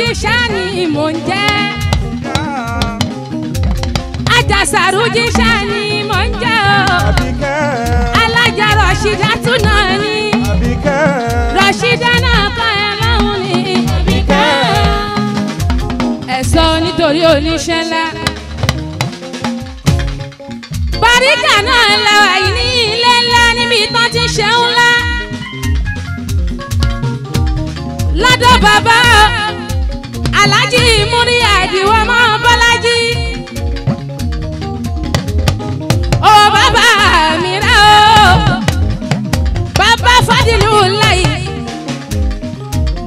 jíṣẹ́ ni mò ń jẹ́ Àjàsàrú jíṣẹ́ ni mò ń jẹ́ o alájà Rọ̀ṣídà tún náà ni Rọ̀ṣídà náà kọ́ ẹ lọ́hùn ni ẹ̀sọ́ nítorí oníṣẹ́ ńlá Bàríkà náà lẹ́wà yìí ní ilé ńlá níbi tán ti ṣe ńlá lọ́dọ̀ bàbá o alájí múrí àdìwọ́ mọ́ bọ́lájí. ó bàbá mi rà ó bàbá fàdílù láyé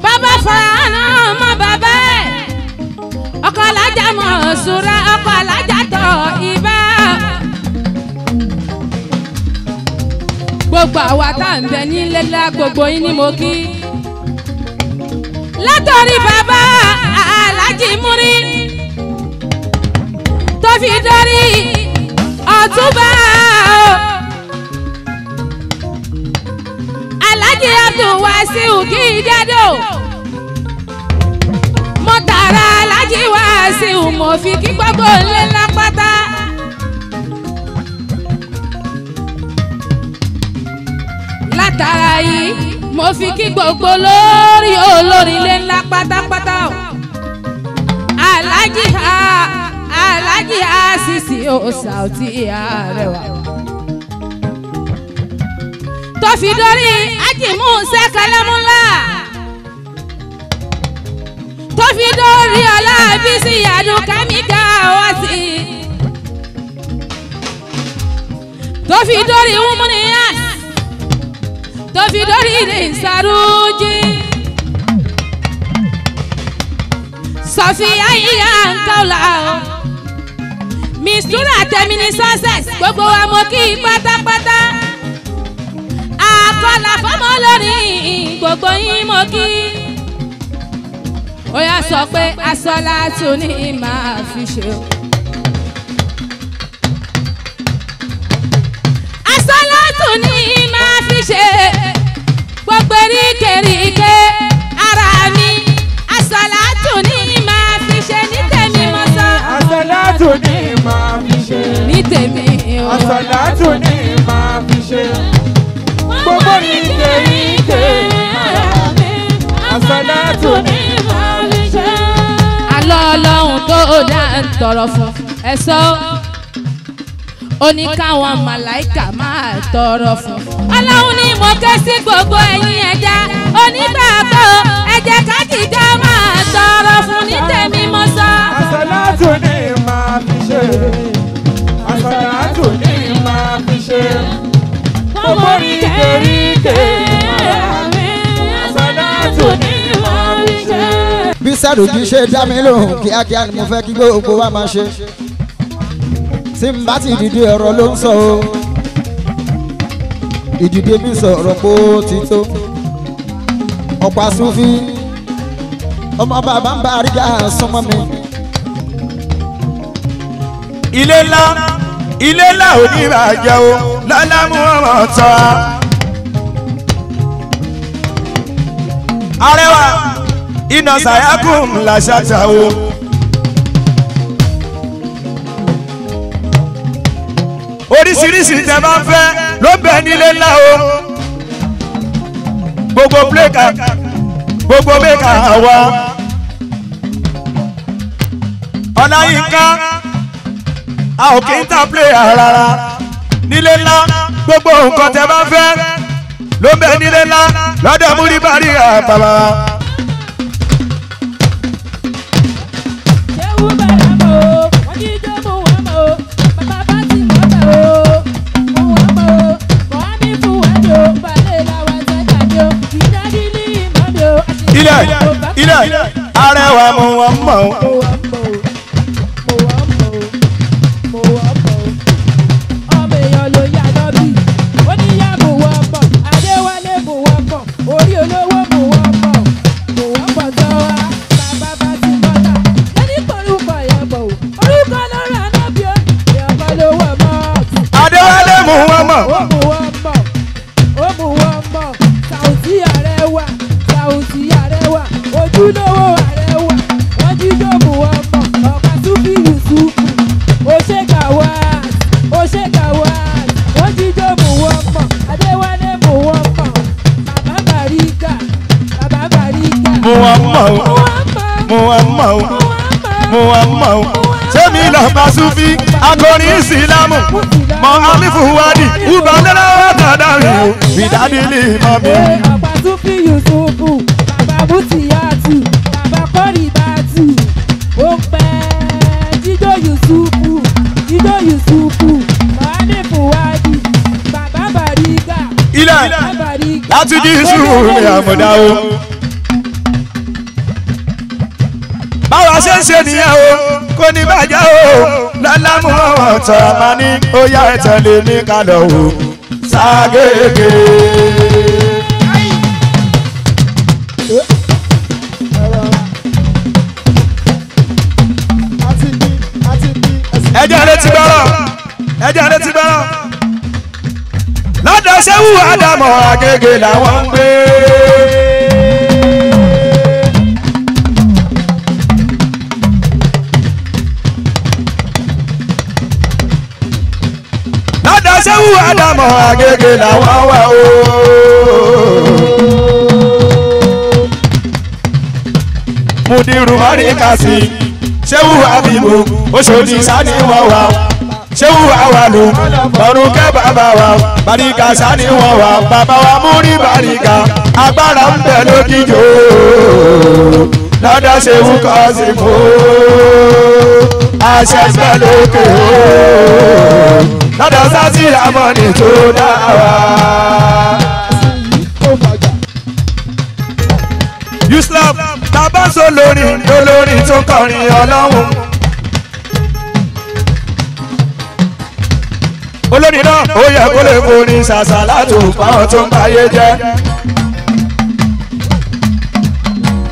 bàbá fàánà ọmọ bàbá ẹ̀ ọkọ alájà mọ̀ ṣúra ọkọ alájà tọ̀ ibà. gbogbo àwa tá à ń bẹ nílé lá gbogbo yín ni mo kí látọ̀rí bàbá. fi darí ọ̀túnba o. alájí abdulwasiu Gidado mo tààrà alájí wasiu mo fi kí gbogbo ilé ńlá pátá. látara yìí mo fi kí gbogbo lórí olórin ilé ńlá pátápátá alájí ha aláàjì àṣìṣì òòṣà òtí àrẹwà. tó fi dórí ájìmú sẹ́kẹ̀lẹ́múlá tó fi dórí ọlá bísí àdùkámíkà wá sí i. tó fi dórí wúmúniyàn tó fi dórí ilé ìsarújì. Sofia iya nkau mistura tèmi ni success gbogbo wa mo kí i pátápátá àkọlà fọmọ lórí gbogbo yín mo kí i ó yá sọ pé asọ́lá tún ní máa fi ṣe o. asọ́lá tún ní máa fi ṣe gbogbo eríkèríkè ara mi asọ́lá. àsàlátù ni màá fi ṣe gbogbo ike ike ara mi àsàlátù ni màá fi ṣe. àlọ́ ọlọ́run tó dá ń tọrọ fún ẹ sọ ó ní káwọn màláìkà máa tọrọ fún. ọlọ́run ni mo ké sí gbogbo ẹ̀yin ẹ̀dá onígbàgbọ́ ẹ jẹ́ ká dìjọ́ máa tọrọ fún ní tèmi mo sọ. àsàlátù ni. ṣe ọmọ rí kéríkè àṣàdá tó ní máa rí ṣe. bí sàròjì ṣe dá mi lóhùn kíákíá ni mo fẹ́ kí gbogbo wa máa ṣe tí n bá ti dìde ọ̀rọ̀ ló ń sọ o ìdìde mi sọ̀rọ̀ pé ó ti tó ọ̀pá sufi ọmọ bàbá ń bá àríyá sọmọ mi. ilé ńlá ilé ńlá ò ní bàjẹ́ o lọ́lámú ọmọ tọ́. arẹwà iná sàyákùn làṣàṣà o. oríṣiríṣi tẹ máa ń fẹ́ ló bẹ nílé ńlá o. gbogbo pléka gbogbo mẹ́ka àwa. ọ̀la yìí ká a ò kí ń ta player rárá nílé ńlá gbogbo nǹkan tẹ bá fẹ́ ló ń bẹ nílé ńlá lọ́dọ̀ múrí bàrí àbàbà. ilẹ̀ ilẹ̀ arẹwà mọ̀ wọ́n mọ̀ ọ́. orin ìsìlámù mọ alifu wadi uba lọ́la wà dada rẹ̀ o bìdádìlì mọ́ mi. bàbá tún fi yusufu bàbá bùtìyàtù bàbá kọ́rìbàtù ó pẹ́ jíjó yusufu jíjó yusufu mọ alifu wadi bàbá bàrígà. ilẹ̀ láti jí yusufu ní àmọ̀dá o. báwa ṣe ń ṣe nìyẹn o kò ní bàjẹ́ o lálámú ọ̀wọ̀ tọ́ ma ní ó yá ẹ mi ká lọ wò ságége. ẹjẹ́ rẹ ti gbọ́rọ̀ ẹjẹ́ rẹ ti gbọ́rọ̀ lọ́dọ̀ ṣẹ́wù àdàmọ̀ àgègè làwọn ń gbé. àdàmọ̀ àgègè na wawa o. mudiru mari kasi sehu abibu osodi sani wawa sehu awalu ọrùnkẹ bàbá wa barika sani wawa baba wa múri barika agbára ń bẹ lódìjọ lọ́dọ̀ sehu kọ́sí fún àṣẹ ń bẹ o lọ́dọ̀ sátì àmọ́ni tó dá wa. Islam tabaso lórin olórin tó kọrin ọlọ́run. olórin náà ó yẹ kó lè kórin ṣàṣà látò fáwọn tó ń báyé jẹ́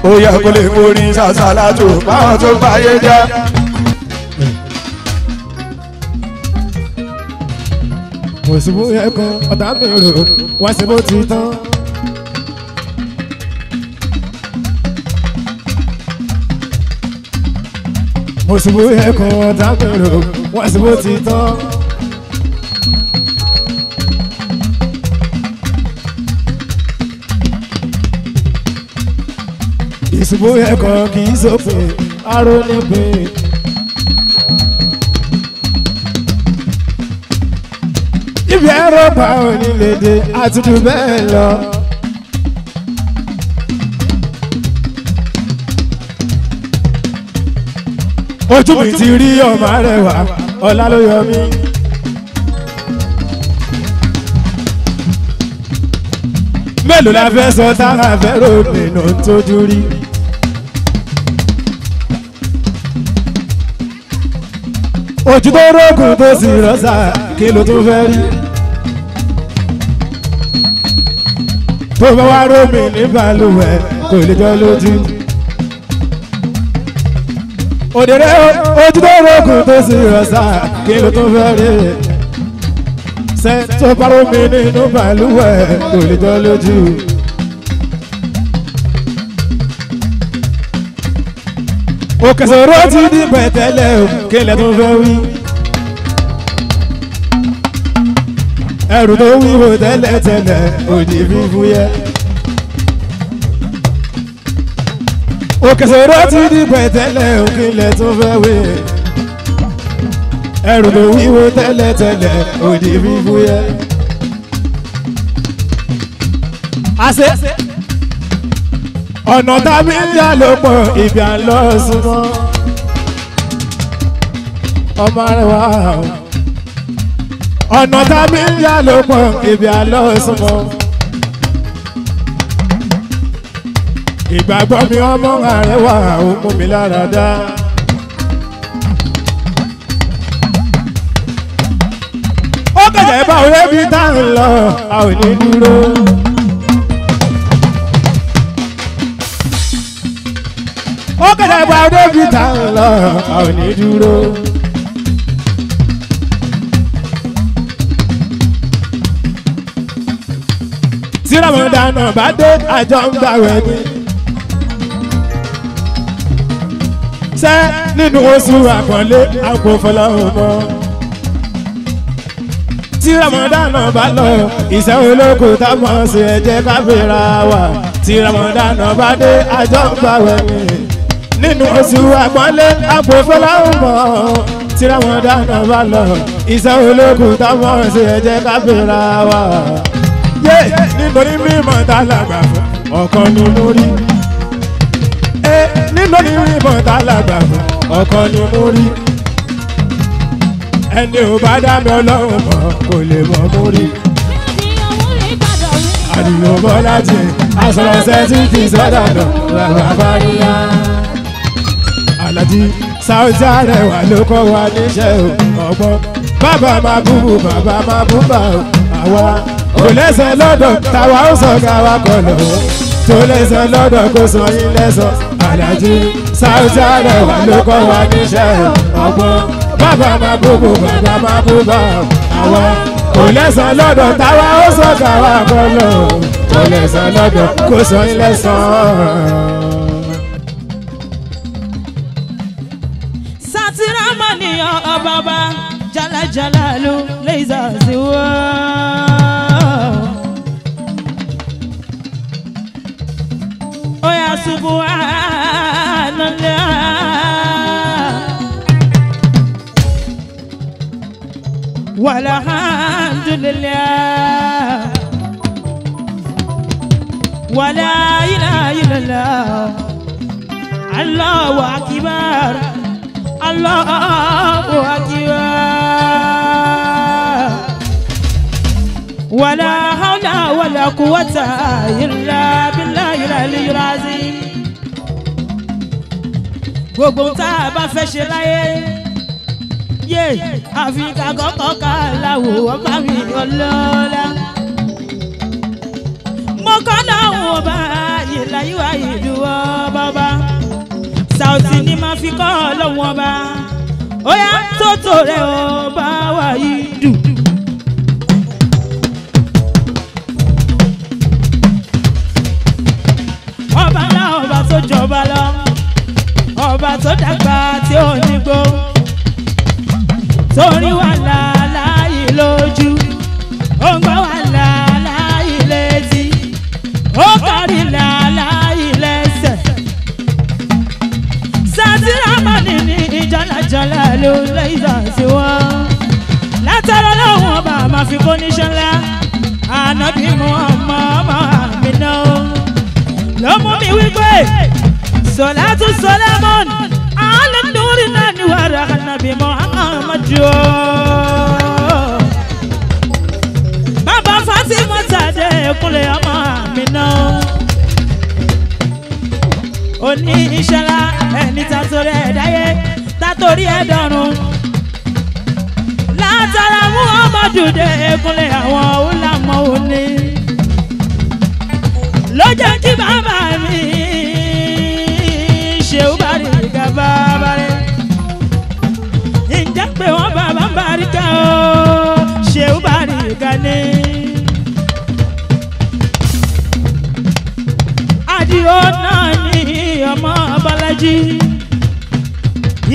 ó yẹ kó lè kórin ṣàṣà látò fáwọn tó ń báyé jẹ́. kò sí bó yẹ kan ọ̀tá mi rò wá sí bó ti tán. mo sì bó yẹ kan ọ̀tá mi rò wá sí bó ti tán. ìsìnbó yẹ kan kì í sọ pé aró ní pé. rọ́bà onílédè àtúndù bẹ́ẹ̀ lọ. ojú mi ti rí ọmọ arẹwà ọlá ló yọ mí. mélòó la fẹ́ sọ táwọn afẹ́rò obìnrin ń tójú rí. ojú tó rógùn tó sì rọ́ṣà kí ló tún fẹ́ rí. tó bá wá rómi ní balùwẹ̀ kò lè jọ lójú. òdèrè ojú tó rògùn tó sì rọ̀ṣà kí ló tó fẹ́ rí ṣe tó bá rómi nínú balùwẹ̀ kò lè jọ lójú. òkè sọ̀rọ̀ ti di pẹ̀tẹ́lẹ̀ òkè lẹ́tọ́ fẹ́ wí. ẹrù tó wíwo tẹ́lẹ̀tẹ́lẹ̀ òdì fífún yẹ. òkè sọ̀rọ̀ ti di pẹ̀tẹ́lẹ̀ òkèlẹ̀ tó fẹ́ wé. ẹrù tó wíwo tẹ́lẹ̀tẹ́lẹ̀ òdì fífún yẹ. àṣẹ ọ̀nà tàbí ń yà ló pọ̀ ìgbà lọ́sùn mọ́ ọmọ rẹ̀ wá o ọ̀nà tábí ń yá ló pọ̀ ibi àlọ́sùnmọ́. ìgbàgbọ́ mi ọmọ àrẹwà ó mú mi lára dá. ó kẹ̀jẹ̀ bá òye bí tá à ń lọ a ò ní dúró. ó kẹ̀jẹ̀ bá òye bí tá à ń lọ a ò ní dúró. táwọn dáná bá dé àjọ ń gbàwẹ̀ ni. ṣé nínú oṣù àpọ̀lé àpò fọláhùn mọ́. tí Ramadan bá lọ ìṣẹ́ olóko táwọn ṣe ẹ̀jẹ̀ káfíńra wà tí Ramadan bá dé àjọ ń gbàwẹ̀ ni. nínú oṣù àpọ̀lé àpò fọláhùn mọ́ tí Ramadan bá lọ ìṣẹ́ olóko táwọn ṣe ẹ̀jẹ̀ káfíńra wà yé nítorí mímọ̀ tá a làgbà fún ọ̀kan ní olórí ẹ nítorí mímọ̀ tá a làgbà fún ọ̀kan ní olórí ẹni ò bá dá mi ọlọ́run mọ̀ kò lè mọ̀ mórí àdìyàn bọ́ láti àsọ̀rọ̀sẹ̀ tí kì í sọ́dà lọ bàbá fáríyá. Àlàjì Saoty Arewa ló kọ́ wa níṣẹ́ ọgbọ́n bàbá máa bú bàbá máa bú bàbá wa kò lẹ́sẹ̀ lọ́dọ̀ tàwa ó sọ káwa kọ̀ lọ tó lẹ́sẹ̀ lọ́dọ̀ kó sọ yín lẹ́sọ alájí sáúsá rẹ̀ wà ló kọ́ wa níṣẹ́ ọgbọ́n bàbá máa gbogbo bàbá máa kú bá àwọn kò lẹ́sẹ̀ lọ́dọ̀ tàwa ó sọ káwa kọ̀ lọ tó lẹ́sẹ̀ lọ́dọ̀ sọ yín lẹ́sọ. Sátìrámà nìyàn ọba ọba ló lè zàzíwọ́. وانا ولا حمد لله ولا اله الا الله الله اكبر الله اكبر ولا حول ولا قوه الا بالله العلي العظيم gbogbo tá a bá fẹ́ ṣe láyé yé àfikà kọ́kọ́ ká láwò ọba mi ọlọ́lá. mo kọ́ láwọn ọba ìlàyíwá ìlú ọba Saoty ni máa fi kọ́ lọ́wọ́ ọba ó tótó rẹ̀ ọba wà yìí dùn. ọba náà ọba tó jọba lọ ọba tó dàgbà tí ò ní gbó torí wàhálà láàyè lójú ó ń gbọ́ wàhálà láàyè létí ó kárí làálà ilẹ̀ṣẹ̀. sátìrámánì ní ìjọ́lájọ́lá ló lẹ́yìn àti wọ́n látara lọ́wọ́ ọba máa fi kó níṣẹ́ ńlá ànábì ọmọ ọmọ àmì náà ló mú mi wí pé. صلاة وسلام على النور الأنوار النبي محمد جو بابا فاطمة سادة كل يوم منا oníṣẹ́lá ẹni tàtórí ẹ̀ dáyé tàtórí ẹ̀ dọ̀run látara muhammadu dé ekunlé àwọn ọ̀làmọ́ òní ló jẹ́ kí bàbá mi ìjà bàbá rẹ̀ ìjà pé wọ́n bàbá ń o ṣé ó Bàríkà ni. Àdìó náà ní ọmọ Bọ́lájí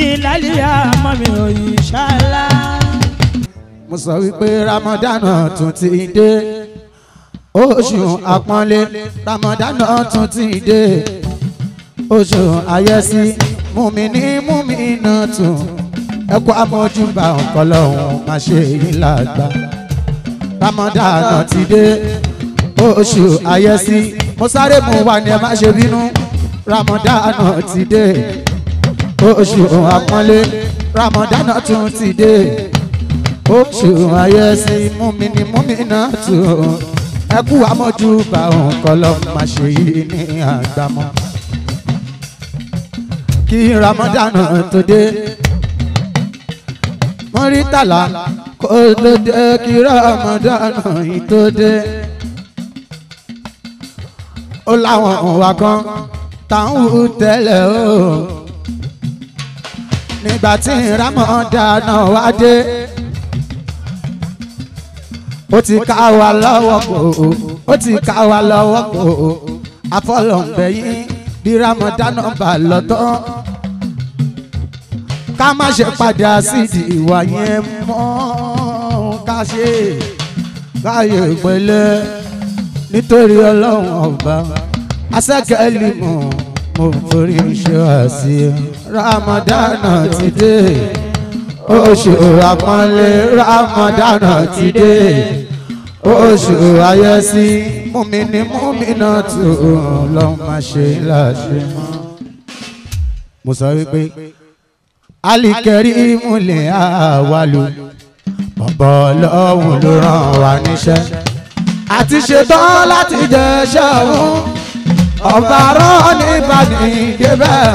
ìlàlíyà ọmọ mi ò yí mo sọ wípé Ramadan tún ti dé oṣù àpọ́nlé Ramadan tún ti dé oṣù àyẹ́sí. Mumini mumina tu, náà tún ẹkọ amójúbà ọ̀kọ́lọ́hún má ṣe yín lágbá ramadana ti dé oṣù àyẹ́sí mo sáré mu wà ní ẹ má ṣe bínú ramadana ti dé oṣù àpọ́nlé ramadana tún ti dé oṣù àyẹ́sí múmi ní múmi náà tún ẹkú amójúbà ṣe yín ní àgbámọ́ kí Ramadan tó dé mọ́rítàlá kó ló dé kí Ramadan yìí tó dé ó láwọn òwà kan táwọn tẹ́lẹ̀ o nígbà tí Ramadan wá dé ó ti ká wa lọ́wọ́ kò ó ti ká wa lọ́wọ́ kò àfọlọ́ǹbẹ̀yìn bí Ramadan bá lọ tán ká má ṣe padà sídìí ìwà yẹn mọ́ ká ṣe káyọ̀ ìpínlẹ̀ nítorí ọlọ́run ọba asẹ́kẹ̀lì mọ̀ mo forí ṣe àṣì ramadana ti dé oṣù àpọ́nlé ramadana ti dé oṣù ayẹ́sí múmini múmina tó ọlọ́run má ṣe láṣẹ mọ́. mo sọ wípé alikẹ́rí múlẹ̀ àwàlù bàbá ọlọ́run ló ràn wá níṣẹ́ àti ṣetán láti jẹ ṣẹ́hún ọba rán nípa nìdébẹ̀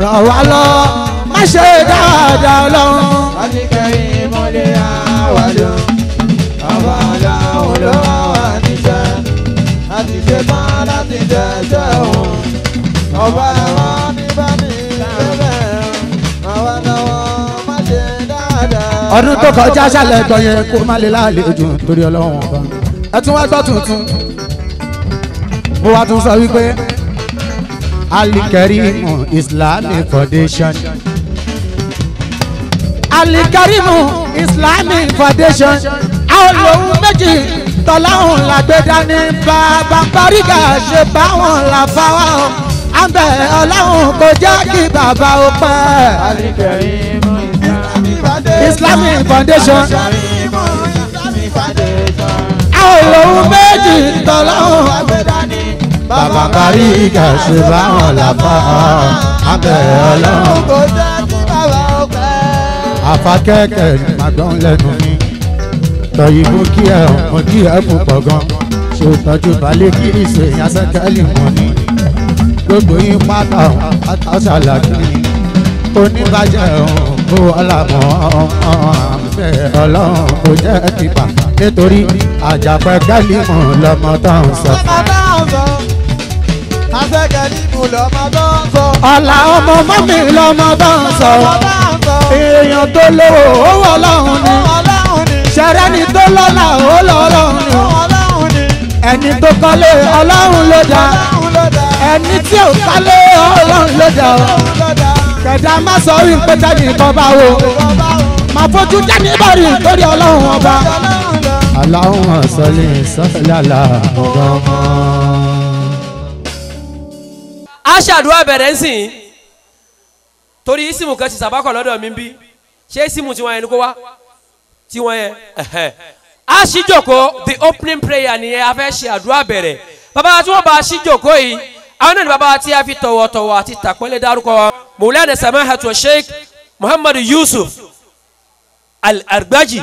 ràn wá lọ má ṣe dáadáa ọlọ́run. alikẹ́rí múlẹ̀ àwàlù bàbá ọlọ́run ló ràn wá níṣẹ́ àti ṣetán láti jẹ ṣẹ́hún ọba. ọdún tó kọjá ṣàlẹ̀ gbọ́ kó má lè lálejò torí ọlọ́run ọba ẹ tún wá gbọ́ tuntun mo wá tún sọ wípé alikarimu islamic foundation alikarimu islamic foundation àwọn lòun méjì tọ́láhùn làgbẹ́dá ní bàbá paríga ṣe báwọn làfáwá àbẹ̀ ọláhùn kò jẹ́ kí bàbá ó pẹ́. alikarimu. Islamic Foundation. àwọn ìròhùn méjì tọ́lọ́hùn. bàbá kárí ìjà sí báwọn làbá abẹ́rẹ́ ọlọ́run. àfakẹ́kẹ́ màgbọ́n lẹ́nu mi tọ́yìn mú kí ẹ̀ mú kí ẹ̀ mú pọ̀ gan ṣe tọ́jú balẹ̀ kí ìṣèyàn sẹ́kẹ́lì mọ́ ni gbogbo yín pátá pátá ṣàlàyé. O ọ̀hún ọ̀làmọ́ àmì ọlọ́run kò jẹ́ tìbà nítorí àjàpẹ́ gálímù lọ́mọ tó ń sọ. ọ̀la ọmọ mọ́mí lọ́mọ bá ń sọ èèyàn tó lówó owó ọlọ́run ni ṣẹ̀rẹ́ ni tó lọ́lá owó lọ́rùn ni ẹni tó kọ́lé ọlọ́run ló dá ẹni tí ò kálé ọlọ́run ló dá ọ ẹ̀dá má sọ wípé tẹ́lẹ̀ kan bá wo máa fojú dání bọ̀rì nítorí ọlọ́run ọba. aláwọ̀ sọlé sọ́fìlàlà ọ̀gọ́mọ́. a ṣàdúrà bẹ̀rẹ̀ ń sìn torí ísìmù kan ti sàbákọ̀ lọ́dọ̀ mi bí ṣé ísìmù tiwọn yẹn ni kó wá tiwọn yẹn a ṣí jòkó the opening prayer nìyẹn a fẹ́ ṣe àdúrà bẹ̀rẹ̀ bàbá tí wọ́n bá ṣí jòkó yìí àwọn náà ni bàbá tí a fi tọ̀wọ̀tọ̀wọ̀ àti tàpọ́nlé dárúkọ مولانا سماحة الشيخ محمد يوسف الأرباجي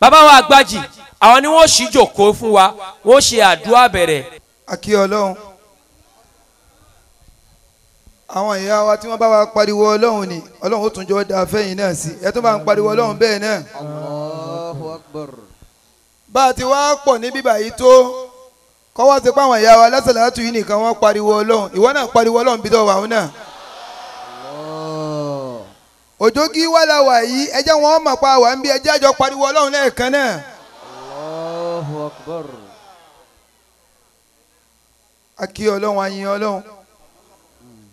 bàbá wa àgbàjì àwọn ni wọ́n ṣí jòkó fún wa wọ́n ṣe àdúrà bẹ̀rẹ̀. àkí ọlọ́run àwọn ìyá wa tí wọ́n bá wa pariwo ọlọ́run ni ọlọ́run ó tún jọ da fẹ́yìn náà sí ẹ tó bá ń pariwo ọlọ́run bẹ́ẹ̀ náà. bá a ti wá pọ̀ ní bíbà yìí tó kọ́ wá sí àwọn ìyá wa lásàlátù yìí nìkan wọ́n pariwo ọlọ́run ìwọ náà pariwo ọlọ́run bí tó wà ó náà. wà wàlà yìí ẹjẹ́ wọn mọ̀ pa wà ń bí ẹjẹ́ àjọ pariwo ọlọ́run lẹ́ẹ̀kan náà. Allahu Akbar. a kí ọlọ́run a ọlọ́run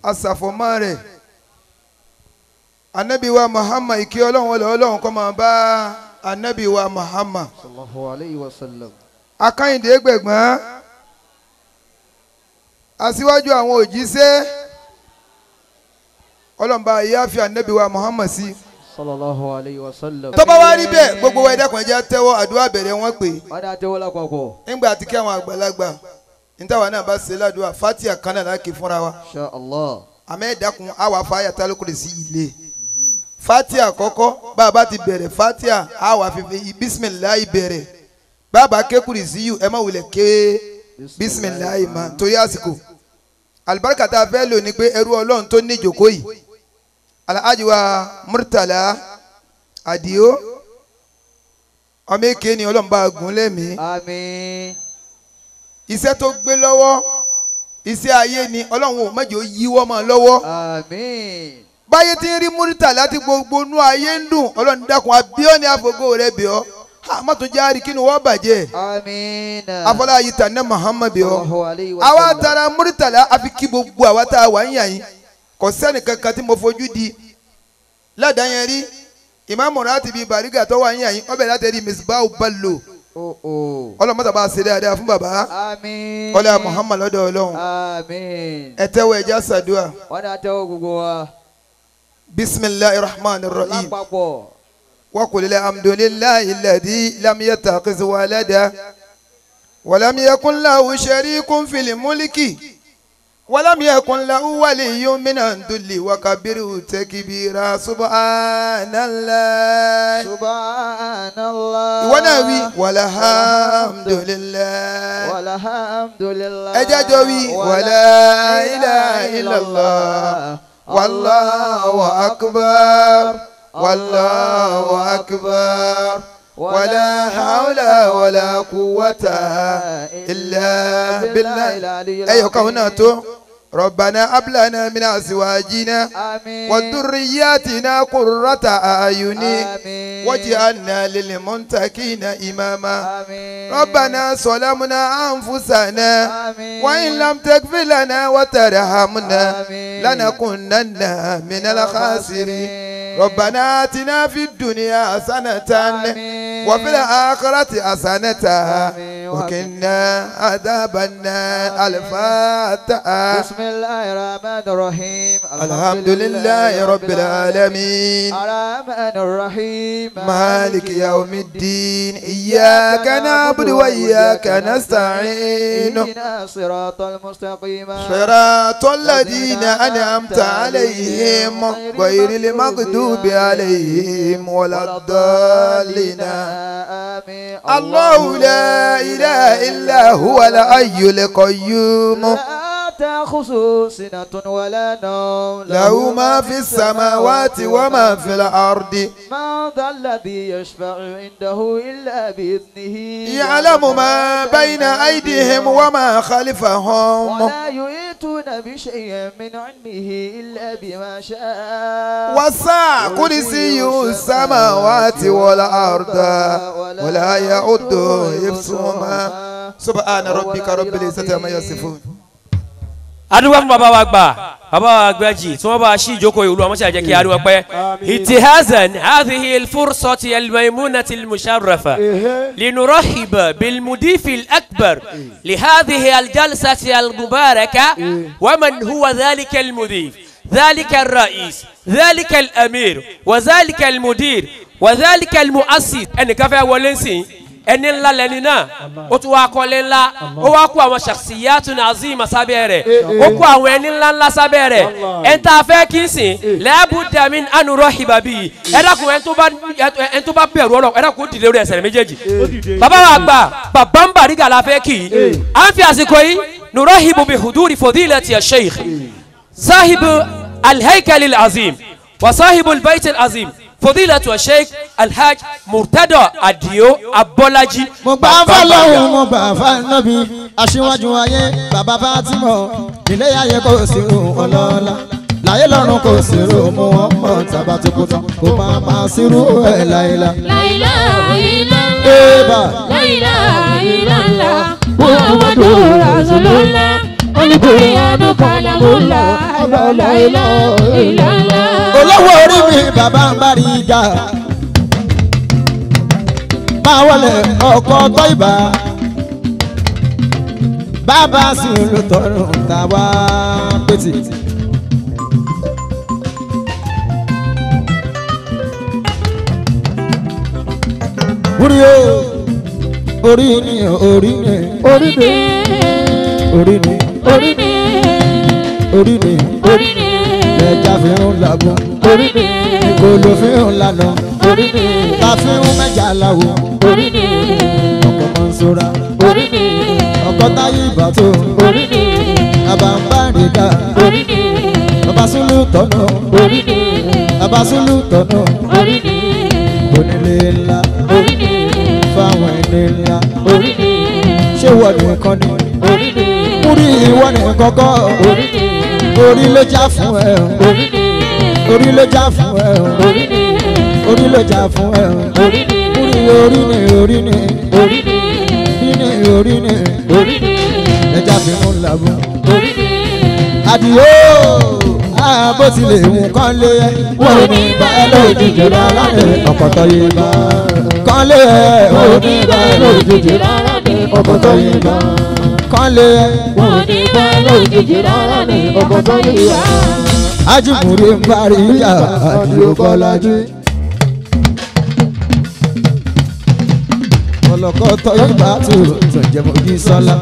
a ṣàfọ̀mọ́ rẹ̀ anabi wa ọlọ́run ọlọ́run kọ́ máa bá anabi wa Muhammad. Sallallahu ọlọ́run bá yáfi ànábì wa muhammad sí. sallallahu alayhi wa sallam. tọ́ba wa rí bẹ́ẹ̀ gbogbo wa ẹ̀dẹ́kun ẹ̀jẹ̀ tẹ́wọ́ àdúrà bẹ̀rẹ̀ wọ́n pè. wọ́n á tẹ́wọ́ lápapọ̀. nígbà àti kí àwọn àgbàlagbà nítawà náà bá ṣe ládùúgbà fatia kan náà láàkì fúnra wa. insha Allah. àmọ́ ẹ̀dẹ́kun àwa fàáyà tálókòrè sí ilé. fatia kọ́kọ́ bá a ti bẹ̀rẹ̀ fatia àwa fífi bisimilayi bẹ̀rẹ̀ bá a bá kékùrì sí yù ẹ má alibarika tá a fẹ́ lò ní pé ẹrú ọlọ́run tó ní ìjòkó yìí alhaji murtala adio ọmọ èké ni ọlọ́run bá gùn lẹ́mìí. àmín. iṣẹ́ tó gbé lọ́wọ́ iṣẹ́ ayé ni ọlọ́run ò mẹ́jọ yíwọ́ mọ́ lọ́wọ́. báyé tí ń rí murtala ti gbogbo inú ayé ń dùn ọlọ́run dákun abíọ́ ni àfogó rẹ̀ bíọ́ amadu jaari kí ni wọ́n bàjẹ́. amiina. afọlá yìí muhammadu yọ. àwa taara muritala àfi kí gbogbo àwa tá a wà ń yàn kankan tí mo fojú di ládàá yẹn rí ìmáàmù ratibi bàrígà tó wà ń yàn yín balo. ọlọ́mọdé bá a ṣe dáadáa fún bàbá. àmín. ọlọ́yà muhammad lọ́dọ̀ ọlọ́run. àmín. ẹ tẹ́wọ́ ẹja ṣàdúrà. rahim. وقل الحمد لله الذي لم يتخذ ولدا ولم يكن له شريك في الملك ولم يكن له ولي من الذل وكبره تكبيرا سبحان الله سبحان الله ونوي والحمد لله والحمد لله اجاجوي ولا اله الا الله والله اكبر والله أكبر ولا حول ولا قوة إلا بالله أيها كوناتو ربنا أبلنا من ازواجنا وذرياتنا قرة اعين واجعلنا للمنتكين اماما ربنا سلمنا انفسنا وان لم تكفلنا لنا وترحمنا لنكونن من الخاسرين ربنا آتنا في الدنيا حسنة وفي الآخرة حسنة وكنا عذاب النار الفاتحة الرحمن الرحيم الحمد لله رب العالمين الرحمن الرحيم مالك يوم الدين إياك نعبد وإياك نستعين صراط المستقيم صراط الذين أنعمت عليهم غير المغضوب عليهم ولا الضالين الله لا إله إلا هو الحي القيوم تأخذه سنة ولا نوم له ما في السماوات وما في الأرض ما ذا الذي يشفع عنده إلا بإذنه يعلم ما بين أيديهم وما خلفهم ولا يؤتون بشيء من علمه إلا بما شاء وسع كرسي السماوات والأرض ولا يعد حفظهما سبحان ربك رب العزة عما يصفون adúgbò fún bàbá wa gbà bàbá wa gbàjì tí wọ́n bá a ṣí ìjókòó ìlú ọmọ ṣàjẹ́ kí ariwo pẹ́ ìtìhazan hadhihi alfursati almaimunati almusharrafa linurahib bilmudifi alakbar lihadhihi aljalsati almubaraka waman huwa dhalika almudif ذلك الرئيس ذلك الأمير وذلك المدير وذلك المؤسس أن كفى ولنسي ẹni ńlá lẹni náà ó tún wá kọ́lé ńlá ó wá kó àwọn shakhsiyatun azima sábẹ́ rẹ̀ eh, eh. ó kó àwọn ẹni ńlá ńlá sábẹ́ rẹ̀ ẹni tá a fẹ́ kí n sìn eh. lẹ́bùdà min anurọ̀ hibabi ẹ̀dàkùn ẹni tó bá bẹ̀rù ọlọ́ ẹ̀dàkùn dìde lórí ẹsẹ̀ méjèèjì bàbá wa gbà bàbá ń bàrígà la fẹ́ kì í à ń fi àsìkò yìí nurọ̀ hibu huduri fadilati sheikh fadilatu sheikh alhaj murtada adio abọ́lájí. mo bá fẹ́ lọ́hùn mo bá fẹ́ nọ́bí aṣíwájú ayé bàbá Fatima ilé ayé kò sí ọlọ́lá láyé lọ́run kò sí ro mú wọn mọ̀ tàbá tó kú tán ó máa máa sírú ẹ̀ láìla. láìla ìlà ńlá láìla ìlà ńlá wọ́n mọ̀ tó rà sọ́lọ́lá olùdíyanu kàlámúlà lọ́lá ilá ìlànà. olówó orí mi bàbá ń bá rí ìjà máa wọlé ọkọ tó ìbá bàbá sì ń lo tọrùn tàwa pétì. orí o orí ni orí ni orí ni orí ni orí mi orí mi orí mi ẹja fi ń labọ orí mi ìkòlò fi ń lànà orí mi ta fi ń mẹjà láwo orí mi ọkọ máa ń sora orí mi ọkọ táyé ìbátò orí mi àbàǹbà rèédà orí mi babasulu tọnà orí mi babasulu tọnà orí mi onílé ńlá orí mi fáwọn ẹni orí mi ṣé wọ́n nìkan ni orí mi orí ìwọ ní kọ́kọ́ orí ló já fún ẹ orí ló já fún ẹ orí ló já fún ẹ orí orí ni orí ni orí ni orí ni ẹja fi mú làbọ. àdìyó bó tilẹ̀ wù kán lé ẹ wọ́n ní bá ẹ lójijì rárá ní ọ̀pọ̀tọ̀ yìí bá kán lé ẹ wọ́n ní bá ẹ lójijì rárá ní ọ̀pọ̀tọ̀ yìí bá kan lé ẹ. Mo ní bẹ́ẹ̀ lójijì ni ọkọ̀ tó ní ìyá. Ajímúre ń parí ìyá àdìo Bọ́lájí. Ọlọ́kọ́ tọ́ ìgbà tó tọ̀jẹ̀mọ́ bí sọ́lá.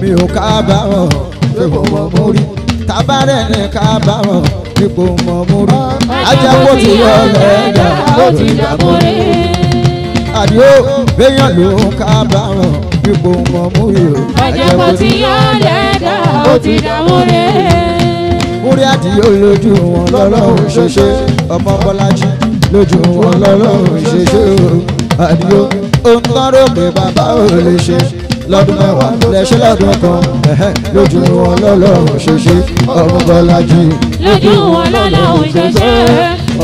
Mi ò kábàámọ̀ pé mo mọ̀ mórí. Tábàárẹ̀ ní kábàámọ̀ ipò mọ̀ mórí. Ajá wo ti yọ lẹ́yìn, ó ti dàbọ̀ rí. Àdìo béèyàn ló ń kábàámọ̀ kíkó mọ mú yòó. ọ̀jọ̀gbọ́n tí yóò lẹ́dà ó ti dààmú rẹ̀. múrí àdìyó lójú wọn lọ́lọ́run ṣoṣo ọmọ bọ́lájí lójú wọn lọ́lọ́run ṣoṣo àdìyó ohun pé bàbá ò lè ṣe lọ́dún mẹ́wàá lẹ́ṣẹ́ lọ́dún kan lójú wọn lọ́lọ́run ṣoṣo ọmọ bọ́lájí. lójú wọn lọ́lọ́run ṣoṣo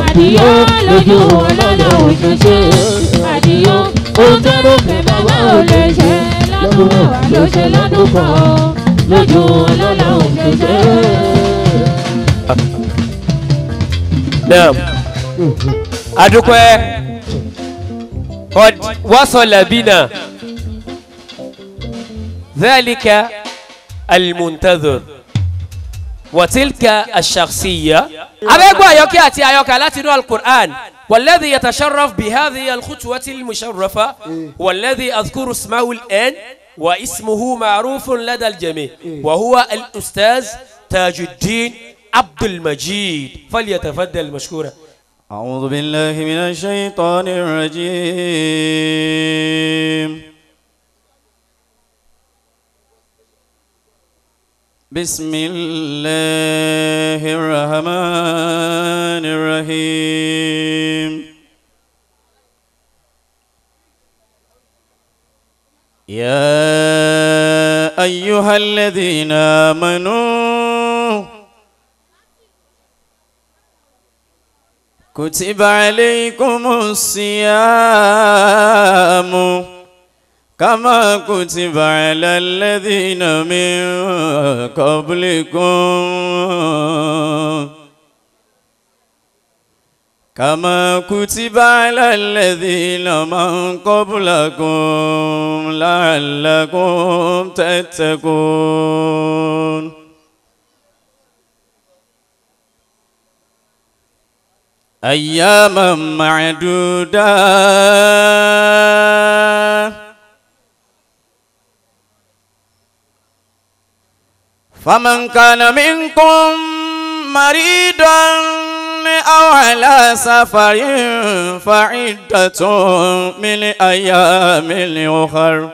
àdìyó lójú wọn lọ́lọ́run ṣoṣo àdìyó ohun pé bàbá ò lè ṣe lọ́dún mẹ́wàá ló ṣe lọ́dún kan lójú وتلك الشخصية أبيقوا أيوكي أتي أيوكا لاتنو القرآن والذي يتشرف بهذه الخطوة المشرفة إيه. والذي أذكر اسمه الآن واسمه معروف لدى الجميع إيه. وهو الأستاذ تاج الدين عبد المجيد فليتفضل مشكورا أعوذ بالله من الشيطان الرجيم بسم الله الرحمن الرحيم يا أيها الذين آمنوا كتب عليكم الصيام كما كتب على الذين من قبلكم كما كتب على الذين من قبلكم لعلكم تتقون أياما معدودة فمن كان منكم مريضا أو على سفر فعدة من أيام أخر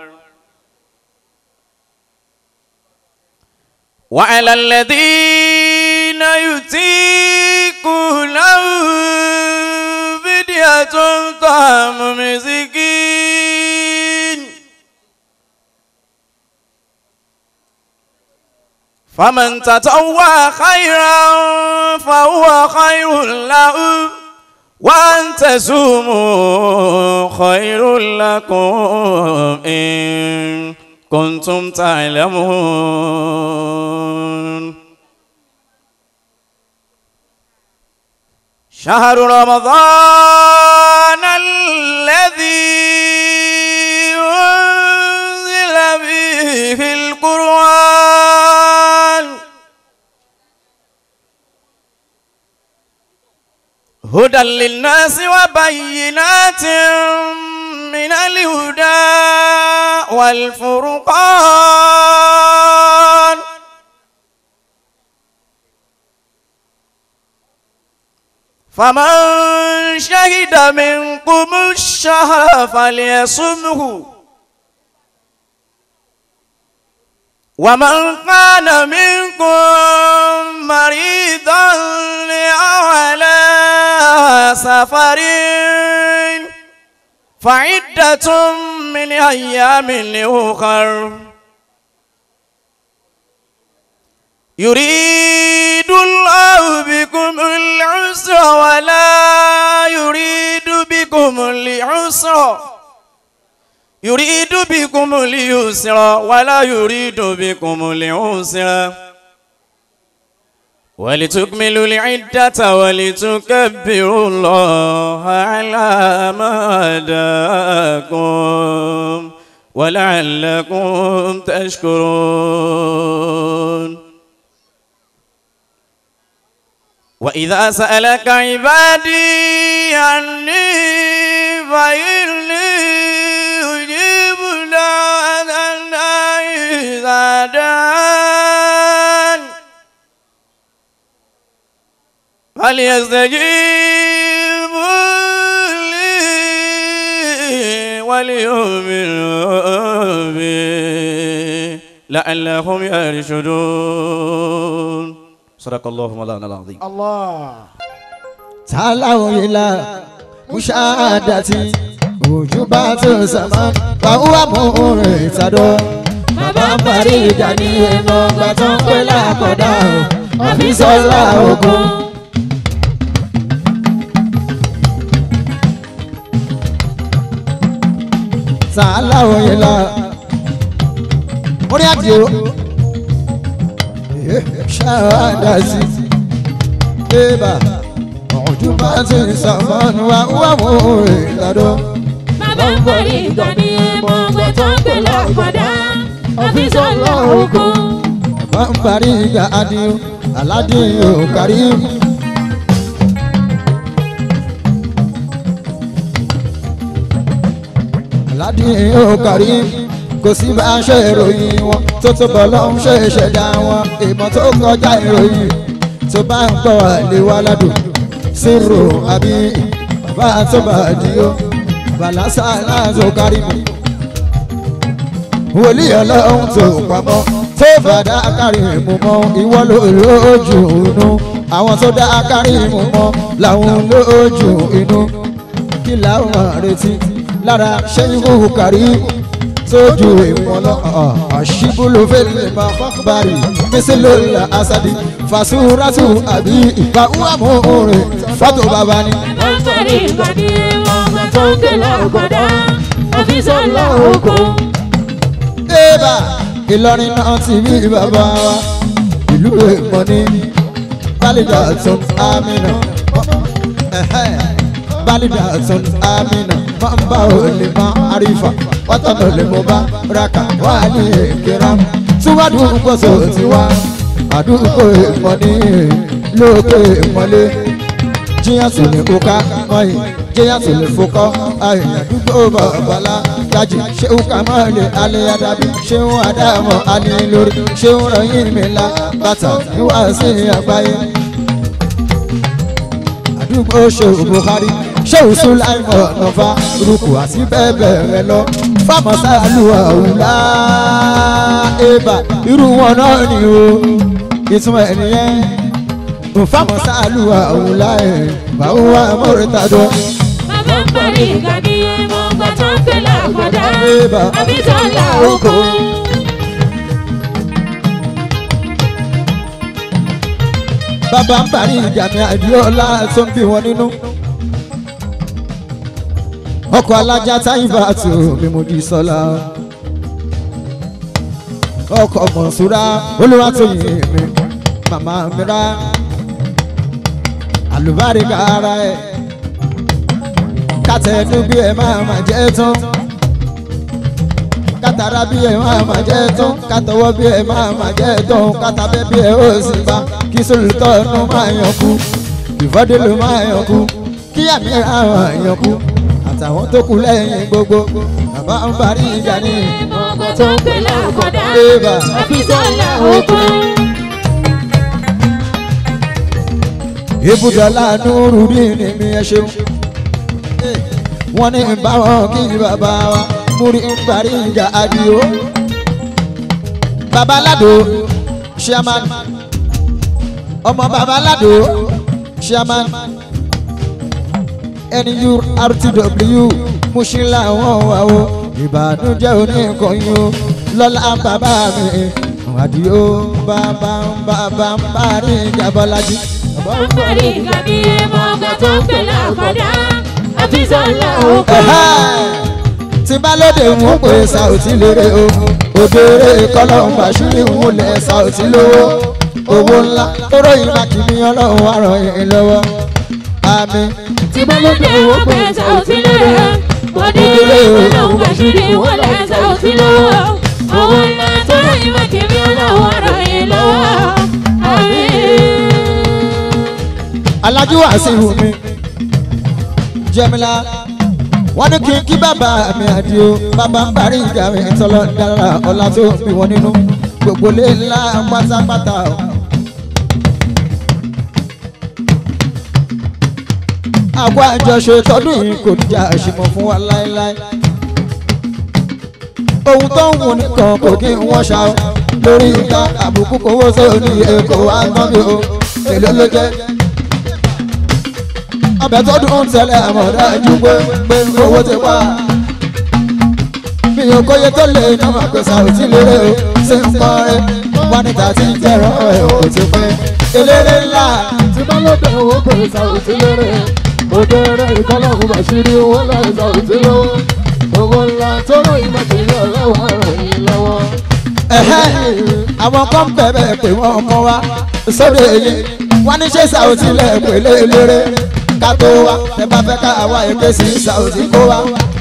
وعلى الذين يتيكون فدية طعام مسكين فمن تتوى خيرا فهو خير له وأن تصوموا خير لكم إن كنتم تعلمون شهر رمضان الذي أنزل فيه القرآن هدى للناس وبينات من الهدى والفرقان فمن شهد منكم الشهر فليصمه ومن كان منكم مريضا على سفر فعدة من أيام أخر يريد الله بكم العسر ولا يريد بكم العسر يريد بكم اليسر ولا يريد بكم العسر ولتكملوا العدة ولتكبروا الله على ما هداكم ولعلكم تشكرون وإذا سألك عبادي عني فإني دعانا إذا دعان فليستجيبوا لي وليؤمنوا بي لعلهم يرشدون صدق الله مولانا العظيم الله تعالوا إلى مشاهدتي ujubatu sama báwa mú rìn tàdó. bàbá ń parí ìjà ní ẹnu ọgbà tó ń pẹ́ lákọ̀dá o àbísọ́lá ogun. sàálà òye lọ orí àti o ṣáàdà sí bébà ujubatu sama báwa mú rìn tàdó bàbá ń borí ìgbàdí mọ̀ngbẹ́ tó ń gbé lọ́kọ̀dá àfisọ́ lọ́ọ̀kọ́. bàbá ń parí ìgbà adìyẹ aládìyẹ ò kárí. aládìyẹ ò kárí kò sí bá ṣe ìròyìn wọn tó tó bọ̀ lọ́hún ṣe ìṣẹ̀dá wọn ìmọ̀ tó kọjá ìròyìn tó bá ń bọ̀ àlewá ládùn sírò àbí bàbá tó bá dìó bàlásà náà tó kárí mi wòlíì ọlọ́run tó pamọ́ tó fàdá kárí mu mọ́ ìwọ ló lójú inú àwọn tó dá kárí mu mọ́ làwọn lójú inú kí làwọn retí lára ṣẹ́yìnwó kárí sójú ìmọ̀lọ́ àṣìbúlò fẹ́lẹ̀ bá bàrí asadi fàṣúrásù àbí ìgbà wàmú rẹ̀ fọ́tò bàbá ni sọ́ńgẹ̀lá ọ̀gbọ̀dá àfisọ́lá òkun. ébà Ìlọrin náà ti bí bàbá wa ìlú èèmọ ní Bálídàtún Àmínà Bálídàtún Àmínà máa ń bá òní mọ àrífà wọ́tọ̀nà lè mú bá raka wà ní èkìrá síwájú gbọ́sọ̀ tiwa àdúgbò èèmọ ní lókè ìmọ̀lé jíyàn sì ní kóká mọ́yìn jẹ́yà sì lè fokọ́ àyìnàdúgbò bọ̀bọ̀lá dájú ṣéun kàmọ́ọ̀lẹ̀ alẹ́ adábí ṣéun àdámọ̀ alẹ́ lórí ṣéun rọyìn mi la bàtà níwá sí àgbáyé. àdúgbò ṣéun Buhari ṣéun Sùláìmọ̀ ọ̀nàfà rúkù àti bẹ́ẹ̀ bẹ́ẹ̀ rẹ lọ fáwọn sáàlù àwùlá ẹ̀bà irú wọn náà ni o ìtumọ̀ ẹ̀ nìyẹn nfàmọ́ sáàlù àwọn láì báwo wà mọ́rẹ́ta dọ́. bàbá ń parí ìgbà ni mo gbà tó ń fẹ́ làkọ̀dá àbí tó ń la oko. bàbá ń parí ìjà mi àdìọ́lá tó ń bí wọn nínú ọkọ̀ alájà táyìnbá tó mímúdi sọ́lá ọkọ̀ mọ̀súra olúwa tó yẹ mi màmá mìíràn àlùbáríkà ara kata kátẹnu bí ẹ máa máa jẹ́ tán kátara bí ẹ máa máa jẹ́ tán kátọwọ́ bí ẹ máa máa jẹ́ tán kátabẹ́ bí ẹ ó sì bá kí sólùtọ́nù máa yànkú ìfọ́dé ló máa yànkú kí àmì ra máa yànkú àtàwọn tó kù lẹ́yìn gbogbo bàbá ń parí ìjà ní ọkọ̀ tó ń pè lọ́kọ̀dá ẹ̀ bá ọ́fíìsì òkun. ibùdọ́lá nùrù bí ni mi ẹ e ṣeun wọ́n ní ìbáwọn kí ni bàbá wa múrí ń parí ìjà àdìo babalado chairman ọmọ babalado chairman nurtw mushila wọn wà o ìbànújẹ́ oníkọyún lọ́lá bàbá mi àdìo o bàbá ń parí Ìjàbọ́lájí. bàbá ń parí gàbí mọ̀gá tó ń pè láàbàdà àfisọ́lá òkú. tí bá lóde ń wọ́n pé Saoty lérè o òbèrè kọ́lọ́ ń bàṣírí ń wọlé Saoty lówó owó ńlá tó ròyìn mákìmí ọlọ́run wà ràn yín lọ́wọ́ àmín. tí bá lóde ń wọ́n pé Saoty lérè o òbèrè kọ́lọ́ ń bàṣírí ń wọlé Saoty lówó owó ńlá alájú wàásù mi jẹmílá wọn ní kí n kí bàbá mi àdìo bàbá ń parí ìjà mi tọ́lọ́ dára ọlá tó bí wọn nínú gbogbo lè ńlá pátápátá o. àjọṣe tọdún yìí kò jà àṣìmọ̀ fún wa láéláé gbogbo ohun tó ń wù nìkan kò kí wọ́n ṣá o lórí ìka àbùkù kówó sórí èkó àgbọ̀n mi o èlé ló jẹ́. ọbẹ̀ tó dùn àmọ̀dá ju pé pé owó ti pa. mi ò kóye tó lè iná máa pèsè àròtí lérè o ṣé ń kọrin wá níta tí ń jẹ̀rọ ẹ̀ ò ti pẹ́. eléré ńlá tí bá lọ́dọ̀ owó pèsè àròtí lérè òde rẹ̀ ìkọlọ́ọ̀hún bàṣírí owó láì sàròtí lọ́wọ́ owó ńlá tóró ìmọ̀tòrí ọlọ́wọ́ ròyìn lọ́wọ́. àwọn kan bẹ̀rẹ̀ pé wọ́n mọ́ wa sóde eyín wọ́n ní ṣé Saoty lẹ̀ lélẹ́rẹ́ ká tó wa ẹ bá fẹ́ ká àwa èké sí Saoty kó wa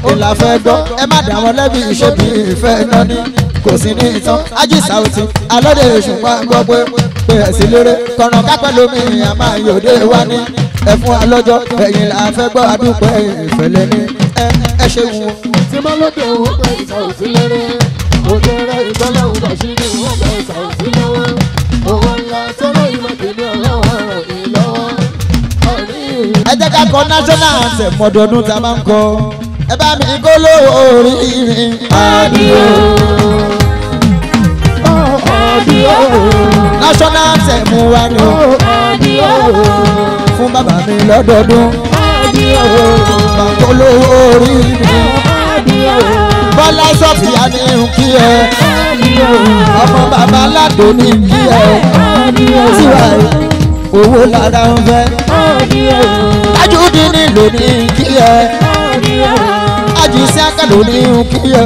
ó fẹ́ gbọ́ ẹ má dà wọ́n lẹ́bi ìṣèbí ìfẹ́ náà ní kò sí ní ìtàn Ají Saoty alọ́dẹ ṣùgbọ́n gbọ́ pé pé ẹ̀sìn lérè kọ̀nà kápẹ́ lómi àmà yòde wá ní ẹ̀fún alọ́jọ́ ẹ̀yìn là fẹ́ gbọ́ àdúgbò ẹ̀yìn ti máa lóde òun pé ìsàwùsí lérè òde rẹ ìgbọ́láhùn kàṣí ni wọ́n pé ìsàwùsí lọ́wọ́ òun ńlá sọ́nà ìmọ̀kìlì ọlọ́wọ́ ràn ẹ jẹ́ ká kọ national anthem mọ́dọọdún tá a máa ń kọ ẹ bá mi kó lóore mi. àdìo àdìo national anthem wa ni o àdìo fún bàbá mi lọ́dọọdún àdìo bàbá kó lóore mi bọ́lá sọ́fìyà ni ń kí ẹ ọmọ bàbá aládò ni ń kí ẹ síwá owó lára ń fẹ́ tajúdín nílò ni ń kí ẹ ajísẹ́ akẹ́lò ni ń kí ẹ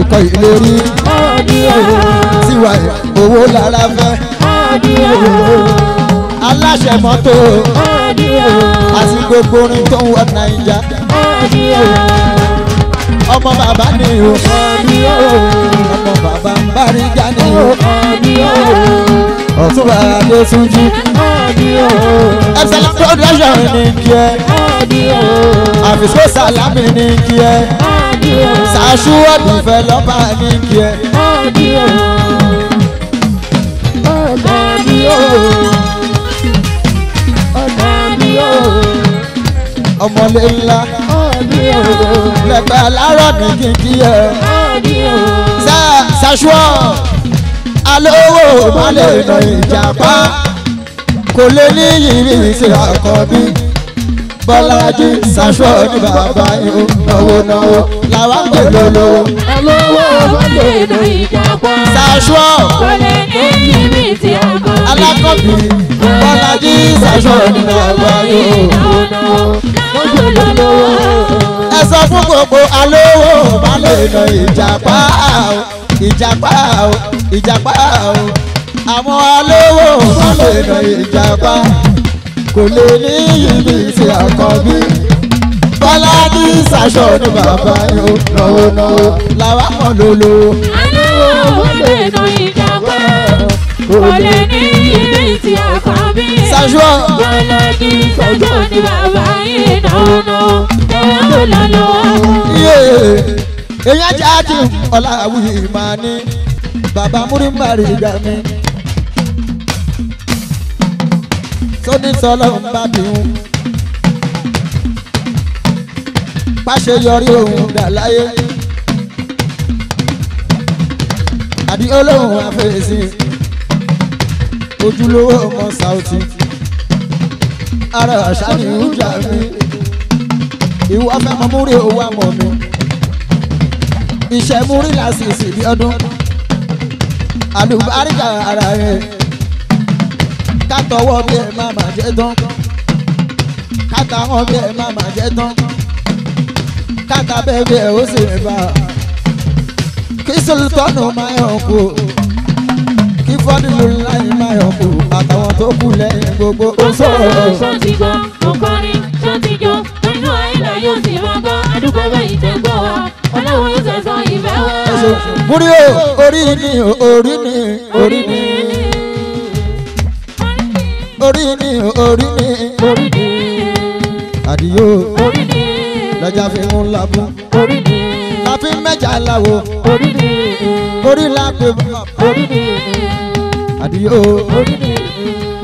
ikọ̀ ìlérí síwá owó lára fẹ́ aláṣẹ mọ́tò àti gbogbo orin tó ń wọ nàìjà ni o. ọmọ bàbá ni o. ọkàn ni o. ọmọ bàbá Bariga ni o. ọkàn ni o. ọ̀túnba Adétúnjí. ọkàn ni o. ẹsẹ̀lá production ni kí ẹ. ọkàn ni o. àfìsó sàlámì ni kí ẹ. ọkàn ni o. sàṣù ọ̀dùn fẹ́ lọ́ba ni kí ẹ. ọkàn ni o. ọkàn ni o ọmọlé ńlá lẹ́gbẹ́ alárọ̀ ní kìkì ẹ̀ ṣàṣùọ́ alówó má lè nà ìjàpá kò lè ní yìnyín sí àkọ́bí bọ́lájí ṣàṣùọ́ ní bàbá ìhùn náwó náwó làwọn pè lólówó olówó bọ́lẹ̀nù ìjàpá. sàṣọ. kọ́lẹ̀ ẹ̀yìn mi ti àgọ́ mi. alákọ̀bí bọ́lájí sàṣọ ní bàbá yìí. ìdáwọ́nà lọ́jọ́ ẹ sọ fún gbogbo alówó bọ́lẹ̀nù ìjàpá ìjàpá ìjàpá àwọn alówó bọ́lẹ̀nù ìjàpá kò lè ní ibi tí àkọ́bí. Bọ́lájí ṣàṣọ ní bàbá yóò náwó náwó làwa kan lòlò. aláwọ̀ ọ̀gbọ́n ẹ̀kan ìjàpá olè ní ilé ìtì àkànbí. ṣàṣọ Bọ́lájí ṣàṣọ ní bàbá yìí náwó náwó ẹ̀rọ lọ́lọ́wọ́. èyí ajá ti ọ̀la máa ní bàbá múrí mbàrí ìgbà mi. sọ́ni sọ́lọ́ ń bá bí wọn. pàṣẹ yọrí òun dà láyé. àbí olóhùn àfẹsí ojúlówó ọmọ Saoty ara àṣà ni ìjà mi ìwọ fẹ́ mọ múrí owó àmọ́ mi iṣẹ́ múrí lásìsì bí ọdún àlùbáríkà ara rẹ̀ kátọwọ́ bí ẹ má má jẹ́ tán kátàwọn bí ẹ má má jẹ́ tán kàkà bẹ́ẹ̀ ó sì ń bá kí sultanu máa yàn kú kí fọdùlù láì máa yàn kú àtàwọn tó kù lẹ́yìn gbogbo ó sọ̀rọ̀. sọ ti gbọ́ ọkọrin sọ ti jó inú àìlà yóò sì máa gbọ́ àdúgbò bẹ́ẹ̀ tẹ́ gbọ́ wa ọlọ́run yóò sẹ̀sọ́ ìfẹ́ wa. múrí o orí ni orí ni orí ni orí ni orí ni orí ni àdìyó orí ni lọ́jà fi mú lábú. orí ni. la fi mẹ́jà láwo. orí ni. orí la pè bọ́. orí ni. àdìyó. orí ni.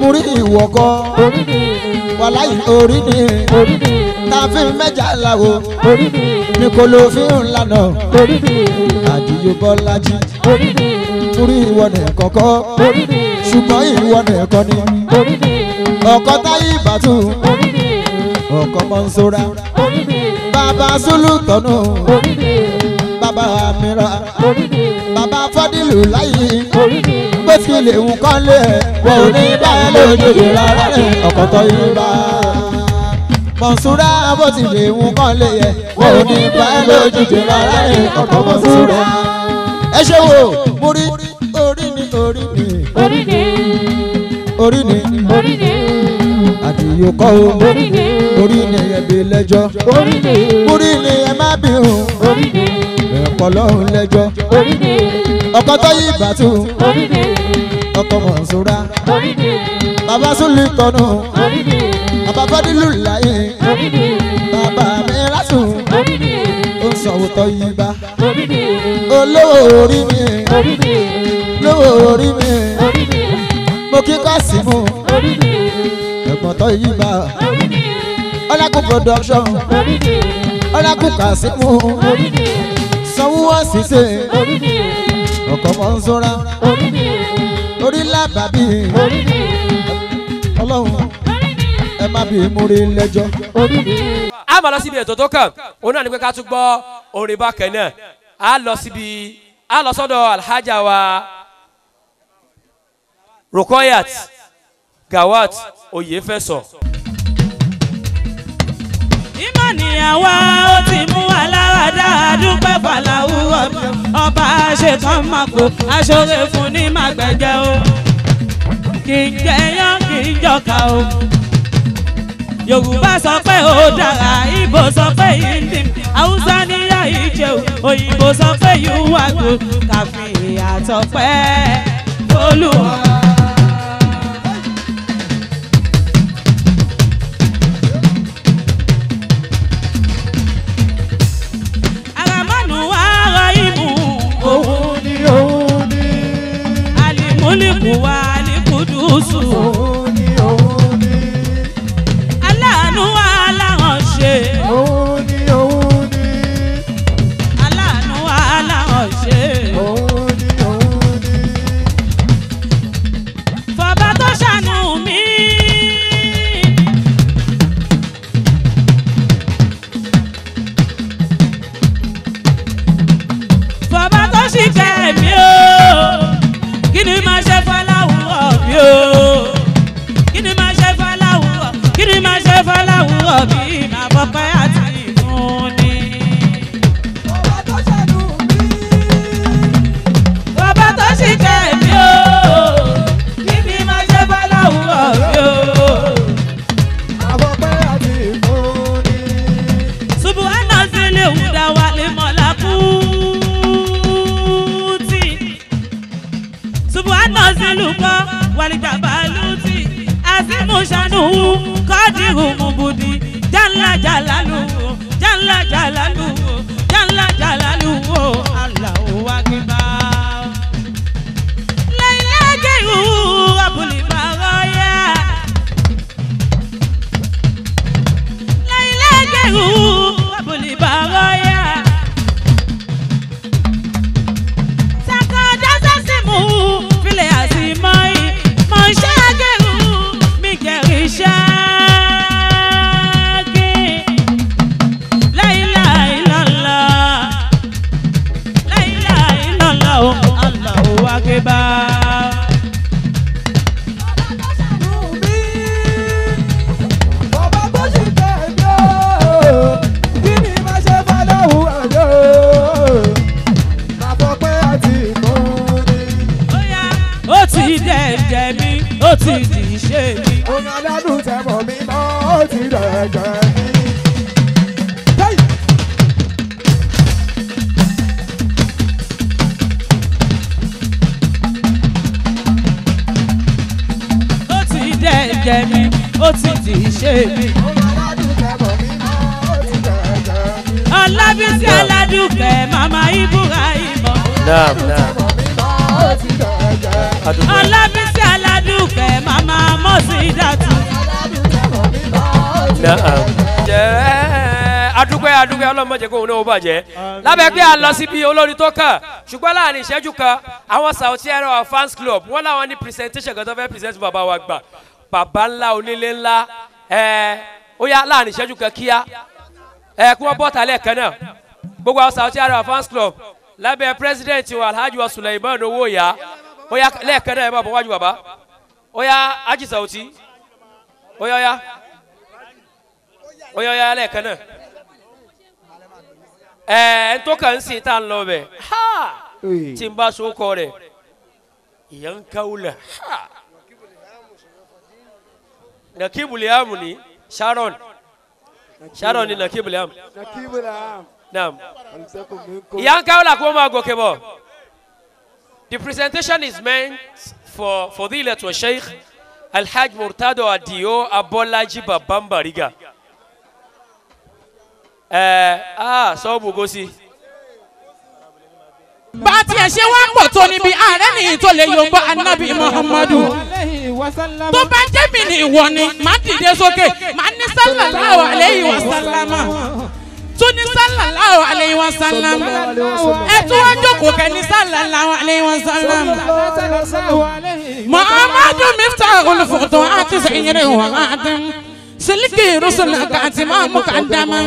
mú rí ìwọ kọ́. orí ni. wàláyé orí ni. orí ni. ta fi mẹ́jà láwo. orí ni. ní kò ló fi ń lànà. orí ni. àdìyó bọ́lájí. orí ni. torí ìwọ nìkan kọ́. orí ni. ṣùgbọ́n ìwọ nìkan orí ni. ọkọ táyé ìbàtú. orí ni. ọkọ mọ́ńsóra. Baba Zulu tọ̀nù bàbá Amira bàbá Fọdílù láyé bó tilẹ̀ ń kọ́lé wọn ò ní báyà lójoojú rárá rẹ̀ ọ̀kọ̀tọ̀ yorùbá mọ̀súnrá bó tilẹ̀ ń kọ́lé yẹ wọn ò ní báyà lójoojú rárá rẹ̀ ọ̀kọ̀ mọ̀súnrá. ẹ ṣe wo mo rí orí ni orí ni orí ni orí ni àdìyókọ́ o orí ni ẹ̀bí lẹ́jọ́ orí ni ẹ má bí o ẹ̀pọ̀ lọ́hùn lẹ́jọ́ ọkọ tó yí ìbàtú ọkọ mọ̀nsúra bàbá súnlẹ̀ tọ́nu bàbá fọ́dílù láyé bàbá mi rásùn ó ń sọ̀wọ́ tó yí bá olówó orí mi olówó orí mi mo kí kọ́ sí mu. Karimot Toyiba Ọlákùn production Ọlákùn Kasimu Sanwó Àṣìṣe ọkọ̀ Mọ́nsóra orílẹ̀ bàbí ọlọ́run ẹ má bí múrí lẹ́jọ́. a máa lọ síbi ètò tó kàn òun náà ni pé ká tún gbọ́ orin bákan náà a lọ síbi a lọ sọ́dọ̀ alhaja wa Rukoyat Gawat. Gawat. Oyèfẹ̀sọ. ìmọ̀ nìyàwó ó ti mú aláwàdà dúpẹ́ fàlàwù ọba àṣetán mako aṣọ́re fún ní màgbẹ́jẹ́ o kì í jẹyán kì í jọka o Yorùbá sọ pé ó dára Ìgbò sọ pé indim Haúsá níyà ìjẹun òyìnbó sọ pé yóò wà gbó kàfin ìyàtọ̀ olùwà. 是我。kọ̀ríjà bàálùtì àsìmùsànù kọ́dìrú mùbùdì jàǹlà jàlálù jàǹlà jàlálù jàǹlà jàlálù o Allahu akbar. a lọ síbi olórin tó kàn ṣùgbọ́n láàrin ìṣẹ́jú kan àwọn Saoty Arewa fans club wọ́n láwọn ní presentation kan tó fẹ́ present bàbá wa gbà bàbá ńlá onílé ńlá ẹ ó yá láàrin ìṣẹ́jú kan kíá ẹ kí wọ́n bọ́ta lẹ́ẹ̀kan náà gbogbo àwọn Saoty Arewa fans club lábẹ́ president wa Alhaji wa Suleiman Owóyà ó yá lẹ́ẹ̀kan náà ẹ bá bọ́ wájú bàbá ó yá Haji Saoty ó yá ó yá ó yá ó yá lẹ́ẹ̀kan náà ẹ eh, n tó kàn ń sin tá n lọ bẹ ha tí n bá so kọ rẹ ìyẹn ń káwó la ha nakibuli amu ni sharon sharon ni nakibuli amu naam ìyẹn ń káwó la kó máa gòkè bọ the presentation is meant for for the ilẹ̀ tó sheikh alhaji murtado adio abolaji babambariga ẹ a sọ́ọ̀bù kò sí. bá a tiẹ̀ ṣe wá pọ̀ tó níbi ààrẹ nìyí tó lè yọ̀ǹbọ anabi muhammadu tó bá jẹ́mi ní ìwọ ni má dìde sókè má ní sallallahu alayhi wa sallama tún ní sallallahu alayhi wa sallam ẹ tún wá jókòó kẹ ní sallallahu alayhi wa sallam muhammadu miftahul futuhati àti sẹyìnrẹ wà á dán siliki rusul kàti máa mú kàdámà.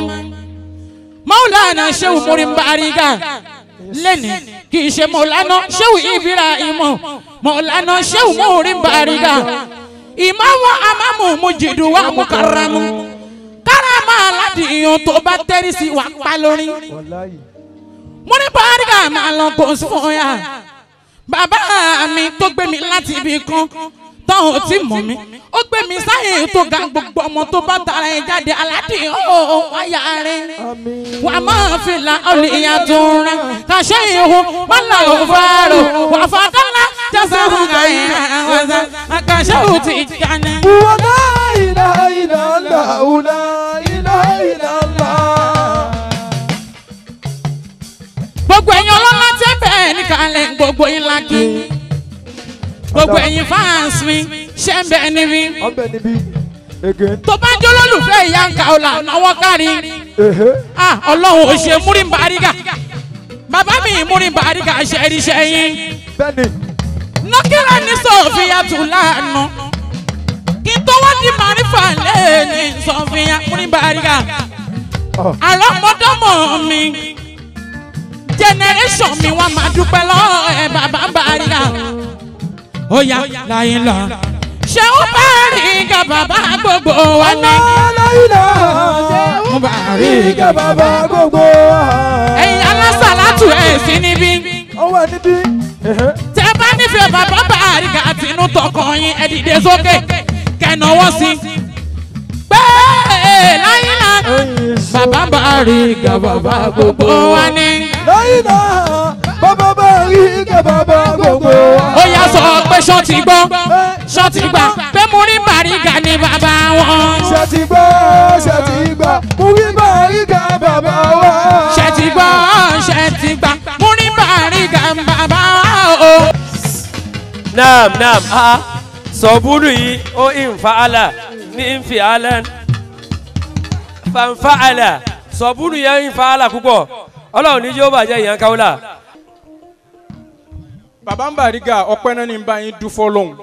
Maulana Shehu Muri Bariga lẹ́ni kì í ṣe Maulana Shehu Ibrahim Maulana Shehu Muri Bariga ìmáwọ amámù mujidu wa mukaramu karama aládìí ìyàn tó bá tẹ́rí sí wa pa lórí Muri Bariga lọ kó sóya bàbá mi tó gbé mi láti ibì kan táwọn ò tí mọ̀ mí ó gbé mi sáyẹn tó ga gbogbo ọmọ tó bá tara ẹ jáde aládì ọ̀hún wáyà rẹ wà á máa fi la ọ̀lẹ̀ ìyá tó rẹ kàṣẹ ìhun wọn là ó fọ́ọ̀rọ̀ wà á fàtánlá tẹ̀sán fún kàyìn àwọn àkàṣẹ ò tí jáde. wọ́n náà ìlà ìlà ńlá ọ̀la ìlà ìlà ńlá. gbogbo ẹ̀yin ọlọ́lá tẹ́ bẹ́ẹ̀ ní gbogbo yín gbogbo ẹ̀yin fans mi ṣẹ́ ń bẹ níbí. ọbẹ̀ níbí again. tó bá jọ lólùfẹ́ ìyá ń ka ọ̀la náwó kárí. ọlọ́run ò ṣe múrin bàríkà bàbá mi múrin bàríkà ṣẹ́ríṣẹ́ yín. bẹ́ẹ̀ni. nọ́kírà ní sọ̀fìyà tù láàánú kí n tó wá di màrífà lẹ́yìn sọ̀fìyà múrin bàríkà. Ah. àrọ́mọdọ́mọ mi jẹnẹrẹsọ̀n mi wà máa dúpẹ́ lọ́ọ́ ẹ̀ bàbá bàríkà. Oya yá láyé lọ. ṣé ó bá rí ga bàbá gbogbo wa ní. aláyé lọ ṣé ó bá rí ga bàbá gbogbo wa. ẹ̀yin alásàlátù ẹ̀ sí níbí. ó wà níbí. tẹ bá nífẹ̀ẹ́ bàbá bá àríkà àtinú tọkọ yín ẹ dìde sókè kẹ́nàwọ́ sí i láyé náà bàbá bá rí ga bàbá gbogbo wa ní. láyé náà bàbá bá rí ga bàbá gbogbo. ó yá sọ pé ṣọ́ọ̀tì gbọ́ ṣọ́ọ̀tì gbà pé mo rí bàrígà ní bàbá wọn. ṣẹ́tì gbọ́ ṣẹ́tì gbà mo rí bàrígà bàbá wa. ṣẹ́tì gbọ́ ṣẹ́tì gbà mo rí bàrígà bàbá o. naam naam a sọ̀bùrù yìí ó ìnfàálà ní ìnfìálà fanfàálà sọ̀bùrù yẹn ìnfàálà púpọ̀ ọlọ́run ní yóò bàjẹ́ ìyẹn káwọ́là bàbá ń bàrígà ọpẹ́ náà ní bá yín dúfọ́ lọ́hùn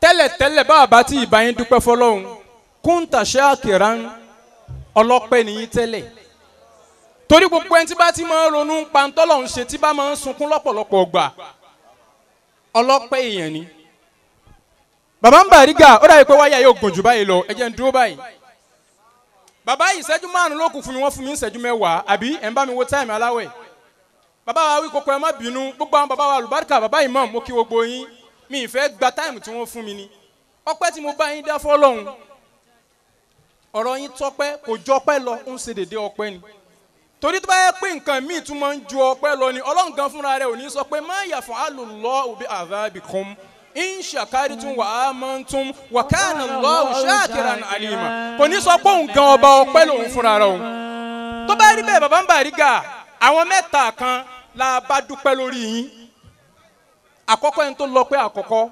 tẹ́lẹ̀tẹ́lẹ̀ bàbá tí ìbá yín dúpẹ́ fọlọ́hùn kúntàṣe àkìrán ọlọ́pẹ́ nìyí tẹ́lẹ̀ torí gbogbo ẹni tí bá ti máa ń ronú pantọ́lọ̀ ń ṣe tí bá máa ń sunkún lọ́pọ̀lọpọ̀ gbà ọlọ́pẹ́ èèyàn ni bàbá ń bàrígà ó dàbí pé wáyà yóò gùn jù báyìí lọ ẹ ń dúró báyìí bàbá ìṣẹ́jú márùn-ún ló kù fún mi wọ́n fún mi ìṣẹ́jú mẹ́wàá àbí ẹ̀ ń bá mi wo táìmù aláwẹ̀ bàbá wa wí kókó ẹ má bínú gbogbo àwọn bàbá wa àlùbáríkà bàbá Imam mo kí gbogbo yín mi ìfẹ́ gba táìmù tí wọ́n fún mi ni ọpẹ́ tí mo bá yín dá fọ́lọ́hún ọ̀rọ̀ yín tọpẹ́ kò jọ ọpẹ́ lọ ń ṣe dédé ọpẹ́ ni torí tó bá yẹ pé nǹkan míì tún máa ń ju ọpẹ́ lọ ni ọlọ́run gan fúnra rẹ̀ ò ní sọ pé má yà fún alùlọ́ bi adhabikum in shakaritum wa amantum wa kana Allahu shakiran alima kò ní sọ pé òun gan ọba ọpẹ́ lòun fúnra rẹ̀ òun tó bá rí bẹ́ẹ̀ bàbá ń bàrí gà àwọn mẹ́ta kan la bá dúpẹ́ lórí yín àkọ́kọ́ ẹni tó lọ pé àkọ́kọ́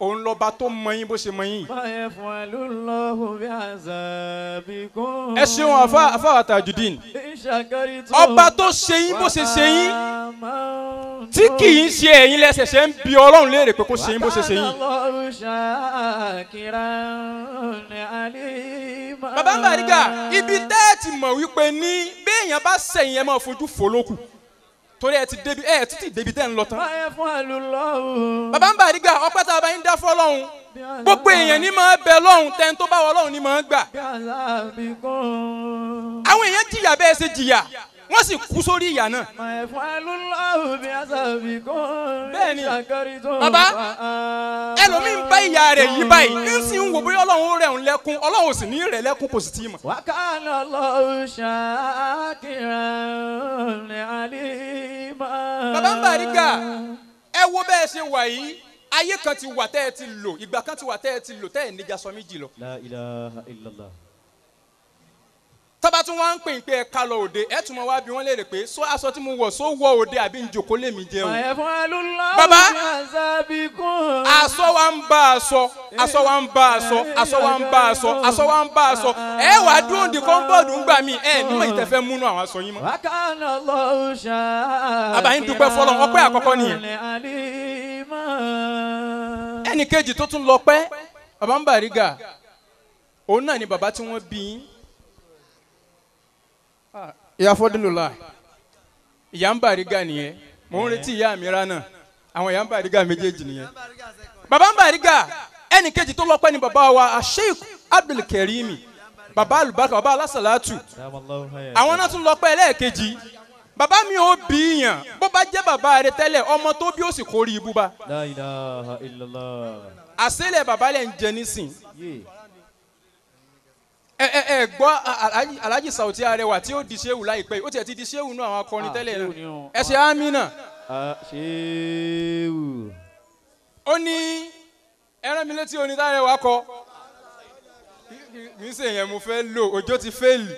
òun lọba tó mọyín bó ṣe mọyín. báyẹn fún ẹ ló lọ òbí àzàbí kó. ẹ ṣeun àfa àfa àtàjùdín. ọba tó ṣe yín bó ṣe ṣe yín tí kì í ṣe ẹ̀yin lẹ́sẹ̀ ṣe ń bi ọlọ́run léèrè pé kó ṣe yín bó ṣe ṣe yín. bàbá Bariga ibi tẹ́ ẹ ti mọ̀ wípé ní bí èèyàn bá ṣẹ̀yìn ẹ máa fojú fò torí ẹ ti débi ẹ tún ti débi tẹ́ lọ tán. bàbá ń bà nígbà ọpẹ́ tá a bá ń dá fọ́ lọ́hùn gbogbo èèyàn ní máa bẹ lọ́hùn tẹ́ni tó bá wọ lọ́hùn ní máa gbà. àwọn èèyàn jìyà bẹ́ẹ̀ ṣe jìyà wọ́n sì kú sórí ìyà náà. ẹ̀fọn alúláwò bí aṣáfi kò rí ṣàkárí tó wà. bàbá ẹlòmíín bá ìyá rẹ̀ yí báyìí ń sì ń wò bóyá ọlọ́run rẹ̀ ń lẹ́kún ọlọ́run sì ní rẹ̀ lẹ́kún kò sì tí ì mọ̀. wákàlà lọ́ọ́ ṣàkìrà ní àlìmọ́. bàbá ń Bariga ẹ wo bẹ́ẹ̀ ṣe wà yìí ayé kan ti wà tẹ́ ẹ ti lò ìgbà kan ti wà tẹ́ ẹ ti lò tẹ́ ẹ níjà sọ méjì lọ. la ilaha illallah tọ́ba tún wọ́n ń pè pé ẹ̀ka lọ òde ẹ̀ tún mọ wá bí wọ́n lè rè pé so aṣọ tí mo wọ̀ so wọ òde àbí njòkó lè mi jẹun. bàbá aṣọ wa ń bá aṣọ aṣọ wa ń bá aṣọ aṣọ wa ń bá aṣọ aṣọ wa ń bá aṣọ ẹ wà á dúró di kọ́ńbọ́ọ̀dù ń gbà mí ẹ nímọ̀ ìtẹ̀fẹ́ múnú àwọn aṣọ yín mọ́. àbáyé dúpẹ́ fọlọ́ ọpẹ́ àkọ́kọ́ nìyẹn. ẹnì ìyá fọdúlùlà ìyá ń bàrígà nìyẹn mò ń retí ìyá mi rà náà àwọn ìyá ń bàrígà méjèèjì nìyẹn bàbá ń bàrígà ẹnì kejì tó lọ́pẹ́ ni baba wa Sheikh Abdul Karim Baba alùbákà bàbá alásàlátù àwọn náà tún lọ́pẹ́ ẹlẹ́ẹ̀kejì bàbá mi ò bí yàn bó bá jẹ́ bàbá rẹ tẹ́lẹ̀ ọmọ tó bí ó sì kórìí ibú bá. La ilaha ń jẹ nísìn ẹ ẹ ẹ gbọ́ alhaji sauti arẹwà tí ó di sehu láìpẹ́ ó tiẹ̀ ti di sehu nú àwọn akọrin ah, tẹ́lẹ̀ náà ẹ amina. sehu. ó ní ẹran mi létí orin tárẹwà kọ kì í ṣe yẹn mo fẹ́ lò ọjọ́ ti fẹ́ẹ̀lì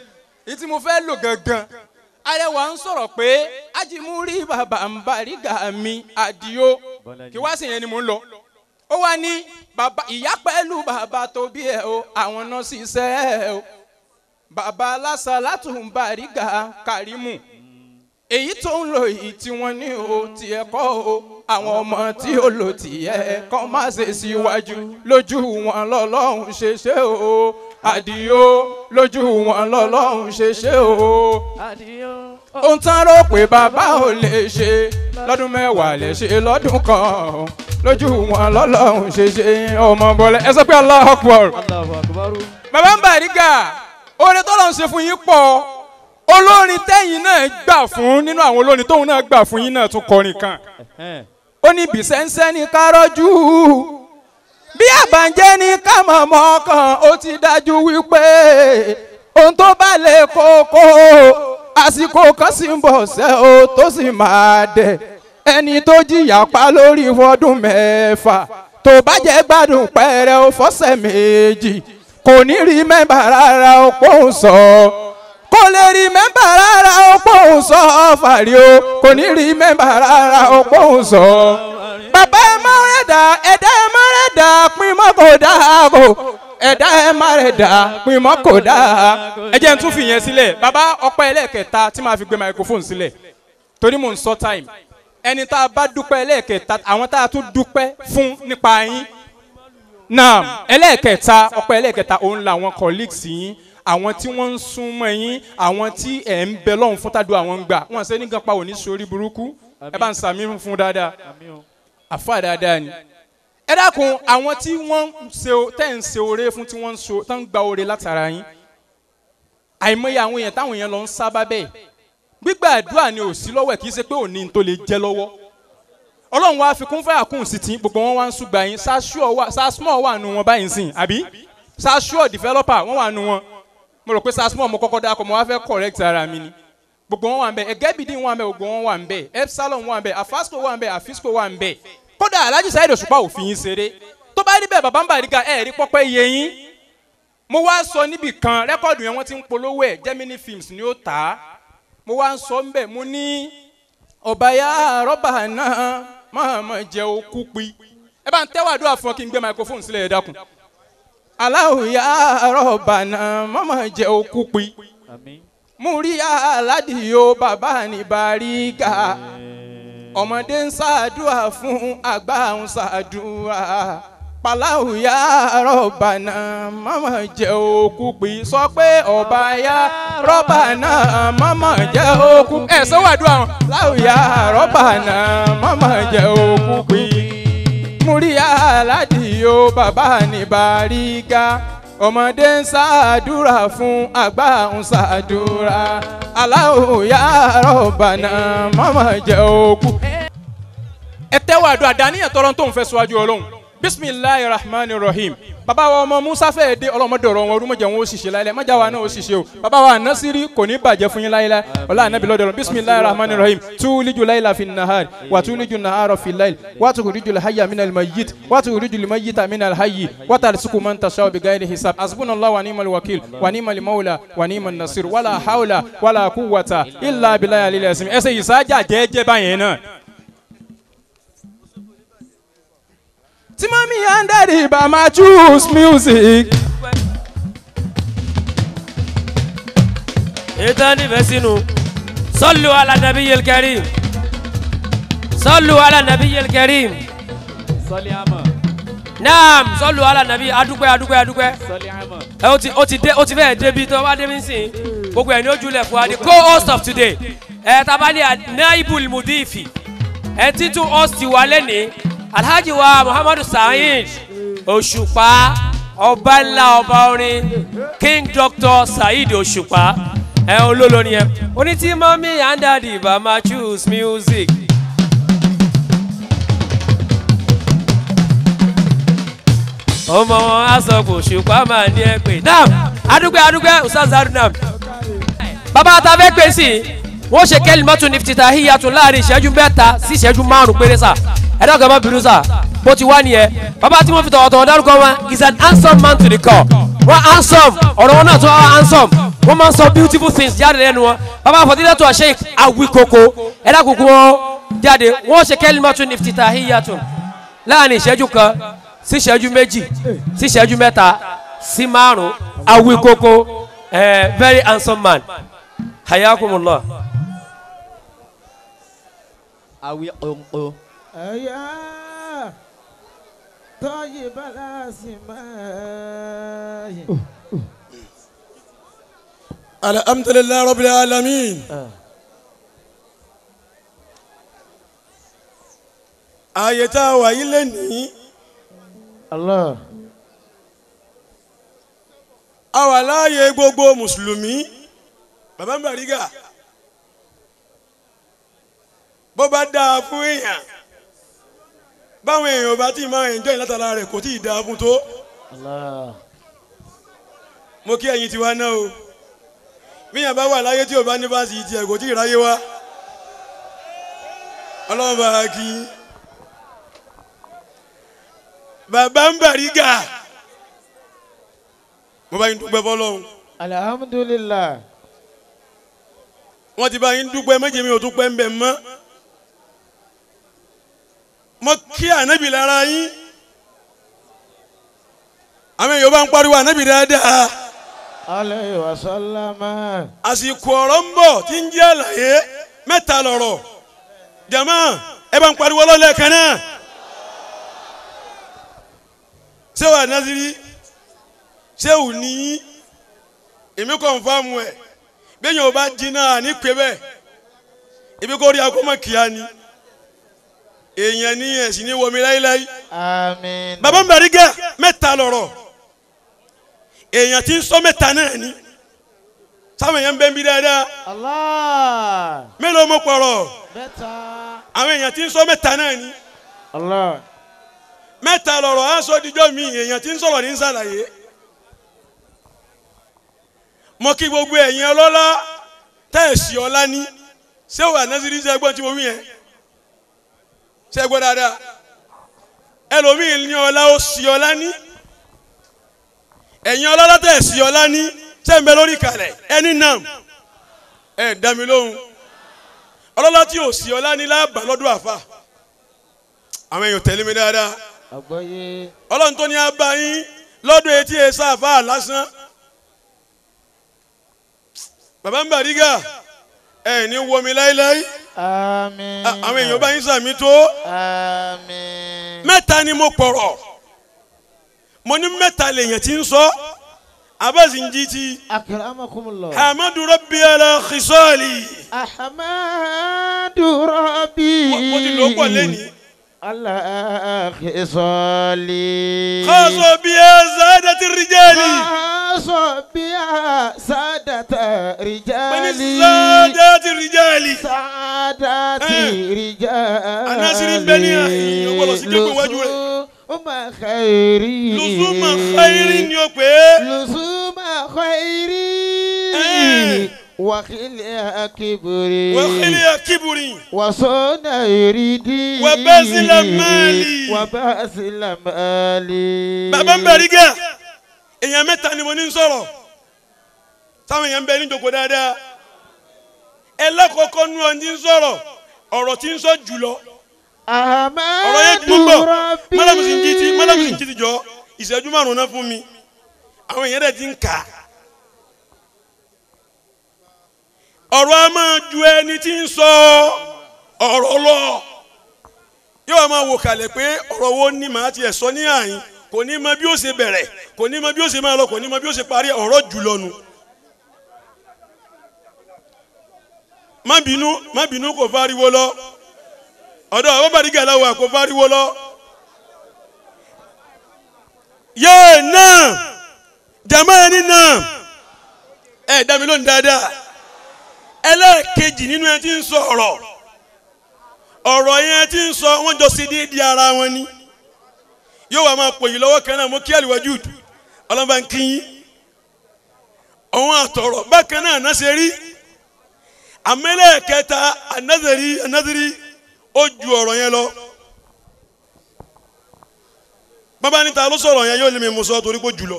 èyí tí mo fẹ́ lò gangan arẹwà ń sọ̀rọ̀ pé ajimuri bàbá ń bàrígà mi àdìo kí wá sí yẹn ni mò ń lọ ó wá ní bàbá ìyá pẹ̀lú bàbá tó bí ẹ o àwọn náà ṣiṣẹ́ ẹ o bàbá aláṣà látùnbárígà Kàrímù èyí tó ń lò yìí tí wọ́n ní o ti ẹ̀kọ́ o àwọn ọmọ tí ó lò tì yẹ kọ́ má ṣe síwájú lójú wọn lọ́lọ́run ṣe ṣe o àdìyó lójú wọn lọ́lọ́run ṣe ṣe o àdìyó. ohun tán rò pé bàbá ò lè ṣe lọ́dún mẹ́wàá lè ṣe lọ́dún kan lójú wọn lọ́lọ́run ṣe ṣe ọmọ bọ́lẹ̀ ẹ sọ pé Allahu Akbar. bàbá ń Bariga orin tọ́lọ́run ṣe fún yín pọ̀ olórin tẹ́yìn náà gbà fún nínú àwọn olórin tóun náà gbà fún yín náà tún kọrin kan ó ní bìsẹ́nsẹ́ ní kárọ́jú bí àbànjẹ́ ní kámọ̀mọ́ kan ó ti dájú wípé ohun tó bá lè kókó àsìkò kan sì ń bọ̀ sẹ́ o tó sì máa dẹ̀ ẹni tó jìyà pa lórí fọdún mẹ́fà tó bá jẹ́ gbádùn pẹ́rẹ́ ó fọ́sẹ̀ méjì kò ní rí mẹ́mbà rárá ó pòun sọ kò lè rí mẹ́mbà rárá ó pòun sọ fàrí o kò ní rí mẹ́mbà rárá ó pòun sọ. bàbá ẹ má rẹ̀ dà ẹ̀dá ẹ má rẹ̀ dà pín mọ́ kò dáa kò ẹ̀dá ẹ má rẹ̀ dà pín mọ́ kò dáa. ẹ jẹ́ n tún fìyẹn sílẹ̀ bàbá ọpẹ́ ẹlẹ́kẹta tí màá fi gbé microphone sílẹ̀ torí mò ń sọ time ẹni tá a bá dúpẹ́ ẹlẹ́ẹ̀kẹta àwọn tá a tún dúpẹ́ fún nípa yín náà ẹlẹ́ẹ̀kẹta ọpẹ́ ẹlẹ́ẹ̀kẹta òun làwọn colleagues yín àwọn tí wọ́n ń sún mọ́ yín àwọn tí ẹ̀ ń bẹ lọ́hùn fún tádùn àwọn ń gbà wọ́n ṣe nìkan pa òní sórí burúkú ẹ bá ń sàmì fún dáadáa àfa dáadáa ni ẹ dákun àwọn tí wọ́n tẹ̀ ń ṣe oore fún tí wọ́n ń gba oore látara yín àìmọye àwọn èèyàn táwọn èèyàn lọ ń sábà bẹ́ẹ̀ gbígbà àdúrà ni ò sí lọ́wọ́ ẹ̀ kì í ṣe pé ò ní tó lè jẹ́ lọ́wọ́ ọlọ́run wa fi kún fáyà kún sí ti gbogbo wọn wá ń súgbà yín sasmọ́ wà nù wọn báyìí sìn àbí sasmọ́ developer wọ́n wà nù wọn mo rò pé sasmọ́ mo kọ́kọ́ dákọ̀ mo wá fẹ́ correct ara mi ni gbogbo wọn wà ń bẹ ẹgẹ́bìdì wà ń bẹ gbogbo wọn wà ń bẹ epsilon wà ń bẹ afasco wà ń bẹ afisco wà ń bẹ kódà alhaji saheed òṣùpá òfin yín ṣeré tó bá rí bẹ́ẹ̀ bàbá ń bà rí ga ẹ̀ rí pọ́pẹ́ iye yín mo wá sọ níbì kan rẹ́kọ̀dù yẹn wọ́n ti ń polówó ẹ̀ Gemini Films ni ó tà á mo wá ń sọ ń bẹ̀ mo ní ọba ya rọ́bà náà máa ma jẹ́ okú pi ẹ bá ń tẹ́wọ́ àdúrà kí n gbé microphone sílẹ̀ ẹ dákun aláwo ya rọ́bà náà máa ma jẹ́ okú pi mo rí aládìyó bàbá ní baríga ọmọdé ń ṣàdúrà fún àgbà ń ṣàdúrà pàláwù ya rọ́bà mama mọ́mọ́ jẹ́ òkú pè sọ pé ọba yá rọ́bà náà mọ́mọ́ jẹ́ òkú. ẹ sọ́wọ́ àdúrà wọn. pàláwù yá rọ́bà náà mọ́mọ́ jẹ́ òkú pè. múrí aládìyó bàbá ní bàríga ọmọdé ń ṣàdúrà fún àgbà ń ṣàdúrà. aláwù yá rọ́bà náà mọ́mọ́ jẹ́ ẹ tẹ́wọ́ àdúrà dání tọrọ tó ń fẹ́ síwájú ọlọ́run bisimilahi rahman rahim bàbá wa ọmọ musa fẹ́ẹ́ dé ọlọ́mọdọ̀rọ̀ wọn orúmọ̀jẹ̀ wọn ó sì ṣe láyé mọ́jà wa náà ó sì ṣe o bàbá wa anasiri kò ní bàjẹ́ fún yín láyé ọlá anabi lọ́dọ̀rọ̀ bisimilahi rahman rahim tuuliju layla fi nahari watuuliju nahara fi layl watukuriju lahaya min almayit watukuriju limayita min alhayi watarisuku man tasha bi gairi hisab asbuna allah wa ni'mal wakil wa ni'mal mawla wa ni'mal nasir wala hawla wala quwwata illa bilayi alilasi ẹsẹ ìsájà jẹ́ẹ́jẹ́ báyẹn náà. See, mommy and daddy by my juice music. ètò nífẹ̀ẹ́ sínú ala nabi nabiyil karim sọ́lù ala nabi nabiyil karim. sọ́lì àmọ́. naam sọ́lù ala nabi adúpẹ́ adúpẹ́ adúpẹ́. sọ́lì ama. ẹ oti oti o ti dé o ti fẹ́ẹ́ débi tó o bá débi nsìn the co-host of today ẹ̀ tabali naibul mudifi ẹ̀ títún host wa lẹ́nìí alhaji wa muhammadu saheed òṣùpá ọba ńlá ọba orin king doctor saheed òṣùpá ẹ̀hún ló lónìí ẹ̀ oní tí mọ́mí and daddy choose music. ọmọ wọn á sọ kò ṣùpá máa ní ẹ pé nam adúgbẹ́ adúgbẹ́ usaz adunam bàbá àtàfẹ́ pèsè wọ́n ṣe kẹ́lí mọ́tò ní fìtìtà híyàtò láàrin ìṣẹ́jú mẹ́ta sí ìṣẹ́jú márùn-ún péré sáà ẹ dákun ẹ má bínú sà bó ti wá nìyẹn bàbá tí wọ́n fi tọ̀wọ̀tọ̀wọ̀ dárúkọ wọn is an handsome man to the call. wọ́n handsome ọ̀rọ̀ wọn náà tún wọ́n handsome wọ́n máa ń sọ beautiful things jáde lẹ́nu wọn bàbá fọ̀dílẹ́tò àṣẹ Awikoko ẹ dákun kún wọn jáde wọ́n ṣe kẹ́límọ́tún ní iftitahiyatun láàrin ìṣẹ́jú kan sí ìṣẹ́jú méjì sí ìṣẹ́jú mẹ́ta sí márùn-ún Awikoko very handsome man hayakumullah. Awikoko. Aya, طيب الأسماء الحمد لله رب العالمين ààyè tá a wà yí lénìí. Allah. a wà láàyè gbogbo mùsùlùmí bàbá Bariga bó bá dáa fún èèyàn báwọn èèyàn bá ti máa enjoy látara rẹ̀ kò tí ì dáa fún tó. mo kí ẹ̀yin tiwa náà o bíyàn bá wà láyé tí o bá ní bá sì tiẹ̀ kò tí ì ráyé wá ọlọ́run bá a kí i. bàbá ń Bàrígà mo bá yín dúpẹ́ fọlọ́run. alhamdulillah. wọ́n ti bá yín dúpẹ́ méje mi ò tún pẹ́ ń bẹ̀ mọ́ mo kí ànábì lára yín àmì yorùbá ń pariwo ànábì dáadáa. aleyhi wa sallama. àsìkò ọ̀rọ̀ ń bọ̀ tí ń jẹ́ àlàyé mẹ́ta lọ̀rọ̀ jama ẹ bá ń pariwo lọ́lẹ̀ kan náà. sẹ́wọ̀ ànásírí sẹ́wọ̀ ní èmi kàn fáàmù ẹ̀ bẹ́ẹ̀ yóò bá jiná ní bẹ́ẹ̀ ibi kò rí akọ́mọ kìá ni èèyàn níyàn sì ní wọmi láíláí. àmín. bàbá mbàrígà mẹ́ta lọ̀rọ̀ èèyàn ti ń sọ mẹ́ta náà ni sáwọn èèyàn ń bẹ́ ń bí dáadáa. mélòó mo pọ̀rọ̀. àwọn èèyàn ti ń sọ mẹ́ta náà ni. mẹ́ta lọ̀rọ̀ á sọ díjọ́ mi èèyàn ti ń sọ̀rọ̀ ní sàlàyé. mo kí gbogbo ẹ̀yin ọlọ́lá tẹ̀sí ọlá ní ṣé wà násìrì ṣe ẹgbọ́n tí mo wí yẹn ṣe gbọ́ dáadáa ẹlòmíì ní ọlá ó sì ọlá ní ẹ̀yin ọlọ́lá tẹ̀ sí ọlá ní sẹ́ńbẹ́ lórí kalẹ̀ ẹni náà ẹ̀ dá mi lóhùn ọlọ́lá tí ò sí ọlá ní lábàá lọ́dún àfà àwọn èèyàn tẹ̀lé mi dáadáa ọlọ́run tó ní abá yín lọ́dún etí ẹ̀ sáfà lásán bàbá ń bàrígà ẹ̀ ní wọmi láéláé àmín. àwọn èèyàn bá yín sàmì tó. mẹ́ta ni mo pọ̀rọ̀ mo ní mẹ́ta lèèyàn ti ń sọ abasi ń jí ti. akramakumullah. hamadu rabbi ala khisali. ahamadu rabbi. mo ti lò ó pọ̀ ala khisali. kọ́sọ̀ سادة الرجال فحاص بها سادة الرجال من سادة الرجال سادة الرجال أنا سرين بني أخي والله سكيب وجهه lùsùmà xayiri. lùsùmà xayiri ni o pé. lùsùmà xayiri. وخلع كبري وخلع كبري وصون يريدي وبازل مالي وبازل مالي bàbá ń bẹ rí gẹ́ èèyàn mẹ́ta ni mo ní ń sọ̀rọ̀ táwọn èèyàn ń bẹ níjókòó dáadáa ẹlẹ́kọ̀ọ́kọ́ nú ọ ní ń sọ̀rọ̀ ọ̀rọ̀ tí ń sọ jùlọ ọ̀rọ̀ yẹn dùn gbọ́ mọ́lẹ́mùsì ń jí ti mọ́lẹ́mùsì ń jí ti jọ ìṣẹ́jú márùn-ún náà fún mi àwọn èèyàn dẹ̀ ti ń kà á. ọ̀rọ̀ a máa ju ẹni tí ń sọ ọ̀rọ̀ lọ yóò máa wò kalẹ̀ pé ọ̀rọ̀ wo ni màá tiẹ̀ sọ ní àyín kò ní mọ bí ó ṣe bẹ̀rẹ̀ kò ní mọ bí ó ṣe máa lọ kò ní mọ bí ó ṣe parí ọ̀rọ̀ jùlọ nu. má bínú má bínú kò fariwo lọ ọ̀dọ̀ àwọn bàdígà kò fariwo lọ. yéè náà jàmáà ni náà ẹ̀ dá mi lóhùn dáadáa ẹlẹ́ẹ̀kejì nínú ẹ ti ń sọ ọ̀rọ̀ ọ̀rọ̀ yẹn ti ń sọ wọ́n jọ sí déédéé ara wọn ni yóò wá máa pòyì lọ́wọ́ kan náà mo kí àlùwájú ọlọ́mọba ń kí yín òun àtọ̀rọ̀ bákan náà náà ṣe rí àmẹ́lẹ́ẹ̀kẹta anadiri anadiri ó ju ọ̀rọ̀ yẹn lọ bàbá níta ló sọ̀rọ̀ yẹn yóò lè mú sọ torí pé jùlọ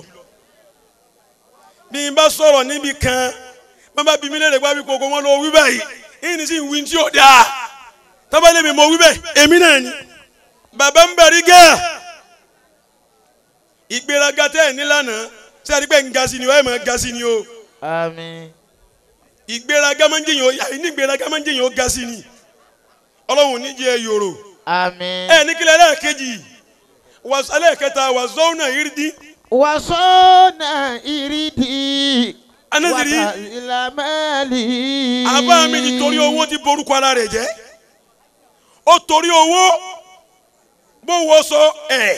bí n bá sọ̀rọ̀ níbi kan. mama bi mi le gba bi koko won lo wi bayi ini si win ti o da to ba le mi mo wi be emi na ni baba n beri ge igbera ga te ni si ni o e mo ga si ni o amen igbera ga mo jiyan o ya ni igbera ga mo jiyan o ga si ni olohun ni yoro amen Ee, ni kile le keji waso na wazona iridi wasona iridi Anadiri. Aba mi nítorí owó ti borúkọ ara rẹ̀ jẹ́ ó torí owó bó wọ sọ ẹ̀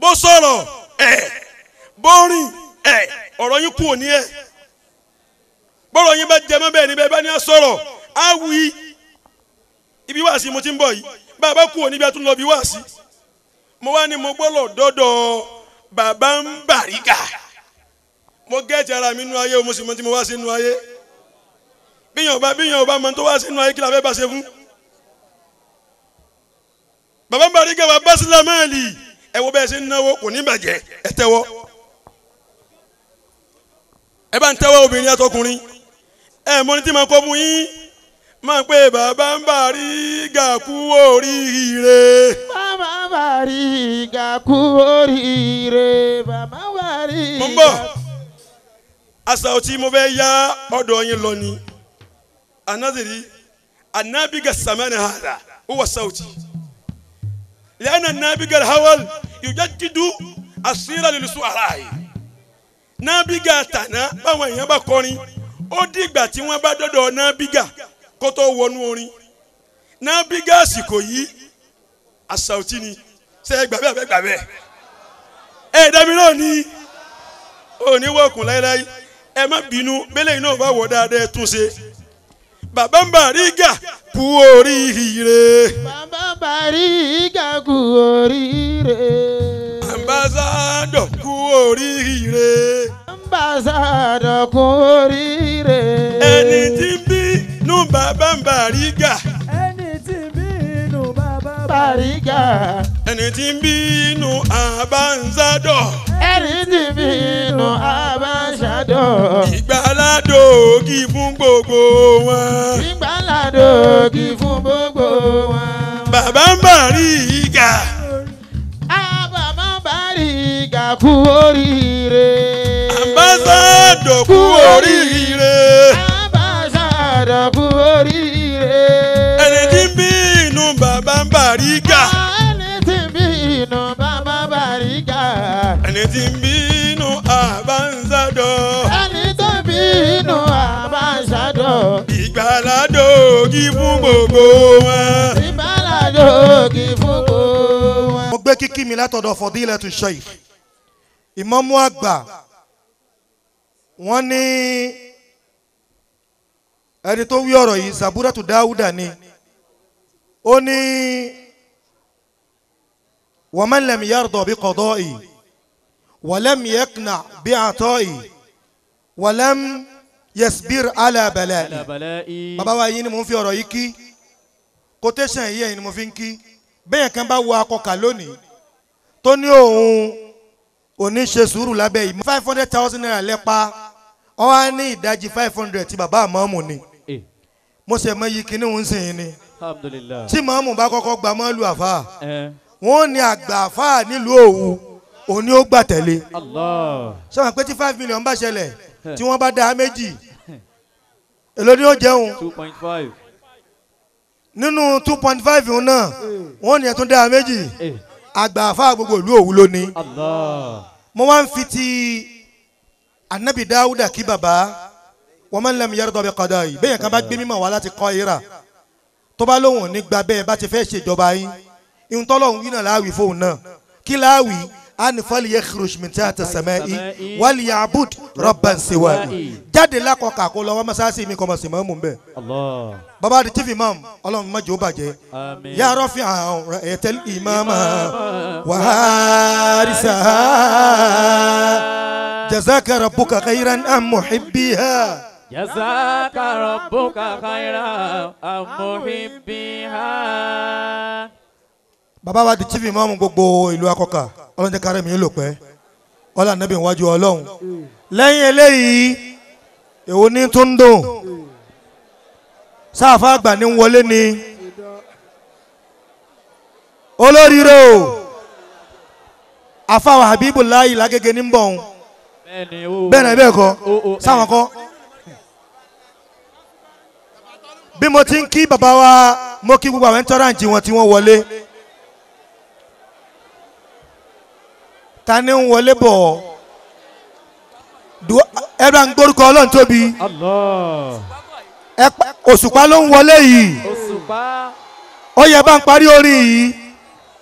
bó sọ̀rọ̀ ẹ̀ bó rìn ẹ̀ ọ̀rọ̀ yín kú òní ẹ̀ bọ́rọ̀ yín bá jẹ mọ́ bẹ́ẹ̀ níbẹ̀ bá ní sọ̀rọ̀ á wí ibi wáàsí mo ti ń bọ̀ yìí bàbá kú òní bí a tún lọ bí wáàsí mo wá ní mo gbọ́ lọ dọ́dọ̀ bàbá ń bàríkà mo gẹ́ẹ̀tì ara mi nú ayé o mo sì mọ tí mo wá sí nú ayé bíyàn ọba bíyàn ọba mọ tó wá sí nú ayé kí la fẹ́ bá ṣe fún. bàbá ń bàrí gẹ́gẹ́ bá sílámẹ́ẹ̀lì ẹ wo bẹ́ẹ̀ ṣe ń náwó kò ní bàjẹ́ ẹ tẹ́wọ́ ẹ bá ń tẹ́wọ́ obìnrin àtọkùnrin ẹ mọ ní tí màá kọ́ mu yín máa pé bàbá ń bàrí gàkú oríire. bàbá ń bàrí gàkú oríire bàbá ń bàrí gàkú oríire àṣà tí mo fẹ́ yá ọ̀dọ̀ yín lọ ni anadiri anabiga samani hada huwa sauti lẹ́nà nabiga alhawal yujaddidu asira lilusu arayi nabiga tana báwọn èèyàn bá kọrin ó dìgbà tí wọ́n bá dọ́dọ̀ nabiga kó tó wọnú orin nabiga àsìkò yìí àṣàòtí ni ṣe gbabe gbàgbé àbẹ́gbàgbé e ẹ̀ẹ́dẹ́mi o ni òní wọ̀kùn ẹ má bínú bẹ́lẹ̀ iná bá wọ̀ dáadáa tún ṣe bàbá ń bà rí gà kú oríire. bàbá ń bà rí gà kú oríire. ambassador kú oríire. ambassador kú oríire. ẹni tí ń bínú bàbá ń bà rí gà àríkà. ẹni tí ń bínú àbánzádọ̀. ẹni tí ń bínú àbánzádọ̀. ìgbàládò kì fún gbogbo wọn. ìgbàládò kì fún gbogbo wọn. bàbá ń bàrí ìgà. àbàbà ń bàrí ìgà kú oríire. àbánzádọ̀ kú oríire. bàrígà. ẹni tí ń bínú bàbá bàrígà. ẹni tí ń bínú àbánzádọ. ẹni tó bínú àbánzádọ. ìgbàládò ògì fún gbogbo wọn. ìgbàládò ògì fún gbogbo wọn. mo gbé kíkí mi látọ̀dọ̀ Fadilatu Sheikh ìmámù àgbà wọ́n ní ẹni tó wí ọ̀rọ̀ yìí Zaburatu Dáúdà ni ó ní waman lam yarda bi qada'i walam yaqna' bi ata'i walam yasbir ala bala'i bàbá wa yín ni mo ń fi ọ̀rọ̀ yìí kí quotation yìí ẹ̀yin ni mo fi ń kí bẹ́ẹ̀ kan bá wọ akọkà lónìí tó ní òun òní ṣe sùúrù lábẹ́ yìí five hundred thousand naira lẹ́pa wọ́n ní ìdajì five hundred tí bàbá àmọ́ mù ni eh. mo ṣe mọ iye kíní òun sìn yín ni alhamdulillah. tí màmú bá kọ́kọ́ gba mọ́lù àfà eh. wọ́n ní àgbà àfà nílùú òwú òun ni ó gbà tẹ̀lé. sọ̀rọ̀ pé tí five million bá ṣẹlẹ̀ eh. tí wọ́n bá dá méjì eh. èló ni ó jẹun. two point five. nínú two point five yìí náà wọ́n ní ẹ̀ tún dá méjì àgbà àfà gbogbo ìlú òwú ló ní. mo wá ń fi ti anabi dawuda kí baba wọ́n máa ń lẹ́mu yẹ́rọ dọ́bẹ̀ kọ́dọ̀ yìí bẹ́ẹ̀ yẹn kan bá gbé mímọ̀ wá láti kọ́ ira tó bá lóhùn ní gba bẹ́ẹ̀ bá ti fẹ́ ṣèjọba yín ihun tọ́lọ́hún yìí náà láàwì fóun náà kí láàwì ani fali ye kurusumita ati sẹmẹ i abud rọban sewa i jáde lakọ k'a ko la wa masasi mi kọma sẹmẹ mun baba di chief imam ọlọ́run ma jo bàjẹ́ yaarọ fi hàn ẹtẹli imama waharisa jazaka rabuka khairan an muhibbiha. جزاك ربك خيرا المحبين. ha. wa di chief imam gbogbo ìlú akọkà ọlọ́dẹ kárẹ́ mi lò pẹ́ ọlá nàbí iwájú ọlọ́run lẹ́yìn eléyìí èwo ní tó ń dùn ni olóríire o àfàwọn Habibullahi Lágége ní bọ̀ ọ́n bẹ́ẹ̀ ni bẹ́ẹ̀ kọ́ sáwọn kọ́. bí mo ti ń kí bàbá wa mo kí gbogbo àwọn ẹ̀ńtọ́ráǹtì wọn tí wọ́n wọlé ta ni ń wọlé bọ̀ ẹ̀rọ ń gbórúkọ ọlọ́run tóbi òṣùpá ló ń wọlé yìí ó yẹ bá ń parí orin yìí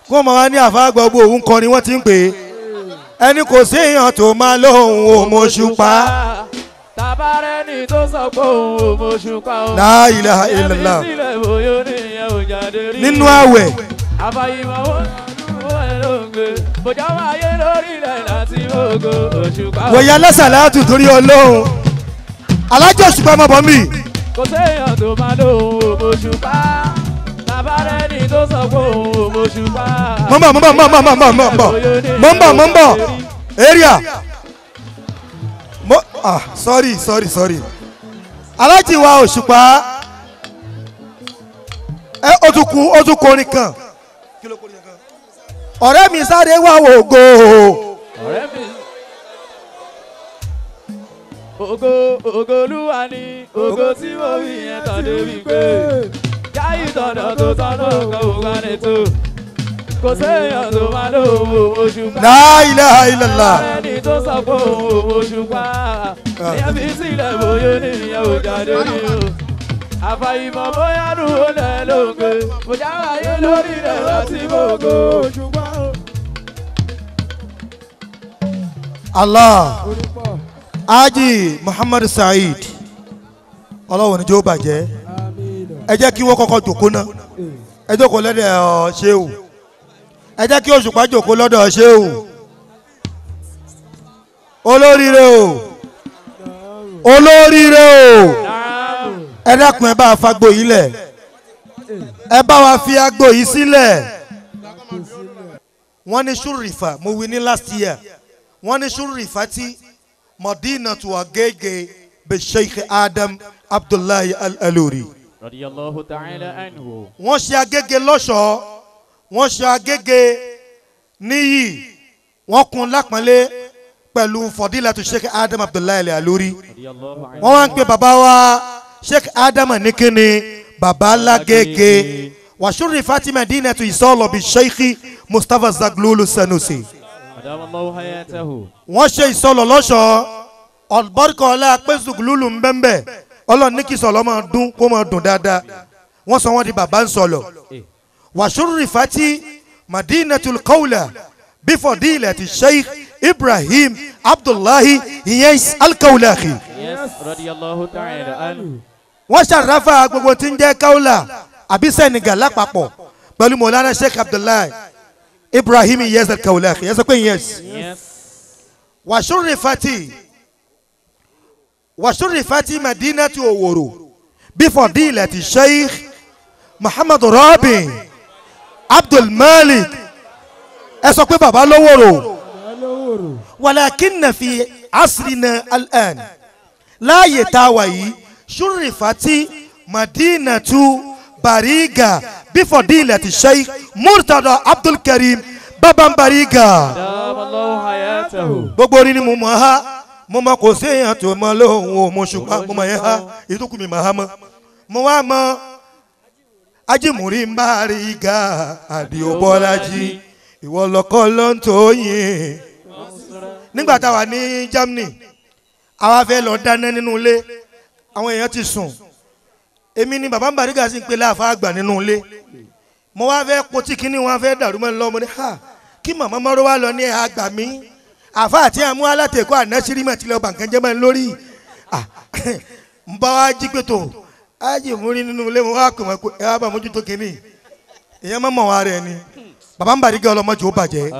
kó mọ̀ ní àfáàgbà gbogbo òun kọrin wọ́n ti ń pè é hmm. ẹni kò sí èèyàn tó máa lóhùn òmòṣùpá tabarẹ ni tó sọ pé òun ò mọṣù pa òun. la ilaha illallah. ẹbí sílẹ̀ bóyá oníyẹn ò jáde rí. nínú àwẹ̀. àfàyìmọ̀wọ́ àdúgbò ẹ̀ ló ń gbé bòjá wà ayé lórí rẹ̀ láti ògo oṣù pa wòye alásà láàtù torí ọlọ́run alájọ ṣùgbọ́n ọmọ bọ̀ kò séèyàn tó máa lóhun ò mọṣù pa tabarẹ ni tó sọ pé òun ò mọṣù pa. mọ̀ mọ̀ mọ̀ mọ̀ mọ̀ mọ̀ mọ̀ mọ̀ mọ̀ mọ̀ mọ̀ mọ̀ mọ̀ mọ̀ mọ̀ ah sorry sorry sorry aláàjì wa òṣùpá ẹ o tún kun o tún korin kan ọ̀rẹ́ mi sáré wá ògo. ọ̀rẹ́ mi ògo ògo olúwa ni ògo tí mo rí yẹn tàn débi pé yáyí tọ̀dọ̀ tó tán náà kọ́ ògbà nìtò kò séèyàn tó máa lò owó ṣùgbọ́n. la ilaha illallah. ẹni tó sọ pé owó ṣùgbọ́n. ìyá mi sílẹ̀ bóyá oníyẹn ò jáde orí o. àfàìmọ̀ bóyá nù ó lẹ̀ lóge. mo já wáyé lórí rẹ̀ láti gbogbo ṣùgbọ́n. Allah Haji Muhammad Saheed ọlọ́wọ́n ni jó bàjẹ́ ẹ jẹ́ kí wọ́n kọ́kọ́ jòkó náà ẹ jókòó lẹ́dẹ̀ẹ́ ṣéwù ẹ jẹ́ kí òṣùpá jòkó lọ́dọ̀ ṣéwù olóríire o olóríire o ẹ dákun ẹ bá a fagbó yìí ẹ bá wa fi agbó yìí sílẹ̀ ní ṣùrìfà mo wí ní last year wọ́n ní ṣùrìfà tí madina tó wà gẹ́gẹ́ bẹ sheikh adam abdullahi al-aluri. radiyallahu ta'ala anhu. ṣe agége lọ́ṣọ̀ọ́ wọ́n ṣe Agége níyì wọ́n kún lápọ́nlé pẹ̀lú fọ̀dílàtú Sheikh Adam Abdullahi Ali Aluri wọ́n wá ń pe bàbá wa Sheikh Adam ní kíni bàbá lágége wàṣúrì Fatima dina tu ìsọ̀lọ̀ bíi Sheikh Mustapha Zaglulu Sanusi wọ́n ṣe ìsọ̀lọ̀ lọ́ṣọ̀ọ́ ọ̀bọ́rìkọ̀ ọ̀la pé Zaglulu ń bẹ́ńbẹ́ ọlọ́ọ̀ni kìsọ̀ lọ́mọ dún kó mọ̀ dùn dáadáa wọ́n sọ wọ́n di bàbá ń sọ̀lọ̀. وشرفت مدينة القولة بفضيلة الشيخ إبراهيم عبد الله إياس الكولاخي رضي الله تعالى عنه وشرفها gbogbo tí ń jẹ́ Kaula àbí Senegal lápapọ̀ pẹ̀lú Mọ̀lánà Sheikh Abdullahi Ibrahim Iyaas al-Kaulahi ẹ sọ pé Iyaas. wàṣúrìfàtì wàṣúrìfàtì madinatu Oworo bí fọ̀dí ilẹ̀ ti Sheikh Muhammad Rabi. Abdul Malik ẹ sọ pé baba lówòrò walakinna fi asrina al'an láàyè tá a wà yìí ṣúrìfàtì madinatu bariga bifadilati sheikh murtada Abdul Karim bàbá bariga. gbogbo orin ni mo mọ̀ ha mo mọ̀ kò sí èèyàn tó mọ̀ lóhùn o mo ṣùgbọ́n mo mọ̀ yẹn ha ìdúkùn mi mọ̀ ha mọ̀ mo wá mọ̀ ajimuri mbariga adiobolaji ìwọ lọkọ ló ń tóyìn nígbà táwa ní Germany àwa fẹ́ lọ dáná nínú ilé àwọn èèyàn ti sùn èmi ni bàbá mbariga sì ń pè láàfà àgbà nínú ilé mo wá fẹ́ potí kínní wọn fẹ́ dàrú mọ́ lọ́mọ ní ha kí màmá mọ́rọ́ wá lọ ní ẹ̀ àgbà mi àfa àti àmú alátẹ̀kọ́ àná sírímọ̀ tilẹ̀ ọba nǹkan jẹ́ mọ́ lórí nbá wa jí pé tó ájì mú rí nínú mo wọn wá pè wọn pé ẹ wá bá mójútó kínní ìyẹn mọ̀ wọn ara ẹni bàbá ń bàdí gẹ́ ọlọ́mọdé ó bàjẹ́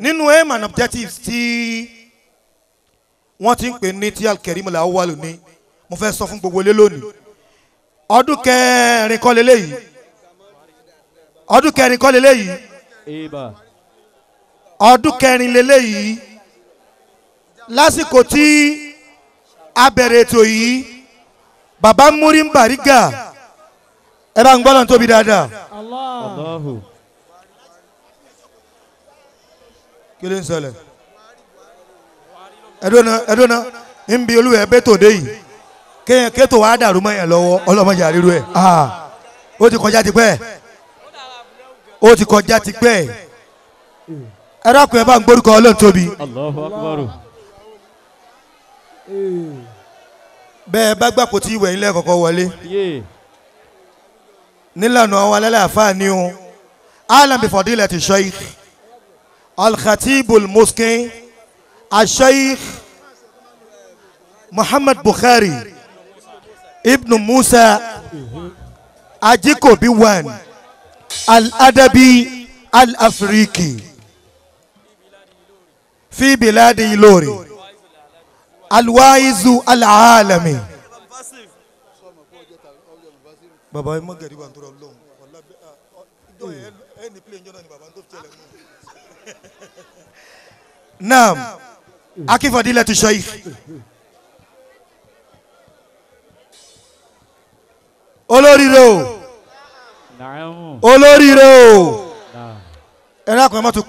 nínú aim and objectives tí wọ́n ti ń pè ní tí alkerim la wà lónìí mo fe sọ fún gbogbo ilé lónìí ọdún kẹrin kọ́ lélẹ́yìí ọdún kẹrin kọ́ lélẹ́yìí ọdún kẹrin lélẹ́yìí lásìkò tí a bẹ̀rẹ̀ ètò yìí baba múrí ń bàrígà ẹ bá ń gbọ́ lọ́n tóbi dáadáa. Allahu. kí ló ń sọlẹ̀ ẹ̀dọ́nà ẹ̀dọ́nà ń bi olúwa ẹ̀bẹ́ tòde yìí kéèyàn kéètò wàá dàrú mọ́ yẹn lọ́wọ́ ọlọ́mọdé àríwú ẹ̀ ó ti kọjá tipẹ́ ó ti kọjá tipẹ́ ẹ̀rọ àkùnrin bá ń gbórúkọ ọlọ́run tóbi bẹ́ẹ̀ bá gbà kò tí ì wẹ̀yìn lẹ́ẹ̀kọ́kọ́ wọlé nílànà àwọn alálẹ̀ àfáàní o alam bifọdílẹ̀ ti sheikh alkhatibul muskin asheikh muhammad bukhari ibn musa ajikobi wan al-adabi fi biladi ilori alwaizu alaalami. baba ẹ mọ gẹ̀rí wa nítorí ọlọ́run ọ̀la ìjọ ẹ ní plẹ̀ ìjọba ni baba tó tẹ̀lé mú. tu sheikh. olóríire o olóríire o ẹ dákun ẹ má tún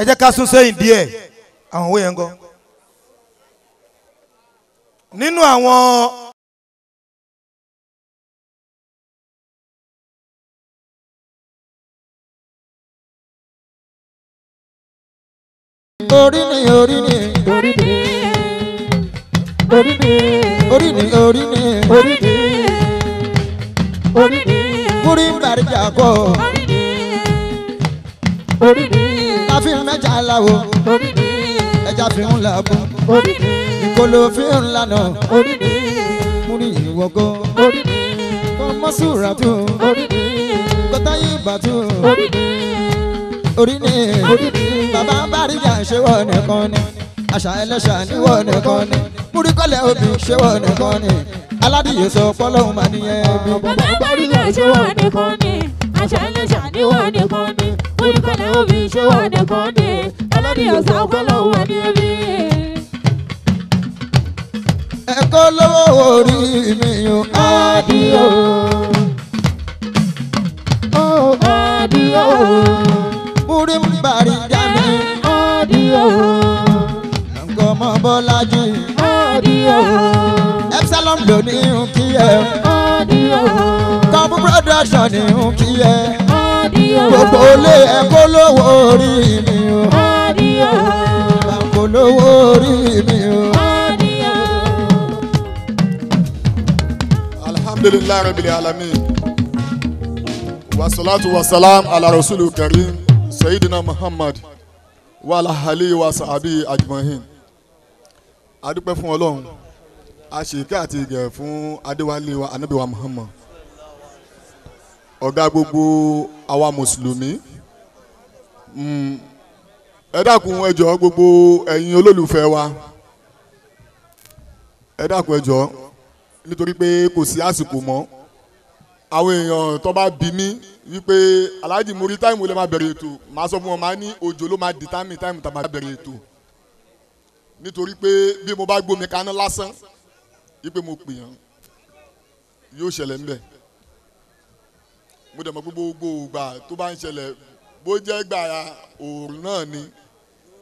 ẹ jẹ́ ká sún sẹ́yìn díẹ̀ àwọn owó yẹn ń gọ́ nínú àwọn. orí ni orí ni orí ni orí ni orí ni orí ni orí ni orí ni ni ń ni jà ni orí ni orí ni fi ń mẹ́jà láwo ẹja fi ń làbọ̀ ìkòlò fi ń lànà múrí ìwọ̀gọ́ kọ́mọ́sùrà tó kọ́tà yìí bàtú orí ni bàbá bàríjà ṣe wọ̀ nìkan ni àṣà ẹlẹ́ṣà níwọ̀ nìkan ni múrí kọ́lẹ̀ obì ṣe wọ̀ nìkan ni aládìyẹ sọ pọ́lọ́hún mà nìyẹn bí. bàbá bàríjà ṣe wọ̀ nìkan ni. Ashalisha ni wani kondi Ẹ̀kọ́ lọ́wọ́ orí mi yóò adìyọ. Ó Múrí bàrí jáde. Adìyọ. Ẹ̀kọ́ mọ́ Bọ́lájí. Audio. Epsilon ló ní kí ẹ. Audio. Kọ́mú production ní kí ẹ. Audio. Gbogbo ilé ẹ̀kọ́ lówó orí mi o. Audio. Bàbá lówó orí mi o. Audio. Alhamdulilayi Rabbil Alamin. Wasalaatu wasalaam ala rasulu karim Muhammad wa ala alihi wa sahabi ajmahin adúpẹ́ fún ọlọ́run àṣìkẹ́ àti ìgẹ̀ fún adéwálé wa anábìwá muhammad ọ̀gá gbogbo àwa mùsùlùmí hmm. ẹ dákun ẹ jọ̀ọ́ gbogbo ẹ̀yin olólùfẹ́ wa ẹ dákun ẹ jọ̀ọ́ nítorí pé kò sí àsìkò mọ́ àwọn èèyàn tó bá bí mí wípé alhaji muri táìmù lè má bẹ̀rẹ̀ ètò màá sọ fún wọn màá ní òjò ló má di táìmù táìmù tá má bẹ̀rẹ̀ ètò nítorí pé bí mo bá gbómi kaná lásán yípe mo pè yàn yóò ṣẹlẹ̀ ńbẹ̀ mo dẹ̀ mọ̀ pé gbogbo ìgbà tó bá ń ṣẹlẹ̀ bó jẹ́ gbà òòrùn náà ni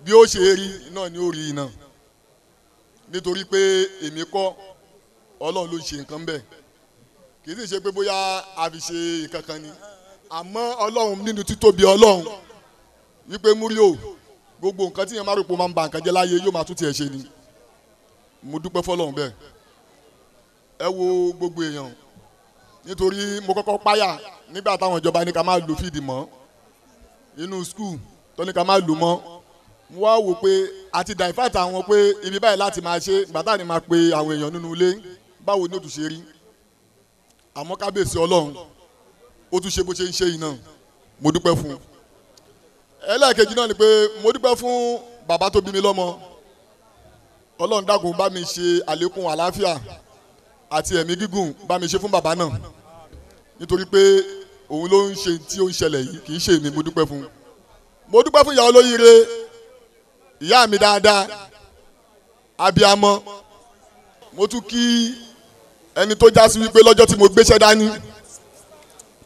bí ó ṣe rí náà ni ó rí iná nítorí pé èmi kọ́ ọlọ́run ló ń ṣe nǹkan bẹ́ẹ̀ kì í sì ṣe pé bóyá a fi ṣe nǹkan kan ni àmọ́ ọlọ́run nínú títóbi ọlọ́run wípé múrí o gbogbo nǹkan tí yẹn máa rò pé ó máa ń ba nǹkan jẹ́ láyé yóò máa tún tiẹ̀ ṣe ni mo dúpẹ́ fọlọ́run bẹ́ẹ̀ ẹ wo gbogbo èèyàn nítorí mo kọ́kọ́ páyà nígbà táwọn ìjọba ní ká máa lo fíìdì mọ́ inú skul tó ní ká máa lò mọ́ mo wá wò pé àti dàìfàtà àwọn pé ibi báyìí láti máa ṣe gbàtà ni máa pe àwọn èèyàn nínú ilé báwo ni ó tún ṣe rí àmọ́ kábíyèsí ọlọ́run ó tún ṣe bó ṣe ń ṣe yìí náà mo dúpẹ́ fún un ẹlẹ́ẹ̀kejì náà ni pé mo dúpẹ́ fún bàbá tó bí mi lọ́mọ ọlọ́run dàgùn bá mi ṣe àlékún àlàáfíà àti ẹ̀mí gígùn bá mi ṣe fún bàbá náà nítorí pé òun ló ń ṣe tí ó ń ṣẹlẹ̀ yìí kì í ṣe èmi mo dúpẹ́ fún mo dúpẹ́ fún ìyá olóyire ìyá mi dáadáa abiamọ mo tún kí ẹni tó já wípé lọ́jọ́ tí mo gbéṣẹ́ dání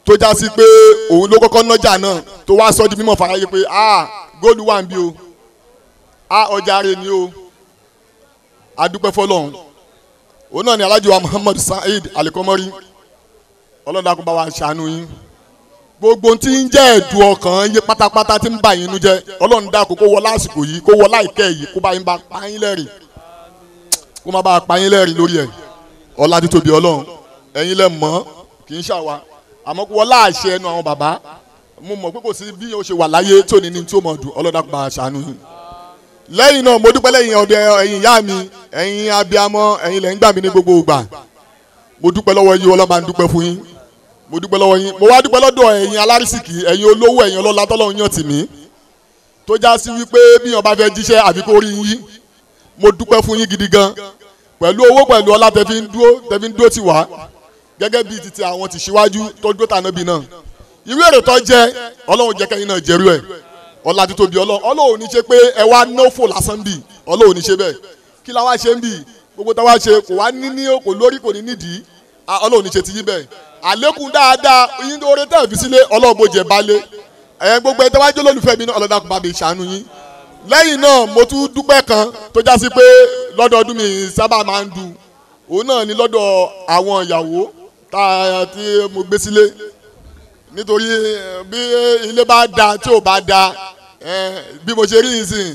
tó já sí pé òun ló kọ́kọ́ nájà náà tó wá sọ di mímọ̀ fàáyé pé a góòlù wà ń bí o a ọjà rẹ̀ ni o adúpẹ́ fọlọ́run òun náà ni Alhaji wa Muhammad Saheed Alikomori ọlọ́dà kó bá wa ṣàánú yín gbogbo tí ń jẹ́ ẹ̀dùn ọkàn yé pátápátá tí ń bà yín inú jẹ́ ọlọ́run dá kó kó wọ lásìkò yìí kó wọ láìkẹ́ yìí kó bá yín bá pa yín lẹ́rìn kó má bá pa yín lẹ́rìn lórí ẹ̀ ọlá ọlọ́run ẹ̀yin lẹ mọ̀ kì í ṣàwa àmọ́ wọ́n láàṣẹ ẹnu àwọn bàbá mo mọ̀ pé kò sí bí o ṣe wà láyé tó ní ní tó mọ̀ dùn ọlọ́dàgbà àṣàánú yìí lẹ́yìn náà mo dúpẹ́ lẹ́yìn ọ̀dẹ ẹ̀yin ìyá mi ẹ̀yin abiyamọ ẹ̀yin lẹ́yìn gbà mí ní gbogbo ìgbà mo dúpẹ́ lọ́wọ́ yín ọlọ́mà ń dúpẹ́ fún yín mo dúpẹ́ lọ́wọ́ yín mo wá dúpẹ́ lọ́dọ̀ ẹ̀yin alárísìkì ẹ̀yin olówó ẹ̀yin ọlọ́lá tọ́lọ́run yàn tì tó já sí wípé bí ọba fẹ́ jíṣẹ́ àfi kó rí yín mo dúpẹ́ fún yín gidi gan pẹ̀lú owó pẹ̀lú ọlá tẹ́fi ń dúró tẹ́fi ń dúró tì wá gẹ́gẹ́ bíi titi àwọn ti ṣíwájú tó dúró tà nábì náà irú èrè tó jẹ ọlọ́run jẹ́ kẹ́yìn náà jẹ́rú ẹ̀ ọlá títóbi ọlọ́run ọlọ́run ní ṣe pé ẹ wá nófò lásán bì ọlọ́run ní ṣe bẹ́ẹ̀ kí la wá ṣe ń bì gbogbo tá wá ṣe kò wá ní kò lórí kò ní nídìí ọlọ́run ní ṣe ti yín bẹ́ẹ̀ àlékún dáadáa yín tó oore tẹ́ẹ̀ fi sílé ọlọ́run bó jẹ balẹ̀ ẹ̀ gbogbo ẹ̀ tẹ́wájú olólùfẹ́ mi náà ọlọ́dà kò lẹ́yìn náà mo tún dúpẹ́ kan tó já pé lọ́dọọdún mi sábà máa ń du òun náà ni lọ́dọ̀ àwọn ìyàwó tá a ti mo gbé sílé nítorí bí ilé bá da tí ò bá da bí mo ṣe rí ìsìn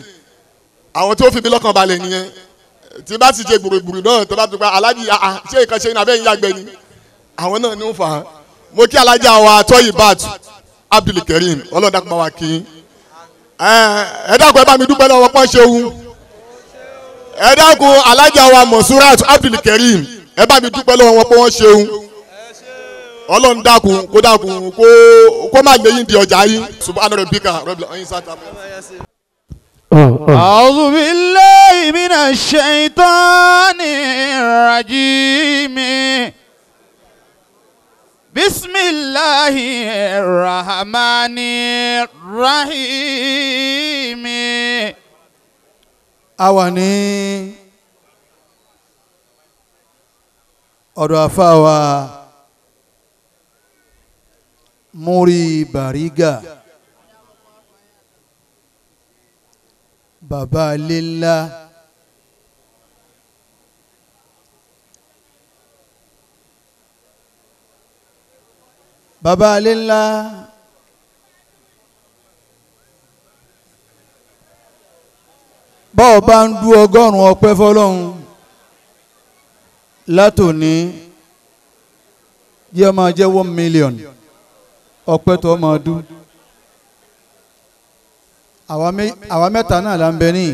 àwọn tó fi mí lọ́kàn balẹ̀ nìyẹn tí bá sì ṣe gbùrùgbùrù náà tó bá tó pa aláàjì ah, ah, ṣé nǹkan ṣe ní abẹ́yìn yàgbẹ́ ni àwọn náà ní ń fà á mo kí alájà wa tọ́yì bat Abdulkareem ọlọ́dàkùnmá wa kì ẹ dákun ẹ bá mi dúpẹ́ lọ́wọ́ pọ́n ṣeun ẹ dákun alájà wa Monsurat Abdulkareem ẹ bá mi dúpẹ́ lọ́wọ́ wọn ṣeun ọlọ́run dákun kó dákun kó kó má gbé yín di ọjà yín subahana rabbika rabbil ayin sata. أعوذ بالله من الشيطان الرجيم بسم الله الرحمن الرحيم awani ọ̀dọ̀ afa wa. Muri Bariga, Baba léńlá Baba léńlá bọ́ọ̀ bá ń dú ọgọ́rùn-ún ọpẹ́ fọlọ́run látòní jẹ́ máa jẹ́ one million. million ọpẹ́ tó máa dú àwa mẹ́ta náà là ń bẹ níyì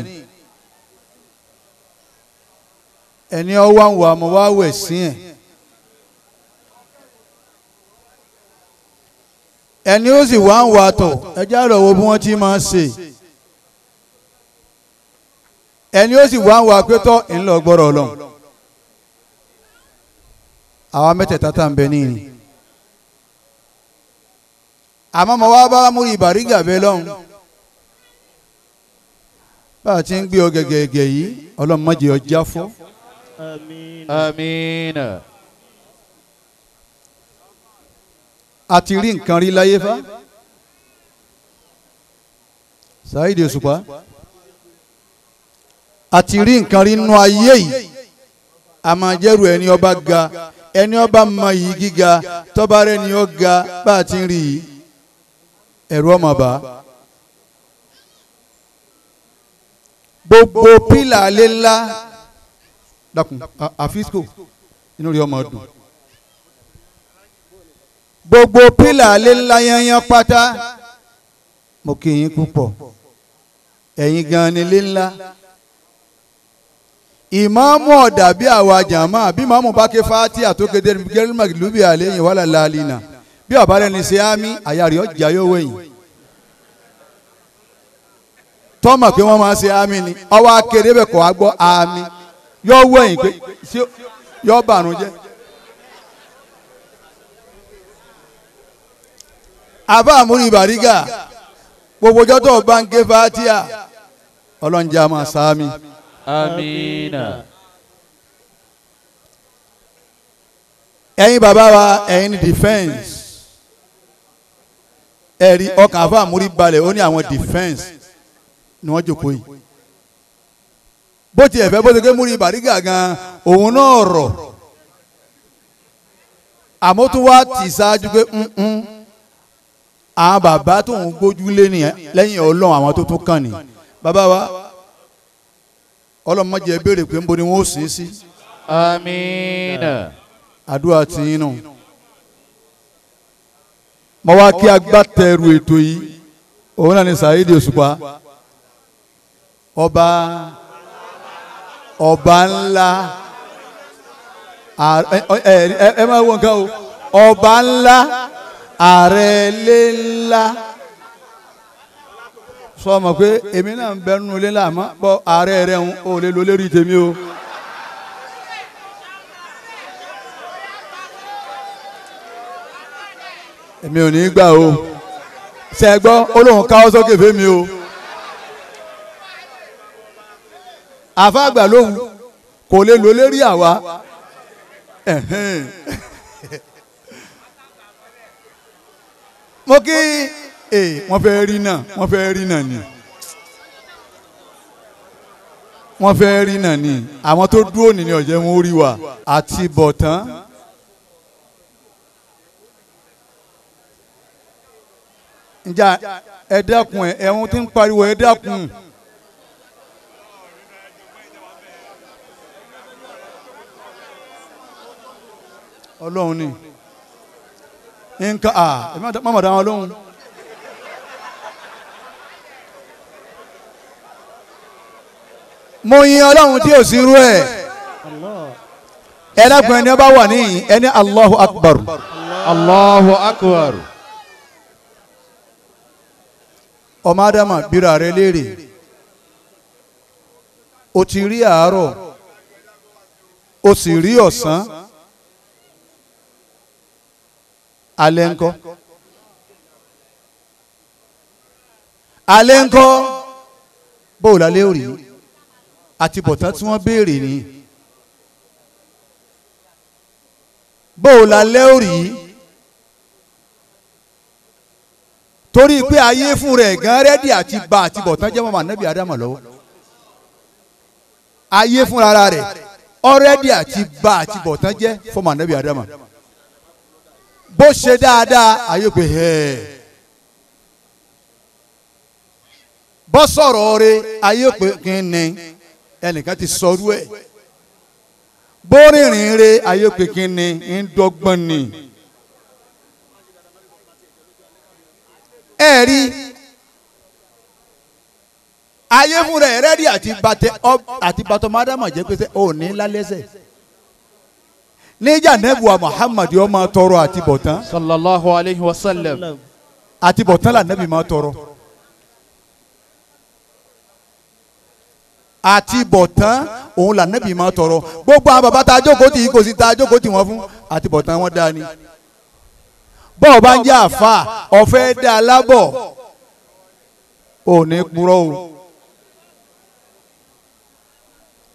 ẹni ọwọ́ àwọn àmọ́ wá wẹ̀ sí ẹ̀ ẹni ó sì wá ń wà tọ̀ ẹjá rọ̀ wo bí wọ́n ti máa ṣe ẹni ó sì wá ń wà pé tọ́ ńlọ lọ àwa mẹ́tẹ̀ẹ̀ta tá à ń bẹ níyì àmọ́ mo wá bá múri ìbàrígà bẹ́ẹ̀ lọ́hùn bá a ti ń gbé ọ gẹ̀gẹ̀gẹ̀ yìí ọlọ́mọdé ọjà fọ́. amiina. a ti rí nǹkan rí láyé fá Saheed Òṣùpá a ti rí nǹkan rí nú ayé yìí a máa ẹni ọba ga ẹni ọba mọ yìí gíga tọ́ba rẹ̀ ni ó ga bá a ti rí yìí ẹ̀rù ọmọ bá gbogbo pílà alé ńlá dákun àfíìsìkò inú rí ọmọ dùn gbogbo pílà alé ńlá yanyan pátá mo kí yín púpọ̀ ẹ̀yin gan ni lé ńlá ìmáàmù ọ̀dà bí àwa jàmáà bí màmú bá ké fáátì àtókédé gẹ́rẹ́mà lùbí àléyìn wàlá lálínà. La bí ọ̀bálẹ̀ ní ṣe ámì àyàrí ọjà yóò wẹ̀yìn tọ́mọ̀ pé wọ́n máa ṣe ámì ni ọwọ́ akéde bẹ̀ kọ́ agbọ́ ámì yóò wẹ̀yìn pé yóò bànú jẹ́. àbá àmúrin ìbàrígà gbogbo jọ́tọ̀ bá ń ké fatia ọlọ́njà máa sáámi. amiina. ẹ̀yin bàbá wa ẹ̀yin defence ẹ̀rí ọkàn àfa àmúrí balẹ̀ ó ní àwọn defence ni wọ́n jòkó yìí bó tiẹ̀ fẹ́ bó ti ké múri bàrígà gan òun náà rọ̀ àmọ́ tó wá tì sáájú pé mm, mm, àwọn bàbá tóun gbójúlé nìyẹn lẹ́yìn ọlọ́run àwọn tó tún kàn ní bàbá wa ọlọ́run má jẹ́ béèrè pé ń bo ni wọ́n ó sìn sí. amiina. àdúrà tì í nù. No mo wá kí agbátẹrù ètò yìí òun náà ni Saheed Òṣùpá ọba ọba ńlá ẹ máa wọ nǹkan o ọba ńlá ààrẹ ilé ńlá sọ ma pé èmi náà ń bẹnu ilé ńlá àmọ́ bọ́ ààrẹ rẹ̀ ń ò lè tèmi o. èmi ò ní gbà o ṣe gbọ́ olóhùn káwọ́ sókè fẹ́mi o àfa àgbà lóhùn kò lè lò lérí àwa mo kí wọ́n fẹ́ rí náà wọ́n fẹ́ rí náà ni wọ́n fẹ́ rí náà ni àwọn tó dúró nìyẹn ọ̀jẹ̀ wọn ó rí wa àti bọ̀tán. njá ẹ dákun ẹ ẹ̀hún tí ń pariwo ẹ dákun. ọlọ́run ni nǹkan à mọ̀mọ́dá wọn lóhun. mo yin ọlọ́run tí ò sí irú ẹ̀ ẹ dákun ẹni ọba wà níyìn ẹni Allahu Akbar. Allahu Akbar. ọmọ ádámà bíra rẹ léèrè o ti rí àárọ̀ o sì rí ọ̀sán alẹ́ ńkọ́ alẹ́ ńkọ́ bóòlù alẹ́ òrì àti bọ̀tán tí wọ́n béèrè ni bóòlù alẹ́ òrì torí pé ayé fún rẹ̀ gan rẹ́dí àti bá àti bọ̀ tán jẹ́ mọ́ ànábì Ádámù lọ́wọ́ ayé fúnra rẹ̀ ọ̀rẹ́dì àti bá àti bọ̀ tán jẹ́ fọmọ ànábì Ádámù bó ṣe dáadáa ayé pé hẹ́ẹ́ bọ́ sọ̀rọ̀ rẹ̀ ayé pé kínní ẹnìkan ti sọrú ẹ̀ bó rìnrìn rẹ̀ ayé pé kínní ń dọ́gbọ́n ni. Ayopwe, ẹ rí ayé fúnra ẹ rẹ́dí àti bàtọ́mádàmọ̀ jẹ́ pé ó ní lálẹ́sẹ̀ níjà nẹ́bùwà Muhammad yóò máa tọrọ àti bọ̀tán. sallallahu alayhi wa sallam. àti bọ̀tán là nẹ́bì máa tọrọ. àti bọ̀tán òun là nẹ́bì máa tọrọ gbogbo àwọn bàbá tá a jókòó tì í kò sí tá a jókòó tì wọ́n fún àti bọ̀tán wọn dáa bọ́ọ̀ bá ń jẹ́ àfa ọ̀fẹ́ dá a lábọ̀ òní purọ́ o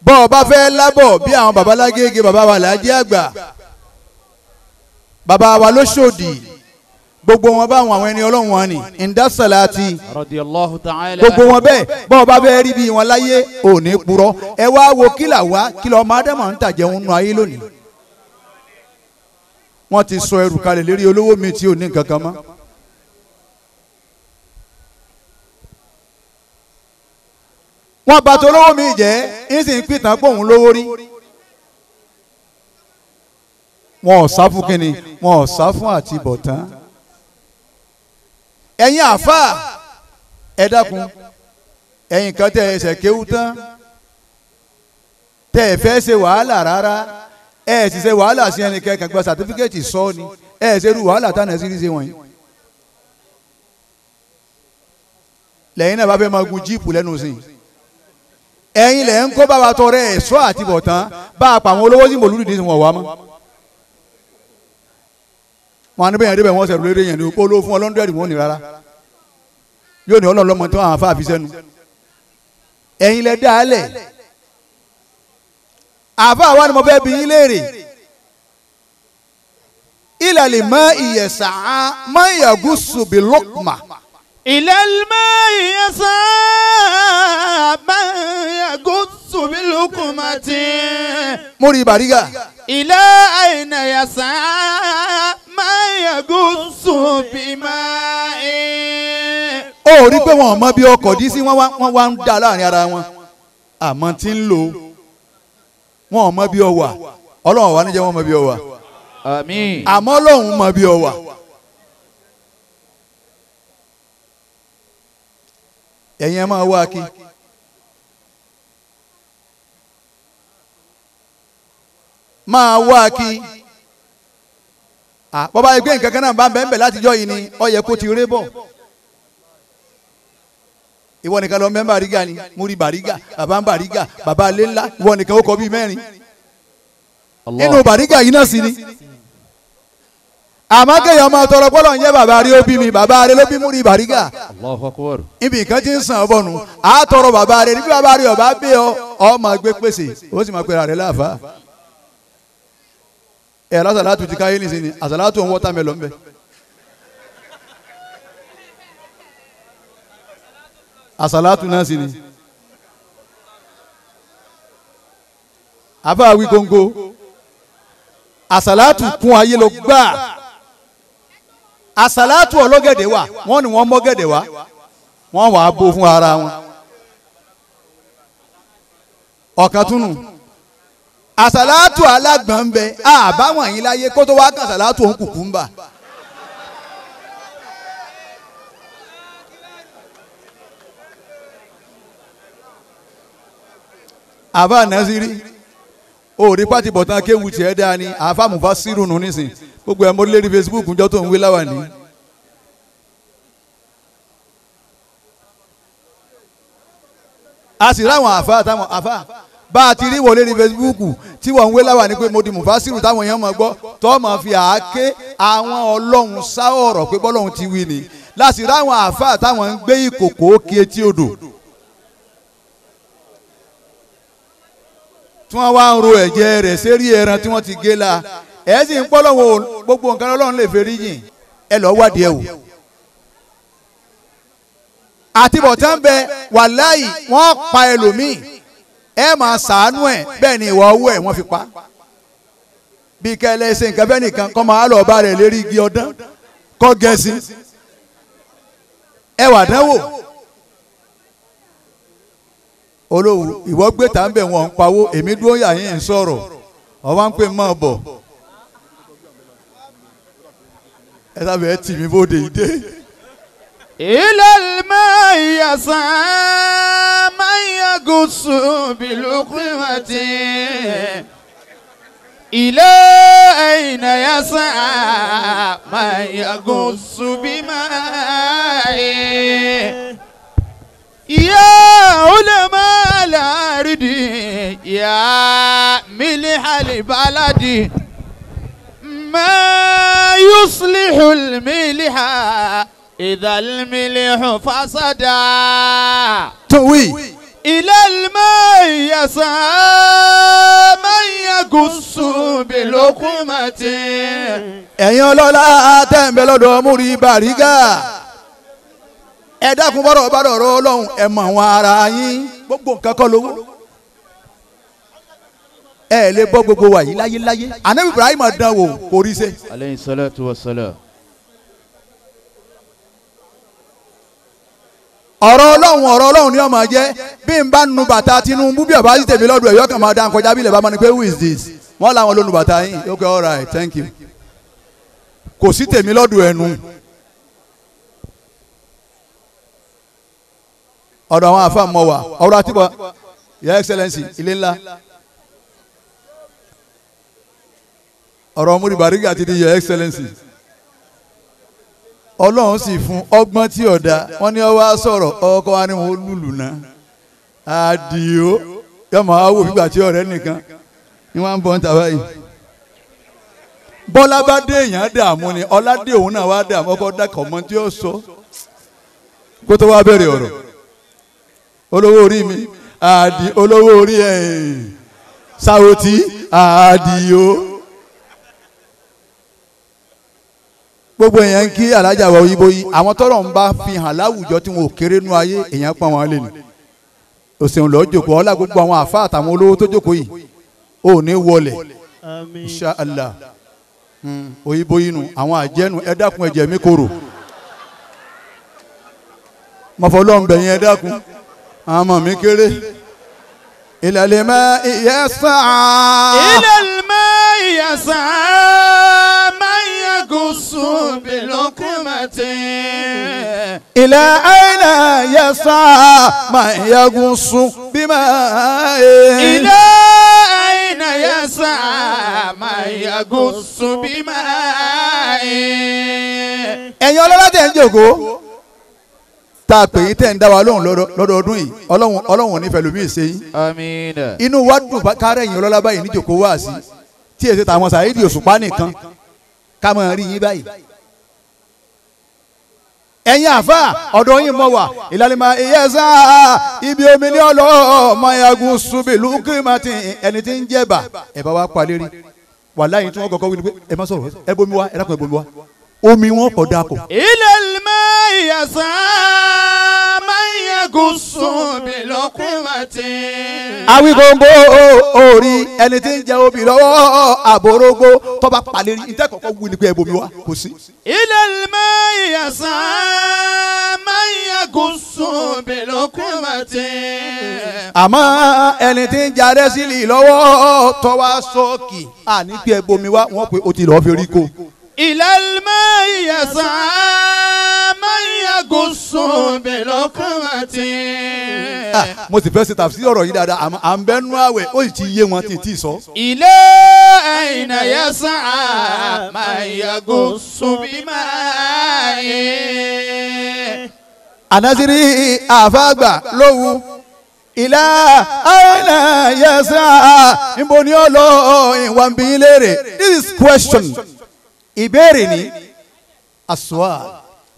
bọ́ọ̀ bá fẹ́ lábọ̀ bí àwọn babalágége baba wa làájí àgbà baba wa lóṣòdì gbogbo wọn bá àwọn ẹni ọlọ́run wọn ni ndasalati gbogbo wọn bẹ́ẹ̀ bọ́ọ̀ bá fẹ́ rí bí wọn láyé òní purọ́ ẹ wá wo kí là wá kí lọ́ọ́ máa dẹ́mọ̀ ń tàjẹun ayé lónìí wọ́n ti sọ ẹrù kalẹ̀ lérí olówó mi tí ò ní nǹkan kan mọ́. wọ́n bá tó olówó mi jẹ́ ń sì ń pìtàn pé òun lówó rí. wọn ò sá fún kínni wọn ò sá fún àti bọ̀tán. ẹ̀yin àáfàá ẹ dákun ẹ̀yin kan tẹ ẹsẹ̀ kéwú tán tẹ ẹ fẹ́ ṣe wàhálà rárá ẹ ti ṣe wàhálà sí ẹni kẹ́kẹ́ gba sàtífíkẹ́tì sọ ni ẹ ṣe irú wàhálà táwọn ẹ̀sìn ṣe wọ̀nyí. lẹ́yìn náà bá fẹ́ máa gun jíìpù lẹ́nu sí i ẹ̀yin lẹ ń kó bá wa tọrẹ ẹ̀ṣọ́ àti bọ̀tán bá a pa àwọn olówó sí mòlúdìdí wọn wá mọ́. wọn á ní bẹ́yẹn débẹ̀ wọ́n sẹ̀rù lérè yẹn ní polo fún ọlọ́ndẹ̀rì wọn ni ní rárá yóò ní ọlọ́lọ́mọ tí wọ́n àfa àfi sẹ́nu àfa wa ni mo fẹ́ bi yín léèrè ilàlè mọ ìyẹ̀sà mọ ìyàgùsù bí lọ́kùmà. ilàlè mọ ìyẹ̀sà mọ ìyàgùsù bí lọ́kùmà tí. mo rí ibàríga. ilẹ̀ àìnà yẹ̀sà mọ ìyàgùsù bí máa ń. ó rí pé wọn ò mọ bí ọkọ̀ dí wọn wá ń dá láàrin ara wọn àmọ́ tí ń lò ó. wọn ò mọ bí ọwà wà ọlọ́run wà wọn mọ bí ọwà wà àmín mọ bí ọwà wà. ẹ̀yin ẹ máa wá kí. máa wá kí. bọ́bá ẹgbẹ́ nǹkan kan náà bá ń bẹ́ẹ̀ bẹ́ẹ̀ látijọ́ yìí ni ó yẹ kó ti ré bọ̀. ìwọ nìkan lọ mẹ́ bàrígà ni mo rí bàrígà bàbá ń bàrígà bàbá alẹ́ ńlá ìwọ nìkan ó kọ bíi mẹ́rin nínú bàrígà yìí náà sì ni àmọ́ kéèyàn máa tọrọ pọ́lọ́ ń yẹ bàbá rí ó bí mi bàbá rẹ ló bí mú rí bàrígà ibi nǹkan ti ń sàn bọ̀nù á tọrọ bàbá rẹ níbi bàbá rẹ ọba bẹ́ ọ ọ máa gbé pèsè ó sì máa pera rẹ láàfáà ẹ̀ alásàlátù ti káyé nìsín ni àsàlátù ń wọ́tàmẹ́lọ́ ń Asalatu náà sì ni. àbá wí góńgó asalatu kún ayé lọ gbà àsàlátù ọlọ́gẹ̀dẹ̀ wà wọ́n ní wọ́n mọ́gẹ̀dẹ̀ wá wọ́n wàá bó fún ara wọn. ọ̀kan asalatu àsàlátù alágbọ̀n ń láyé kó tó wá kàsàlátù òun kùkú àfa nasiri òòrí pàtì bọ̀tán kéwu tiẹ̀ dáa ni àfa mufa sírù nù nísìn gbogbo ẹ̀ mọ́lẹ́rì Facebook njọ́ tó ń wí láwa ni. a sì ráwọn àfa táwọn àfa bá a ti rí wọlé ní Facebook tí wọ́n ń wé láwa ni pé mo di mufa sírù táwọn èèyàn máa gbọ́ tó máa fi àáké àwọn ọlọ́run sá ọ̀rọ̀ pé bọ́lọ́run ti wí ni láti ráwọn àfa táwọn ń gbé ìkòkò kí etí odò. tí wọ́n wá ń ro ẹ̀jẹ̀ rẹ̀ sérí ẹran tí wọ́n ti gé la ẹ̀ sì ń pọ́lọ́wọ́ gbogbo nǹkan ọlọ́run lè fẹ́rí yìn ẹ lọ́ọ́ wádìí ẹ wò. àtibọ̀tán bẹ wàláì wọ́n pa ẹlòmíì ẹ máa sàánú ẹ̀ bẹ́ẹ̀ ni ìwà owó ẹ̀ wọ́n fi pa. bí kẹlẹ́ ṣe nǹkan bẹ́ẹ̀ nìkan kọ́ máa lọ́ọ́ bá rẹ̀ lérí igi ọdán kọ́ gẹ̀ẹ́sì ẹ wà dánwò olóhùn ìwọ gbé tà ń bẹ̀ wọ́n ń pawó èmi dúró yà yín ń ọba ń pè mọ́ bọ̀ ẹ sábẹ̀ ẹ tì mí bóde ìdè. ilé mọ ìyàsán máa ń yàgò sùn bìlùkùn àti ilé ẹ̀yìnà yàsán máa ń yàgò sùn bí máa yẹ. يا علماء الأرض يا ملح البلد ما يصلح الملح إذا الملح فسدا توي إلى الماء يسعى من يقص بلقمته ẹ̀yin ọlọ́lá tẹ̀ ń bẹ lọ́dọ̀ Múrí Bàrígà ẹ dákun bọ́rọ̀ bá dọ̀rọ̀ ọlọ́run ẹ mọ̀ wọn ara yín gbogbo nǹkan kọ́ lówó ẹ lè bọ́ gbogbo wa yìí láyé láyé anabi ibrahim dán wò kò rí ṣe. aleyhi salatu wa salam. ọ̀rọ̀ ọlọ́run ọ̀rọ̀ ọlọ́run ni ọmọ jẹ́ bí n bá nu bàtà tinubu bí ọba tèmi lọ́dún ẹ̀yọ́ kan máa dá nkọjá bí ilẹ̀ bá máa ní pé who is this wọ́n làwọn lónìí bàtà yín ok all right thank you kò sí tèmi lọ́dún ẹ̀nu. ọ̀dọ̀ àwọn àfa mọ̀ wá ọ̀rọ̀ àtibọ̀ your excellency ilé ńlá ọ̀rọ̀ múri bàrígà ti di your excellency ọlọ́run sì fún ọgbọn tí ọdá, wọn ni ó wá sọ̀rọ̀ ọkọ wa ni wọn lùlù náà àdìo yọmọ awo fìgbà tí ọ̀rẹ́ nìkan ni wọn bọ bọ̀ ń ta báyìí bọ́lá bá dé èèyàn dààmú ni ọlá òun náà wá dààmú ọkọ dàkọ̀ mọ́ tí ó sọ kó tó wá bẹ̀rẹ̀ olówó orí mi àdì olówó orí ẹ̀ sáwọ́tì àdìyó. gbogbo èèyàn ń kí alájà wọ ibo yìí àwọn tọrọ ń bá fi hàn láwùjọ tí wọn ò kéré nú ayé èèyàn pọn wọn lé ni òsèǹlọ jòkó ọlá gbogbo àwọn àfa àtàwọn olówó tó jòkó yìí ò ní wọlé inṣàlá òyìnbó inú àwọn àjẹnu ẹ dákun mi korò mọ̀fọ́lọ́ọ̀nbẹ̀yìn ẹ dákun àwọn ọmọ mi kéré ìlàlẹ̀ mọ́ ìyẹ́ sàn. ìlàlẹ̀ mọ́ ìyẹ́ sàn máa yẹ kó sùn bí lókùnmọ̀tì. ìlà àìlà yẹ sàn máa yẹ kó sùn bí máa yẹ. ìlà àìlà yẹ sàn máa yẹ kó sùn bí máa yẹ. ẹ̀yin ọlọ́lá tẹ̀ ń jòkó tá a pè yín tẹ̀ ń dá wa lóhùn lọ́dọọdún yìí ọlọ́hun ọlọ́hun onífẹ́ lómi ìṣe yín. àmín. inú wa dùn kárẹ̀ yín ọlọ́lá báyìí níjòkó wá sí tí èsì tàwọn sàyídì òṣùpá nìkan ká máa rí yín báyìí. ẹ̀yin àfa ọ̀dọ̀ yín mọ̀ wá ìlànà ìyẹ́sà ibi omi ní ọlọ́ ọmọ subi lukimati ẹni tí ń jẹba ẹ̀ bá wa palẹ́rì wàláyé tí wọ́n kọ́kọ́ wí ni pé ẹ omi wọn pọ̀ dapọ̀. ilé ilmẹ̀ ìyàsá máa ń yẹgun sùn bí lọ́kùnmọ̀tì. awíkóńgbó orí ẹni tí ń jẹ obì lọ́wọ́ àbórógbó tọ́ba pàlérí ìtẹ́ kọ̀ọ̀kan wù ní pé ẹ̀bùnmi wa kò sí. ilé ilmẹ̀ ìyàsá máa ń yẹgun sùn bí lọ́kùnmọ̀tì. àmọ́ ẹni tí ń jarẹ́ sílì lọ́wọ́ tọ́wá sọ́ọ̀kì àní pé wa wọ́n pe o ti lọ́ọ́ fi rí ko. إلى الماء يسعى من يقص بلقمته. Ah, mo sì fẹ́ ṣe tàbí sí ọ̀rọ̀ yìí dáadáa àmọ́ à ń bẹ́ nú àwẹ̀ ó sì ti yé wọn tí ì tí ì sọ. إلى أين يسعى من يقص بماء. ànásírí àfàgbà lówù ilá àìnà yẹsà ìbò ni ó lọ ìwà ń bí léèrè this is question. question ìbéèrè ni àsùwà.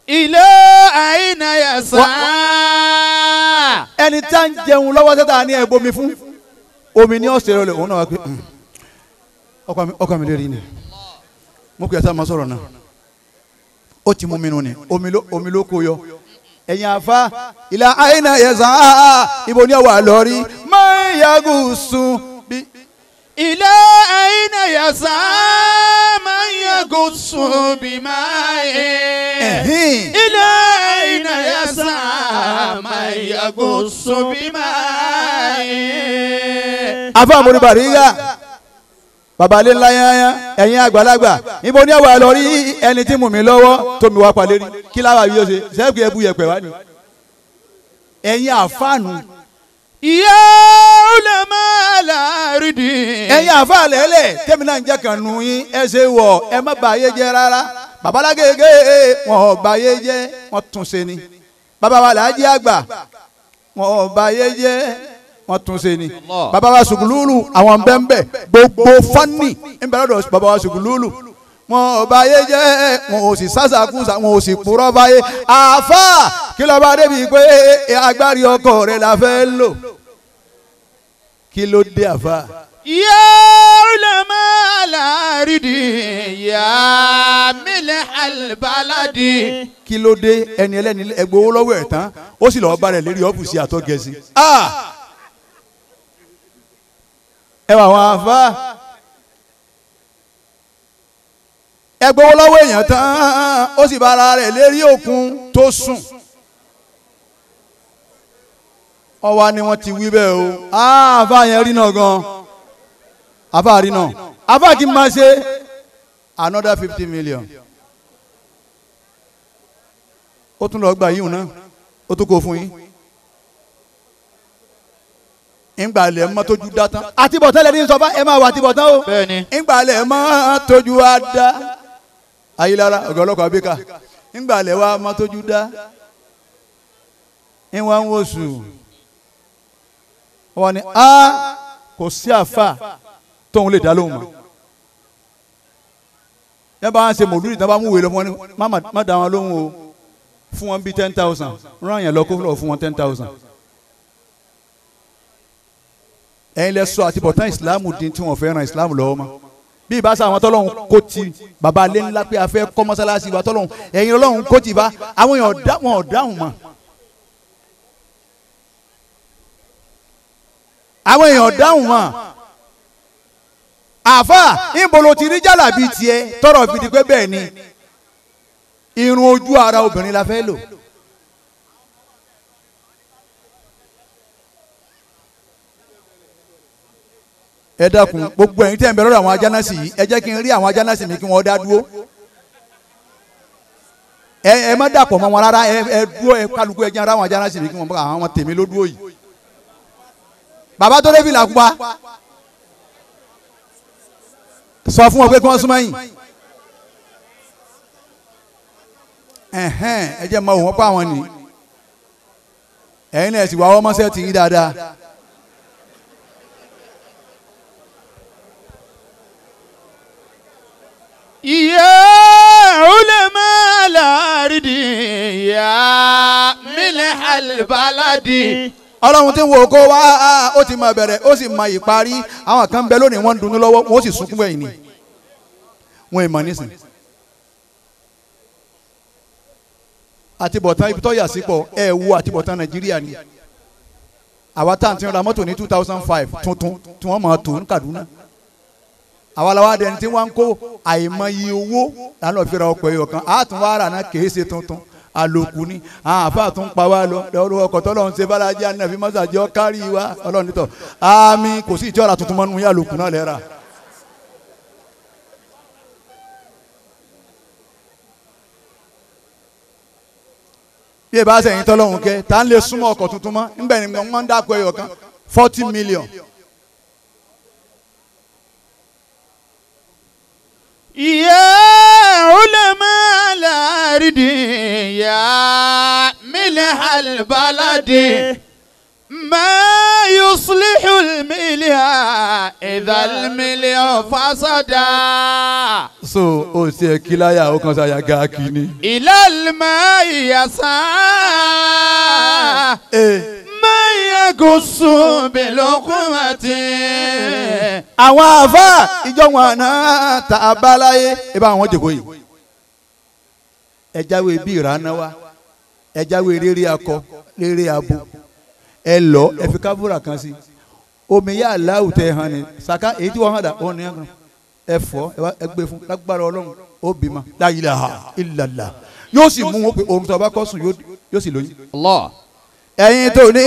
ilé àìnà yàtọ̀. ẹni tá ń jẹun lọ́wọ́ sẹ́ta ní ẹ̀bọmi fún omi ní ọ̀sẹ̀ rẹ̀ òun náà wá pé hmm, ọkọ mi lè rí ni mo kì í sábà sọ̀rọ̀ náà ó ti mú mi nù ni omi ló kó yọ ẹ̀yin àfa ìlà àìnà yàtọ̀ ibo ni ọwọ́ àlọ́ rí máa ń yàgò sùn bí. إلى أين يسعى من يقص بمائه إلى أين يسعى من يقص بمائه afa amori bariga baba ilé ńlá yányá ẹ̀yin àgbàlagbà ibo ni ẹwà lọ rí ẹni tí mú mi lọ́wọ́ tó mi wá palẹ̀ rí kí láwa yóò ṣe sẹ́ẹ̀kì ẹ̀bù yẹpẹ̀ wá ìyá ọlọmọ aláàrídì. ẹ̀yin àfa lẹ́lẹ̀ tẹ́mi náà ń jẹ́ kan nù yín ẹ ṣe wọ̀ ẹ má bàyé jẹ́ rárá babalágége wọn ò bàyé jẹ́ wọn tún ṣe ni bàbá wa àgbà wọn ò bàyé jẹ́ wọn tún ṣe ni bàbá wa sùkúlùlù àwọn bẹ́ńbẹ́ gbogbo fani ń bẹ̀rẹ̀ lọ́dọ̀ bàbá wa wọn ò báyé jẹ́ wọn ò sì sásàkúsà wọn ò sì purọ́ báyé àáfà kí ló bá débi pé agbárí ọkọ rẹ la fẹ́ lò kí ló dé àáfà. yá ulama aláàrídì yá mílẹ̀ albaladi. kí ló dé ẹni ẹlẹ́ni ẹgbẹ́ owó lọ́wọ́ ẹ̀ tán ó sì lọ́ọ́ bá rẹ̀ lérí ọ́fíìsì àtọ́gẹ̀ẹ́sì. Ah! ẹ wà wọn àáfà. ẹ lọ́wọ́ èèyàn tán ó sì bára rẹ̀ lérí òkun tó sùn ọwa ni wọ́n ti wí bẹ́ẹ̀ o ah, àáfà yẹn rí náà gan àáfà rí náà àáfà kì í máa ṣe another fifty million ó tún lọ gba yíyún náà ó tún kó fún yín ìgbà mọ́ tójú dá tán àtibọ̀tán lẹ́ni sọ fún máa wà àtibọ̀tán o ìgbà lẹ̀ mọ́ tójú á ayélujára ọ̀gá ọlọ́kọ̀ abíkà ńgbà lẹ̀ wá mọ́tójú dá ìwọ̀n ń wosù wọn ni a kò sí àfà tóun lè dá lóhùn mọ́ yẹn bá ń ṣe mòlúdì tán bá mú wèé lọ fún wọn ni má dá wọn lóhùn o fún wọn bíi ten thousand rán yẹn lọ kó lọ fún wọn ten thousand ẹ̀yin lẹ sọ àti bọ̀tán ìsìlámù dín tí wọ́n fẹ́ ran ìsìlámù lọ́wọ́ mọ́ bí ìbá sá àwọn tọ́lọ́hún kó ti bàbá alẹ́ ńlá pé a fẹ́ kọ́ mọ́sálásí wa tọ́lọ́hún ẹ̀yin ọlọ́hún kó ti bá àwọn èèyàn wọn ò dáhùn mọ́. àwọn èèyàn dáhùn mọ́ àfa ìbolo ti rí jálàbí tiẹ̀ tọrọ fìdí pé bẹ́ẹ̀ ni irun ojú ara obìnrin la fẹ́ lò. ẹ dákun gbogbo ẹ̀yin tẹ́ ń bẹ lọ́dọ̀ àwọn ajánásì yìí ẹ jẹ́ kí n rí àwọn ajánásì mi kí wọ́n dá dúró ẹ ẹ má dàpọ̀ mọ́ wọn rárá ẹ ẹ dúró ẹ kálukú ẹ jẹ́ ara àwọn ajánásì mi kí wọ́n bá àwọn ọmọ tèmi ló dúró yìí bàbá tó débi sọ fún wọn pé kí wọ́n súnmọ́ yìí ẹ̀hẹ́n ẹ jẹ́ mọ òun pa àwọn ni ẹ̀yin náà ẹ̀ sì wá ọmọ sẹ́ẹ̀ tì yín dáadáa. يا علماء الأرض يا ملح البلد ọlọ́run tí ń wo kó wá ó ti máa bẹ̀rẹ̀ ó sì máa ìparí àwọn kan bẹ lónìí wọ́n ń dunnú lọ́wọ́ wọ́n sì sunkún ẹ̀yìn ni wọ́n ìmọ̀ nísìn. àtibọ̀tán ibi tó yà sí pọ̀ ẹ̀ wo àtibọ̀tán nàìjíríà ni àwa tá à ń ti ra mọ́tò ní two thousand five tuntun tí wọ́n máa tò ń Kaduna àwa la wa dẹni tí wọn kó àìmọye owó lànà òfìrà ọkọ̀ ẹ̀yọ̀ kan àtún wà rà náà kèé ṣe tuntun àlòkù ni àáfàá tún pa wá lọ lọ́wọ́ ọkọ̀ tọ́lọ́run ṣe bálájà nàfi mọ́sàjọ́ kárí wa ọlọ́run nítọ̀ àmì kò sí ìjọ́ra tuntun mọ́nu yà lòkù náà lẹ́ra. bí ẹ bá sẹ́yìn tọ́lọ́run kẹ́ tá à ń lè súnmọ́ ọkọ̀ tuntun mọ́ ńbẹ̀ ni wọ́n ń dákọ̀ ẹ̀yọ̀ kan forty million. million. يا علماء الأرض يا ملح البلد يصلح المليا إذا المليا فسدا so o ṣe kíláyà ó kàn ṣàyà ga kínní. إلى الماء يسعى eh. من يغص بلقمة. àwọn àfa ìjọ wọn náà ta abáláyé ibà àwọn jòkó yìí ẹ jáwé bí ìrànà wa ẹ jáwé rere akọ rere abo ẹ lọ ẹ fi kábúrà kan sí omi yà aláwù hàn ní saka èyí tí wọ́n hàn dà wọ́n ní ẹ̀kan ẹ fọ́ ẹ gbé fún lágbára ọlọ́run ó bímọ la ilaha illallah yóò sì mú wọn pé orun tó bá kọ́ sùn yóò sì lóyún. Allah ẹ̀yin tó ní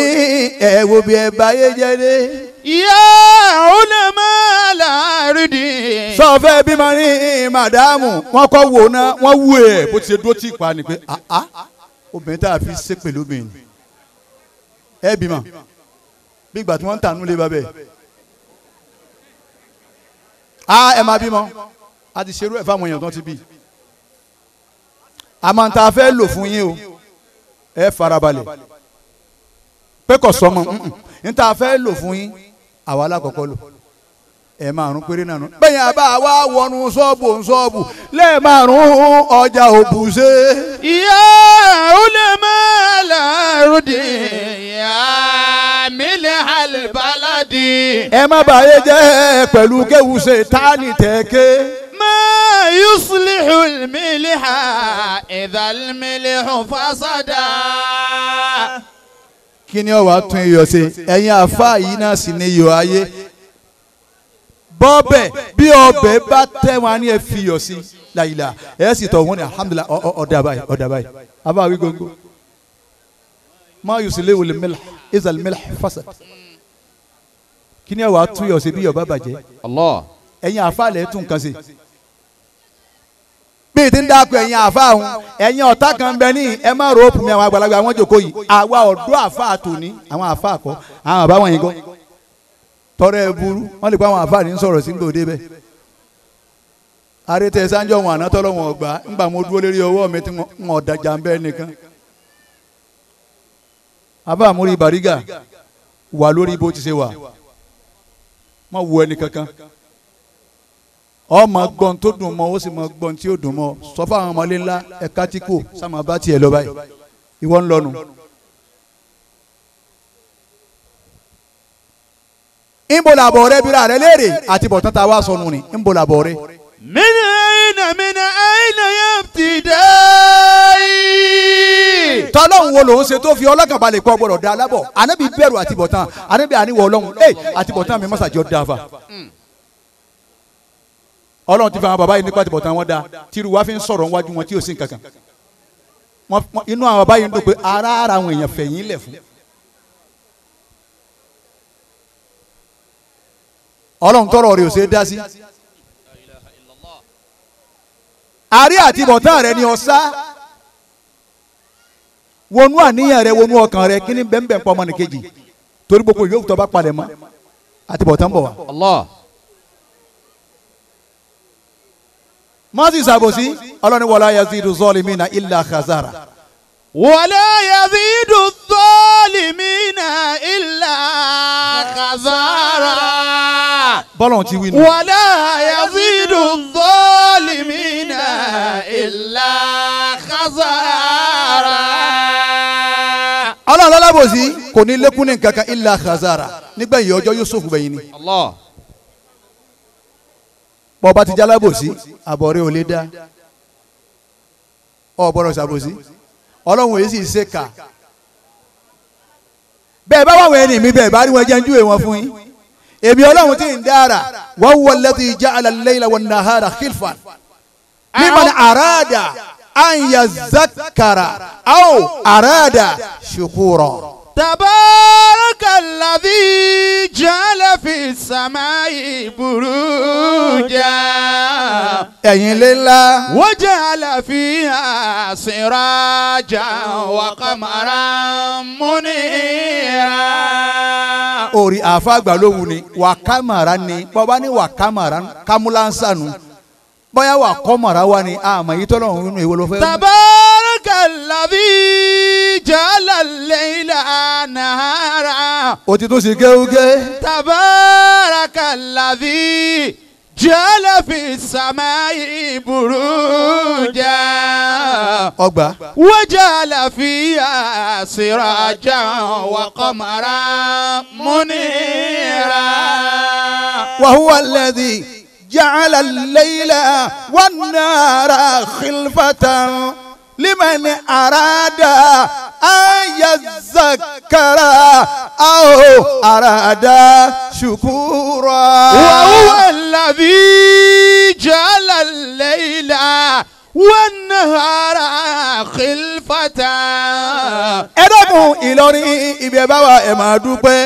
ẹ wo bí ẹ bá yé jẹ́ dé. ìyá ulama láàrídì. sọfẹ bímọ ní màdámù wọn kọ wò ná wọn wú ẹ bó ti ṣe dúró tì pa ni pé ah, ah, obìnrin tá a fi ṣépè lómi ni ẹ bímọ bí ìgbà tí wọ́n ń tànú lé babẹ́ a ẹ máa bímọ a ti ṣerú ẹ̀ fáwọn èèyàn tó ti bí àmọ́ tá a fẹ́ lò fún yín o ẹ farabalẹ̀ pé kò sọmọ n ta fẹ́ lò fún yín àwa alákọ̀ọ́kọ́ lò ẹ márùn péré nànú. bẹ́ẹ̀ yẹn bá wa wọnú sọ́ọ̀bù sọ́ọ̀bù lẹ́ẹ̀ márùn ọjà òbúṣe. ìyá olèmọ́lá rúdi ìyá mílẹ̀ àlùbáládì. ẹ má bàyẹ̀ jẹ́ pẹ̀lú kéwùsẹ̀ tání tẹ̀kẹ́. ما يصلح الملح إذا الملح kí ni ó wá tún iyọ̀ ṣe ẹ̀yin àfáà yìí náà sì ni iyọ̀ ayé bọ́ọ̀bẹ̀ bí ọbẹ̀ bá tẹ̀ wọn ni ẹ fi iyọ̀ sí làyìlà ẹ sì tọ̀ wọn ni alhamdulilah ọ̀dà báyìí ọ̀dà báyìí abá wí gbogbo má yùsùn léwu lè mẹ́lá ìzàlẹ̀ mẹ́lá fásad kí ni ẹ wàá tú iyọ̀ sí bí iyọ̀ bá bàjẹ́ ẹ̀yin àfàlẹ̀ tún kan sí bíi ti ń dákun ẹ̀yin àfa àwọn ẹ̀yin ọ̀tá kan bẹ ní ẹ má rò ó pùmí àwọn àgbàlagbà àwọn jòkó yìí àwa ọ̀dọ́ àfa àtòní àwọn àfa àkọ́ àwọn àbáwọn gan. tọrọ ẹ buru, wọn lè pa àwọn àfáàní ń sọ̀rọ̀ sí gbòde bẹ́ẹ̀ arete sanjọ wọn àná tọrọ wọn ọgbà ńgbà mo dúró lérí ọwọ́ mi tí wọn ọ̀dàjà ń bẹ́ẹ̀ nìkan abá àmúrí bàrígà wà lórí bó ti ṣe wà má wo ẹni kankan ọmọ gbọ́n tó dùn mọ́ ó sì mọ gbọn tí ó dùn sọ fún àwọn ọmọlé ńlá ẹ̀ka tí kò sàmàbá tiẹ̀ lọ báyìí ìwọ ń ńbo làbọ̀ rẹ bíra rẹ léèrè àti bọ̀tán tá wá sọnù ni ńbo mina aina mina aina yabtidai. tọ́lọ́hún wo lòun ṣe tó fi ọlọ́kàn balẹ̀ pọ̀ gbọ́dọ̀ da alábọ̀ anábì bẹ̀rù àti bọ̀tán anábì àníwọ̀ ọlọ́hún ẹ̀ àti bọ̀tán mi mọ́sàjọ́ dáfa. ọlọ́run ti fi àwọn bàbá yìí nípa ti bọ̀tán wọn da tìrù wá fi ń ara ara àwọn èèyàn fẹ̀yìn lẹ̀ fún ọlọ́run tọrọ rẹ ò ṣe é dá sí. àárẹ̀ àti bọ̀tán rẹ ni ọ̀sá wọnú àníyàn rẹ wọnú ọkàn rẹ kí ni bẹ́ẹ̀nbẹ́ẹ̀ pọ̀ ọmọnìkejì torí gbogbo ìwé òkúta bá palẹ̀ mọ́ àti bọ̀tán bọ̀ wá. mọ́sí sàbòsí ọlọ́ni wọlé yazidu zolimina illa khazara. wọlé yazidu zolimina illa khazara bọ́lọ̀ ti wí nù. wàlá yazidu zalimina illa khazara. ọlọ́run lọ́lábòsí kò ní lékún ní kankan illa khazara nígbẹ̀yìn ọjọ́ Yusuf bẹ̀yìn ni. bọ́ọ̀bá ti jalábòsí àbọ̀rẹ́ ò lè dá ọ̀bọ̀rọ̀ ṣàbòsí ọlọ́run èyí sì ṣe kà bẹ́ẹ̀ bá wà wọ ẹni mi bẹ́ẹ̀ bá rí wọn jẹ́ ń júwe wọn fún yín èmi ọlọ́run tí ń dára wọ́n wọ́n lẹ́tí ja'ala al-layla wan-nahara khilfan liman arada an yazakara aw arada shukura tabarakalladhi ja'ala fi samai buruja. ẹ̀yin lé ńlá. wa ja'ala fiha wa qamaran munira. orí àfa àgbà ni wù ní wàkàmàrà ni bọ́bá ní wàkàmàrà kámúlánsà nù bóyá wa ni àmọ̀ yìí tọ́lọ́run nínú ìwé ló fẹ́. tabarakalladhi. جلى الليل نهارا تبارك الذي جعل في السماء بروجا وجل وجعل فيها سراجا وقمرا منيرا وهو الذي جعل الليل والنار خلفة لمن أراد أن يذكر أو أراد شكورا وهو الذي جعل الليل والنهار خلفة kéwù ìlọrin ibi ẹ wa ẹ máa dúpẹ́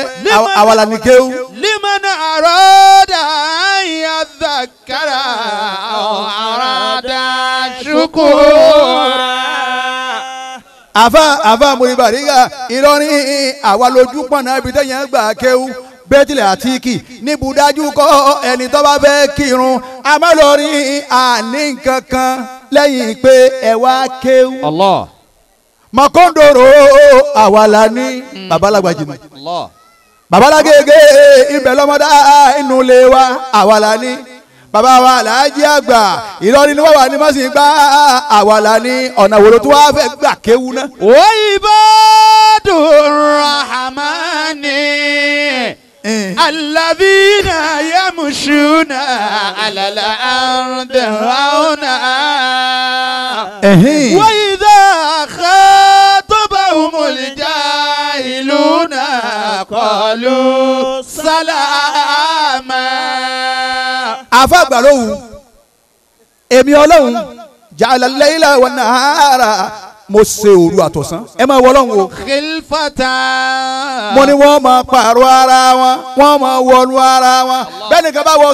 àwàlà ní kéwù. limana àròdà ya zakara àròdà àfa àfa mùrìbàríga ìlọrin àwa lójú pọ̀nà ibi tẹ̀yẹ̀ gbà kéwú bẹ́tìlẹ̀ àtíkì níbùdájú kọ́ ẹni tó bá fẹ́ kírun àmọ́ lọ́rin àní nǹkan lẹ́yìn pé ẹ wá kéwú. Allah makondoro àwàlà ní mm. babalagba jìnnà babalagege ibẹ̀ lọ́mọdá inú lè wa àwàlà ní bàbá wa làájì àgbà ìlọrin ni wọ́n wà ní mọ́sìn gbá àwàlà ní ọ̀nà wòlò tí wọ́n á gbà kéwu náà. ó ibadur rahmani eh. alladhina yamshuna ala al-ardi hawna. wa idha. kọlu sálámà. àfa àgbàlóhùn èmi ọlọ́hun jàlálẹ́yìnlá wọn nàárà mo ṣe òru àtọ̀sán ẹ máa wọ ọlọ́run o. khilfata. mo ní wọ́n máa pààrọ̀ ara wọn wọ́n máa wọnú ara wọn bẹ́ẹ̀ nìkan bá wọ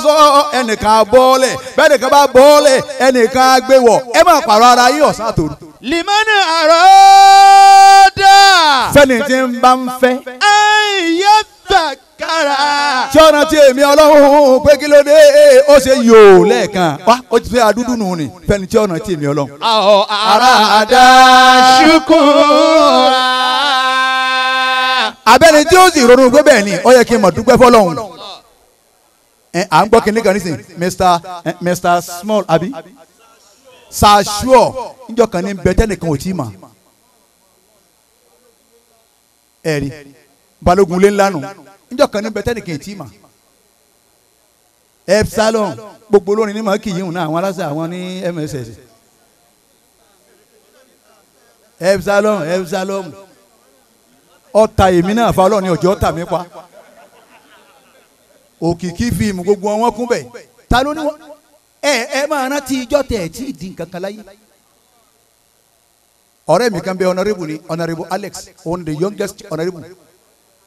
ẹnìkan bọ́ọ̀lẹ̀ bẹ́ẹ̀ nìkan bá bọ́ọ̀lẹ̀ ẹnìkan gbé wọ̀ ẹ máa pààrọ̀ ara yín ọ̀sán àtòru limani àròdà. sẹ́ni tí ń bá ń fẹ́. ẹ̀yẹ́ bàkàrà. tí ọ̀nà tí èmi ọlọ́run pé kí ló dé ó ṣe yòó lẹ́ẹ̀kan wá ó ti fẹ́ adúdú nù ni fẹ́ni tí ọ̀nà tí èmi ọlọ́run. ara àdá ṣùkúrà. abẹ́ni tí ó sì ronú pé bẹ́ẹ̀ ni ó yẹ kí n mọ̀ dúpẹ́ fọlọ́run. à ń gbọ́ kinní kan nísìnyí mr eh, mr small abi? ṣàṣùọ̀ níjọ́ kan ní bẹ́tẹ́ nìkan ò tí ma ẹ̀rí balógun lé ńlánu níjọ́ kan ní bẹ́tẹ́ nìkan ò tí ma epsilon gbogbo olórin ní màá kìyìn náà àwọn aláṣẹ àwọn ní mss epsilon epsilon ọ̀tá èmi náà fa ọlọ́ọ̀ni ọ̀jọ́ tà mí pa òkìkí fíìmù gbogbo wọn kún bẹ́ẹ̀ ta ló ní wọn ẹ ẹ máa rántí ijọ́ tẹ̀ ẹ̀ tí ì di nǹkan kan láyé. ọ̀rẹ́ mi kan bẹ honorable ni honorable Alex òun the youngest honorable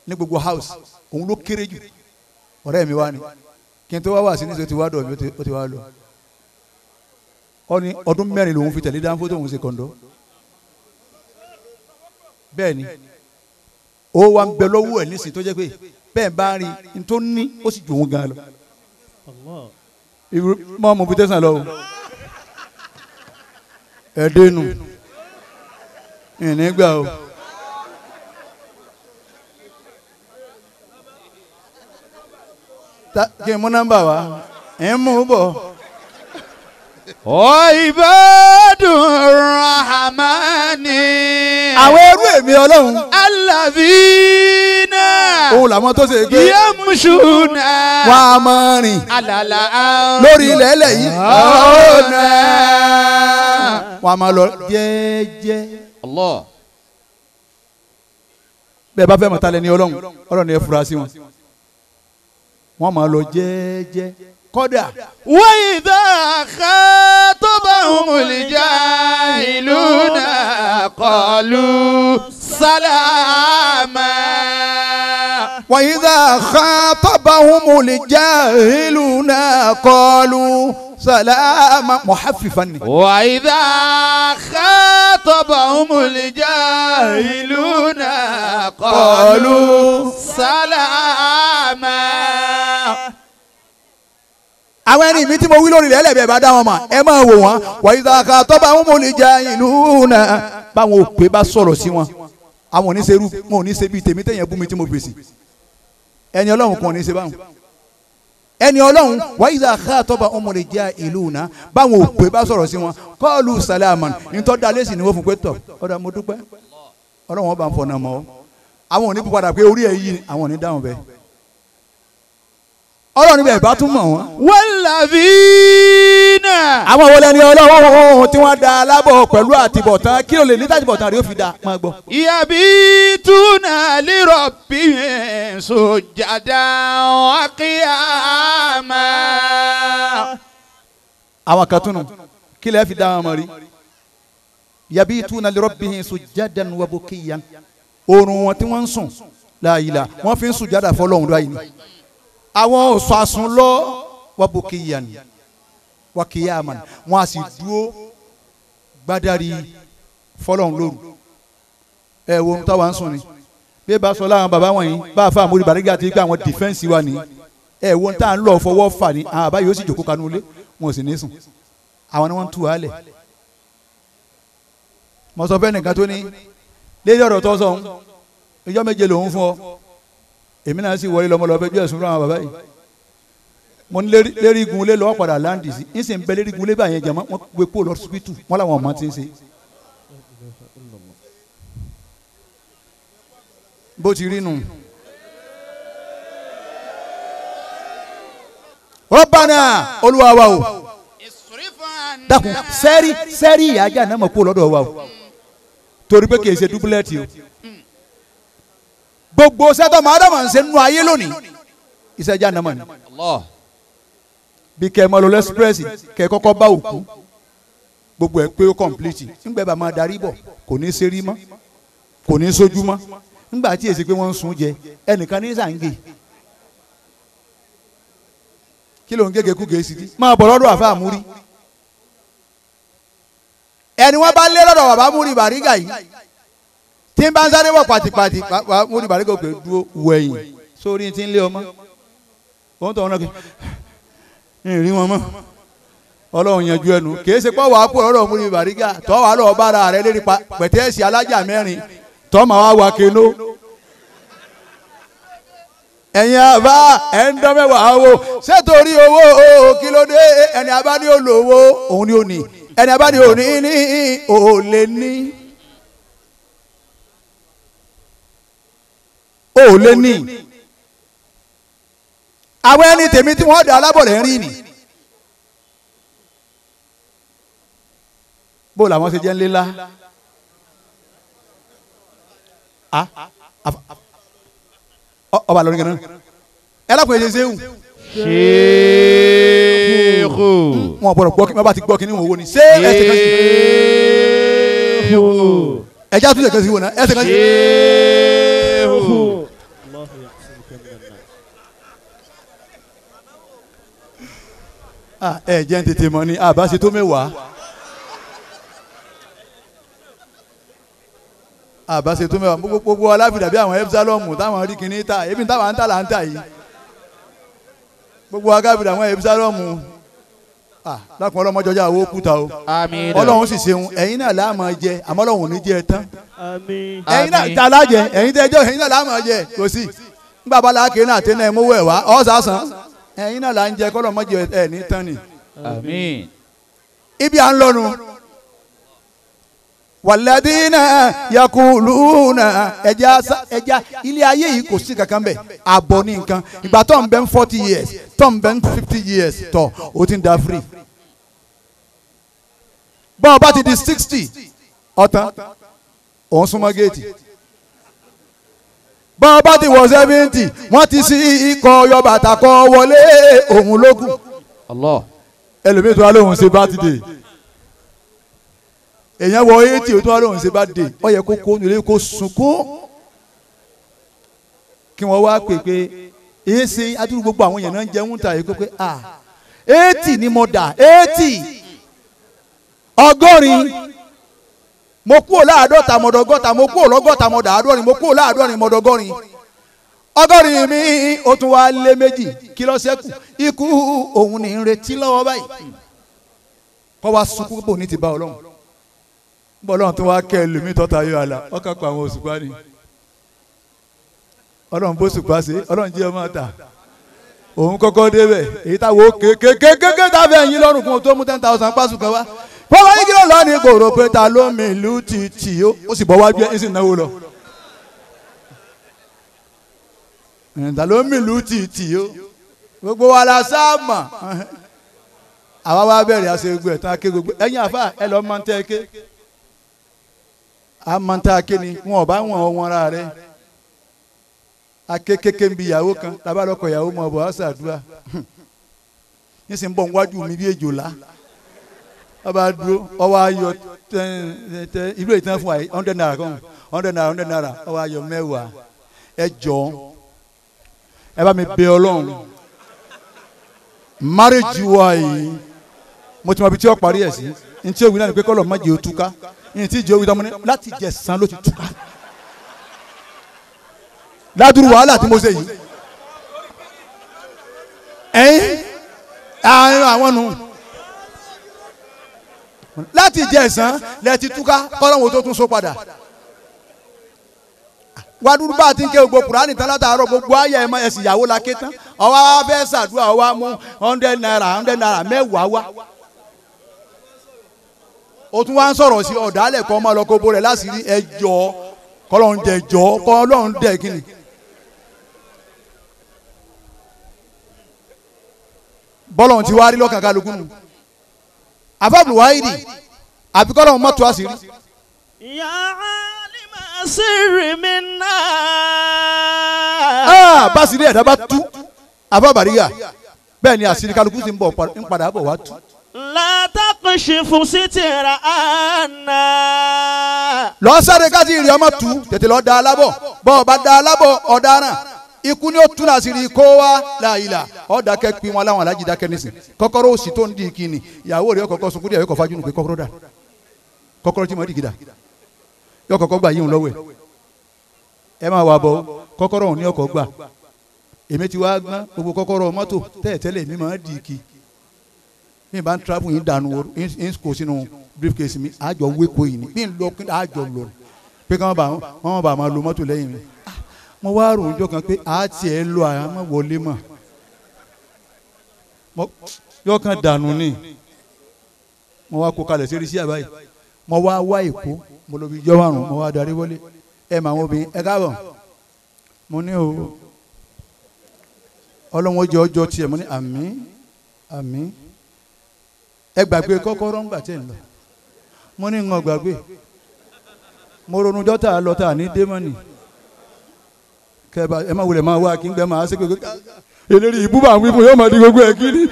ní gbogbo house òun ló kéré jù ọ̀rẹ́ mi wá ni kí n tó wá wá sí níṣẹ́ ti wá dọ̀ mi ó ti wá lọ. ó ní ọdún mẹ́rin lòun fi tẹ̀lé dáńfó tóun ṣe kọ̀ńdọ́ bẹ́ẹ̀ ni ó wà ń bẹ lọ́wọ́ ẹ̀ nísìnyí tó jẹ́ pé bẹ́ẹ̀ bá rí n tó ní ó sì jù òun gan lọ mọ́ mo fi tẹ̀sán lọ o ẹ̀dẹ́nu ìnígbà o. kí n mú nọ́mbà wá ẹ̀ mú bọ̀. Ìbádùn Rahamani. Àwọn ẹrú èmi Ọlọ́run. Alábìínà. Òun làwọn tó ṣe gbé. Yẹ́mùsùnà. Wà á máa rìn. Àlàlà àrùn. Lórí ilẹ̀ ẹlẹ̀ yìí. Ọ̀nà. Wà á máa lọ jẹ́jẹ́. Allah. Bẹ́ẹ̀ bá fẹ́ mọ̀ ta lẹ́ni Ọlọ́run, Ọlọ́run ni ẹ fura sí wọn. Wọ́n máa lọ jẹ́jẹ́. قدا واذا خاطبهم الجاهلون قالوا سلاما وإذا خاطبهم الجاهلون قالوا سلاما محففا وإذا خاطبهم الجاهلون قالوا سلاما àwọn ẹni mi tí mo wí lórí rẹ̀ lẹ́bẹ̀ẹ́ bá dá wọn mà ẹ máa wò wọ́n wàyí sàkà tọ́ba àwọn ọmọ olè jẹ ìlú náà báwọn ò pé bá sọ̀rọ̀ sí wọn àwọn ò wọn ò ní ṣe bíi tèmi tẹ̀yẹ̀ bú mi tí mo fèsì ẹni ọlọ́run kan ò ní ṣe báwọn ẹni ọlọ́run wàyí sàkà tọ́ba àwọn ọmọ olè jẹ ìlú náà báwọn ò pé bá sọ̀rọ̀ sí wọn kọ́ọ̀lù sàlámàn nítọ́ da lẹ́sìn ni wọ́n fún pé tọ̀ ọ̀dà mo dúpẹ́ ọlọ́run ọba ń fọ̀nà mọ́ àwọn àwọn ò ní ọlọ́run bẹ̀ bá tún mọ̀ wọ́n. wọ́làbí náà. àwọn wo lẹni ọlọ́run tí wọ́n da alábọ̀ pẹ̀lú àtibọ̀tán kí o lè ní tàtibọ̀tán rí ó fi da máa gbọ́. ìyàbí túnà lérò bí sojada wákìyàmá. àwọn kan túnú kí lè fi da wọn mọ̀ rí. ìyàbí túnà lérò bí sojada wàbókìyà. oorun wọn tí wọ́n ń sùn láàyè la wọ́n fi ń sùn jáde àfọlọ́hún lọ́yìn ni àwọn òṣàṣùn lọ wàbùkìyàn wàkìyàmàn wọn a sì dúró gbádàrí fọlọ́n lóru ẹ wo ohun táwa ń sùn ni bí ẹ bá sọ láwọn bàbá wọ̀nyí bá a fa àmúrí bàrígà àti pé àwọn dìfẹ́ǹsì wa ni ẹ wo ohun tá à ń lọ fọwọ́ fà ni àwọn àbá yóò sì jòkó kanú ilé wọn ò sì ní sùn àwọn ni wọ́n ń tù wá lẹ̀ mọ̀sọ̀fẹ́ nìkan tó ní lórí ọ̀rọ̀ tó sọ ohun ìjọ méje lòún fún ọ èmi náà sì wọlé lọmọlọpẹ jọ ẹsùn fún àwọn bàbá yìí mo ní lérí igun lé lọ́wọ́ padà láǹdì sí ń sì ń bẹ lérí igun lé báyẹn jẹ̀mọ́ wọ́n gbé kó lọ síbítù wọ́n làwọn ọmọ ti ń ṣe. bó ti rí nù. rọ́bànà olúwa wa o dákun sẹ́rí sẹ́rí ìyá ajá náà mọ̀ kó lọ́dọ̀ wa o torí pé kì í ṣe dúpúlẹ̀tì o gbogbo sẹ́tọ̀ màdàmà ń ṣe nínú ayé lónìí iṣẹ́ jahannama ni bí kẹ́ ẹ máa lọ lẹ́sípírẹ́sì kẹ́ ẹ kọ́kọ́ bá òkú gbogbo ẹ pé ó kọ̀m̀plìtì nígbà bá máa darí bọ̀ kò ní sérí mọ́ kò ní sójú mọ́ nígbà tí èsì pé wọ́n ń sun jẹ ẹnìkan ní sàǹgì kí ló ń gègé kú gèé sí máa bọ̀ lọ́dọ̀ àfa àmúrí ẹni wọ́n bá lé lọ́dọ̀ bàbá múrí bàrígà yìí tí n bá ń sáré wọ̀ pàtìpàtì mo rí bàrẹ́gà òkè dúró wẹ̀yìn sórí ti ń lé ọmọ òun tó ń rán kí n rí wọn mọ́ ọlọ́run yanjú ẹnu kì í ṣe pọ́ wàá kú ọ̀rọ̀ mo rí bàrẹ́gà tọ́ wàá lọ́ọ́ bára rẹ lérí pẹ̀tẹ́ẹ̀sì alájà mẹ́rin tọ́ màá wá kéno ẹ̀yin àbá ẹ̀ ń dán mẹ́wàá wo ṣètòrí owó o kí ló dé ẹni àbá ni ó lò owó òun ni ó ní ẹni àbá ni ò ní ní ò lè ní. o ò lé ní àwọn ẹni tèmi tí wọ́n dà alábọ̀rẹ̀ rìn ní. bó làwọn ṣe jẹ́ ńlélá ọba lọ́rin kan náà ẹ lákùn ẹ̀jẹ̀ ṣéwù. ṣéèkù. wọn gbọ́dọ̀ gbọ́ kí wọn bá ti gbọ́ kí ni wọn wò ni ṣé ẹ ti kan sí. ṣéèkù. ẹja tún ṣe kan sí wọn náà ẹ kan sí. ṣéèkù. ah jẹ́ ń tètè mọ̀ ni àbá ṣe tó mẹ́wàá àbá ṣe tó mẹ́wàá gbogbo aláfíà bí àwọn epsilon táwọn kìíní ta ebi táwọn ń là ń yìí gbogbo agáfíà àwọn epsilon lákùn ọlọmọ owó kúta o Ọlọ́run sì ṣeun ẹ̀yin náà jẹ àmọ́ Ọlọ́run ò ní tán ẹ̀yin náà ta lájẹ ẹ̀yin ẹ̀yin ẹ̀yin náà là ń jẹ kọ́lọ́ mọ́jẹ ẹ̀ ní tán ni. àmín. ibi à ń lọ́nu. wàlẹ́dínà yakuluna ẹja ẹja ilé ayé yìí kò sí kankan bẹ́ẹ̀ àbọ̀ ní nǹkan ìgbà tó ń bẹ forty years tó ń bẹ fifty years tó o ti ń da free. bọ́ọ̀ bá ti di sixty ọ̀tán òun súnmọ́ géètì bọ́n ti wọ sẹ́fíǹtì wọ́n ti sí ikọ̀ ọyọ bàtà kọ́ wọlé òun lókun. ẹlòmíì tó wá lóhùn ṣe bátìdè èèyàn wọ eighty tó wá lóhùn ṣe bátìdè ó yẹ kó kó nílé kó sunkún kí wọ́n wá pè pé èyí ṣe adúrú gbogbo àwọn èèyàn náà ń jẹun tà yìí pé ah eighty ni mo dà eighty ọgọ́rin mo kúrò láàádọ́ta mọ̀dọ́gọ́ta mo kúrò lọ́gọ́ta mọ̀dọ́ mo kúrò láàádọ́rin mọ̀dọ́gọ́rin ọgọ́rin mi ó tún wá lé méjì kí ikú òun ní ń retí lọ́wọ́ báyìí kọ́ wa sunkún bò ní ti bá ọlọ́run bọ́ ọlọ́run tó wá kẹ́ tọ́ta yọ àlà ọkà pa àwọn òṣùpá ni ọlọ́run bó sí ọlọ́run ta òun kọ́kọ́ débẹ̀ èyí táwọn fẹ́ wọ́n bá yíkí lọ́la ní kò rò pé ta ló mi ìlú ti tì ó ó sì bọ́ wájú ẹ̀ ń náwó lọ. ta ló mi ìlú ti tì ó gbogbo wa la sáàmà àwa wa bẹ̀rẹ̀ àṣẹ gbogbo ẹ̀ tán ké gbogbo ẹ̀yin àfa ẹ lọ́ máa ń tẹ́ ké a máa ń tẹ́ ké ni wọn ò bá wọn wọn ra rẹ akékèké ń bi ìyàwó kan tàbá lọkọ ìyàwó mọ̀ bọ̀ ọ́ sàdúrà mi bí èjò la ọba dúró ọwọ́ ayọ̀ tẹ ìlú èyí tán fún wa yìí hundred naira kan hundred naira hundred naira ọwọ́ ayọ̀ mẹ́wàá ẹ jọ ẹ bá mi bẹ ọlọ́run marriage wa yìí mo ti mọ ibi tí ó parí ẹ̀ sí ní tí ó wí náà ni pé kọ́lọ̀ má jẹ́ òtúká tí ìjẹ́ òwì tán mo ní láti jẹ san ló ti túká ládùúrú wàhálà tí mo ṣe yìí ẹ̀yin àwọn nù láti jẹ ẹ̀sán lẹ́ẹ̀tì túká kọ́lọ́hún tó tún so padà. wádùúrú bá a ti ń ké gbogbo kùránì tán látàárọ̀ gbogbo ayé ẹ̀ máa ẹ̀sìn ìyàwó la ké tán ọwọ́ abẹ́ sàdúrà ọwọ́ amú hundred naira hundred naira mẹ́wàá wá. o tún wá ń sọ̀rọ̀ sí ọ̀dàlẹ̀ kan máa lọ kó borẹ̀ láti rí ẹjọ́ kọ́lọ́hún dẹ̀ jọ́ kọ́lọ́hún dẹ̀ kíni. bọ́lọ̀ ti wá rí lọ́kàn kálukú nù àfàbùrù wáyìrì àbí kọ́ lọ́hún mọ́tò àṣírí. ìyá alima sírì mi náà. bá a sì rí ẹ̀dá bá tú àfàbàríyà bẹ́ẹ̀ ni àṣírí kálukú sì ń bọ̀ ń padà bọ̀ wá tú. látàkùn ṣìfù sí ti àná. lọ sáré káàtì ọmọ tù tètè lọ da alábọ̀ bọ́ọ̀ bá da alábọ̀ ọ̀daràn ikú ni ó tún àṣírí kó wá láàyìlà ọ dákẹ́ pin wọn láwọn alájí dákẹ́ nísìn kọ́kọ́rọ́ òsì tó ń di ìkíni ìyàwó rẹ̀ ọkọ̀ọ̀kọ̀ sunkún díẹ̀ yóò kọ́ fájú nù pé kọ́kọ́rọ́ dà kọ́kọ́rọ́ tí mo dì gidà yóò kọ́kọ́ gbà yíhun lọ́wọ́ ẹ̀ ẹ máa wà bọ̀ kọ́kọ́rọ́ òun ni ọkọ̀ gbà èmi ti wá gbọ́n gbogbo kọ́kọ́rọ́ mọ́tò tẹ́ẹ̀tẹ́lẹ̀ mi máa dì kí mi bá ń travel yín dànù in briefcase mi àjọ wéko yìí ni mi ń lọ àjọ lọ pé káwọn bá wọn bá mo wá rò ó jọ kan pé a tiẹ̀ lọ àmọ́ wọlé mọ̀ yọ kan dànù ni mo wá kó kalẹ̀ sí rí sí àbáyé mo wá wá èkó mo lọ bí jọ́ márùn mo wá darí wọlé ẹ mà wọn obìnrin ẹ káàbọ̀ mo ní o ọlọ́wọ́n jẹ́ ọjọ́ tiẹ̀ mo ní àmín àmín ẹ gbàgbé kọ́kọ́rọ́ ń gbà tẹ̀ ń lọ mo ní ń gbàgbé mo ronú dọ́tà lọ́tà ní démọ́nì kẹba ẹ má wulẹ̀ máa wá kí n gbẹ máa ṣe gbogbo eléré ibú bá wí fún yóò máa di gbogbo ẹ kiri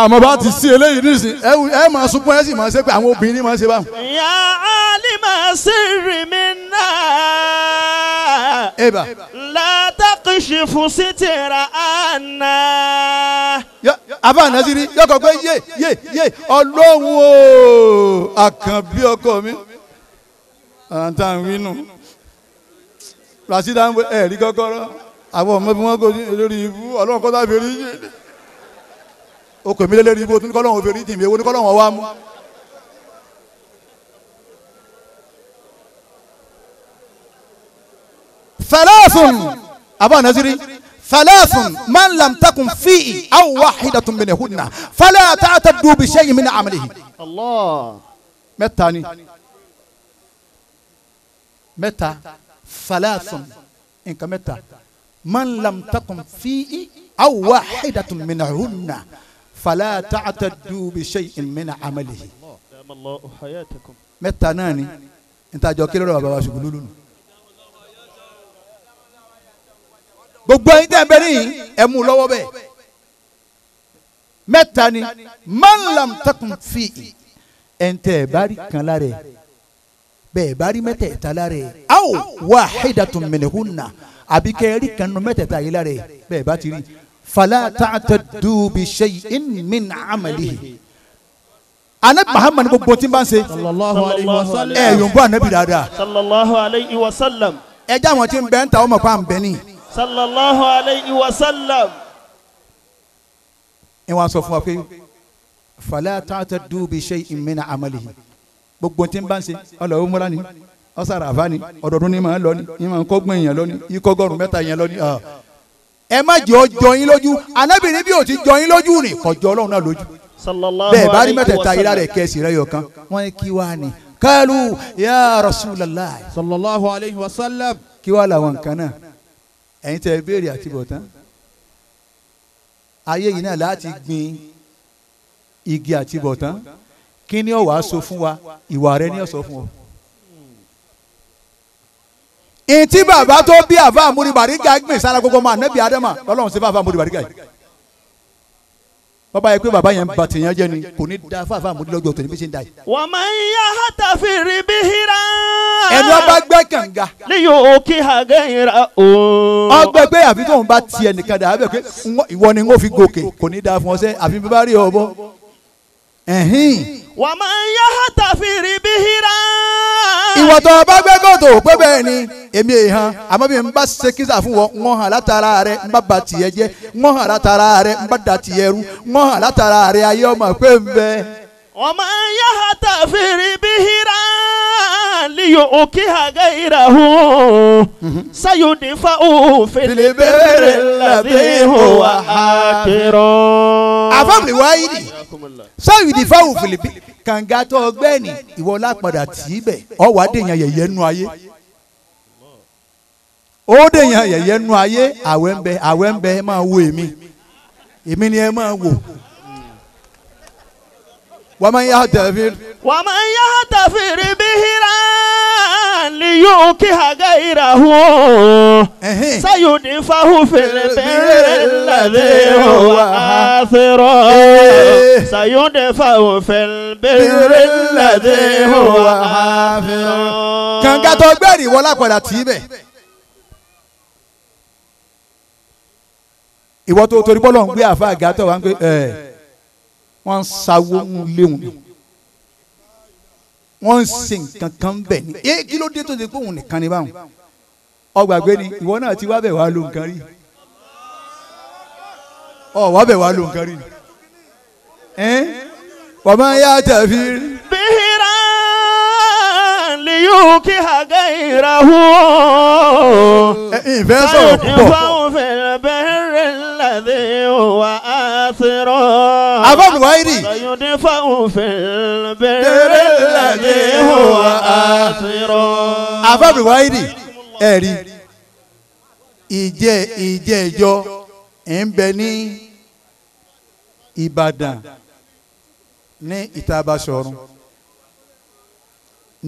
àmọ́ bá ti sí eléyìí nísìn ẹ máa sunkún ẹ sì máa ṣe pé àwọn obìnrin máa ṣe báwọn. ìyá ali máa ṣe rìn mí náà. eba. látàkìṣe fún sítìrà àná. àbá nàzírí yọkọ pé yé yé yé ọlọ́run o àkànbí ọkọ mi. àǹtá ń rasida ń ẹ rí kọ́kọ́rọ́ àwọn ọmọ bí wọ́n kò ní lórí ibú ọlọ́run kọ́tà fèrè yé o kò mí lé lórí ibú tún kọ́ fèrè tìmí ewu ní kọ́ lọ́run wá fẹlẹ́fùn àbá nàzírí fẹlẹ́fùn man lam takun fi'i aw wahidatun minhunna fala ta'taddu bi shay'in min 'amalihi. mẹ́ta ni mẹ́ta falaasun nǹkan mẹ́ta man lam takun fi'i aw wahidatun minahunna fala ta'taddu bi shay'in min amalihi. mẹ́ta náà ni ntaajọ kí lóra bàbá wa ṣubú lulu. gbogbo ẹ̀yin tẹ́ ń bẹ níyìn ẹ mú lọ́wọ́ bẹ́ẹ̀ mẹ́ta ni man lam takun fi'i ẹ̀ ń tẹ́ ẹ̀ bá rí kan lára ẹ̀ bẹ́ẹ̀ bá rí mẹ́tẹ̀ẹ̀ta lára ẹ̀ aw wahidatun minhunna àbí kẹ́ẹ̀rí kan nù mẹ́tẹ̀ẹ̀ta yìí lára ẹ̀ bẹ́ẹ̀ bá ti rí fala ta'taddu bi shay'in min 'amalihi anabi muhammad gbogbo tí n bá ń ṣe ẹ yòǹbó anabi dáadáa ẹ já wọn tí ń bẹ ń ta ọmọ pa ń bẹ ní. sallallahu sọ fún wa pé fala ta'taddu bi shay'in min 'amalihi gbogbo tí ń bá ń ṣe ọlọ ọmọlá ni ọsàrà àfa ni ọdọọdún ni màá lọ ni ni màá kọgbọn èèyàn lọ ni ikọgọrùn mẹ́ta èèyàn lọ ni. ẹ má jẹ́ ọ jọ yín lójú anábìrin bí o ti jọ yín lójú ni kò jọ ọlọ́run náà lójú. bẹ́ẹ̀ bá rí mẹ́tẹ̀ẹ̀ta yìí lára ẹ̀kẹ́ ẹ̀sìn rẹ̀ yọ̀kan wọ́n kí wàá ní kálù yà Rasulullah. sallallahu alayhi wa sallam. kí wàá làwọn nǹkan náà ẹ̀yin tẹ́ béèrè àti bọ̀tán igi àti bọ̀tán kí ni ó wá sọ fún wa ìwà rẹ ni ó sọ fún ọ. ìtí bàbá tó bí àfa àmúribàríga gbìn sára gbogbo ọmọ ànábì ádámà lọ́lọ́run sí bàbá àmúribàríga yìí. bàbá yẹ pé bàbá yẹn ń ba tèèyàn jẹ ni kò ní da fáfá àmúrilọ́jọ́ tó ní bí ṣe ń da yìí. wọ́n máa ń yá hàtà fìrí bí hira. ẹni ọba gbẹ́ kànga. ní yóò kí àgẹ́ ìra o. ọgbẹ́ pé àfi tóun bá tiẹ̀ nìkan dà pé ìwọ wà á máa ń yá hàtàfìrì bí hira. tó o bá gbé gòtò pé bẹ́ẹ̀ ni èmi è han àmọ́ bí n bá ṣe hàn látara rẹ bá ba tiẹ̀ jẹ́ rẹ bá da tiẹ̀ rú rẹ ayé ọmọ pé aliyu òkè àgá ìràhù sáyòdì fáwọn fèlèbèrè làbẹ́ ìhùwà àkèrò. àfọ̀mì wáyìdì sáyòdì fáwọn fèlèbè kànga tó ọgbẹ́ni ìwọ lápadà tì í bẹ̀ ọwọ́ adéyàn yẹ̀yẹ́ nú ayé ó dèyàn yẹ̀yẹ́ nú ayé àwẹ̀ ń bẹ àwẹ̀ ń bẹ ẹ máa wo èmi èmi ni ẹ máa wò wàmà yà tẹ̀fìrì. wàmà tẹ̀fìrì bí hira liyó kí haga ira hu sayo ní fahu fèlè bẹ́ẹ̀ lálẹ́ wa á fẹ́rọ̀ sayo ní fahu fèlè bẹ́ẹ̀ lálẹ́ wà á fẹ́rọ̀. kànga tó gbẹ́rì wọlá padà tì í bẹ̀. ìwọ tó torí bọ́lọ̀ ń gbé àfa àgàtọ̀ wá ń gbé ẹ̀ wọ́n ń sawó ń léwu wọ́n ń ṣe nǹkan kan bẹ̀ ni ẹ kí ló dé tó ṣe pé òun nìkan ni báwọn ọgbàgbé ni ìwọ náà ti wá bẹ̀ wá ló nǹkan rí ọ wá bẹ̀ wá ló nǹkan rí ni wọ́n máa yá tàbí. bíhìrà lè yóò kí àga ìràwọ̀. ìfẹ́ sọ̀rọ̀ púpọ̀. ìfọwọ́fẹ̀ bẹ́ẹ̀rẹ̀ ńlá dé wà á ti rọ̀. سيدفع في البر الذي هو آثر أبا بوايدي ẹ̀rí ìjẹ́ ìjẹ́ ìjọ ń bẹ ní Ìbàdàn ní ìtabasọ̀rùn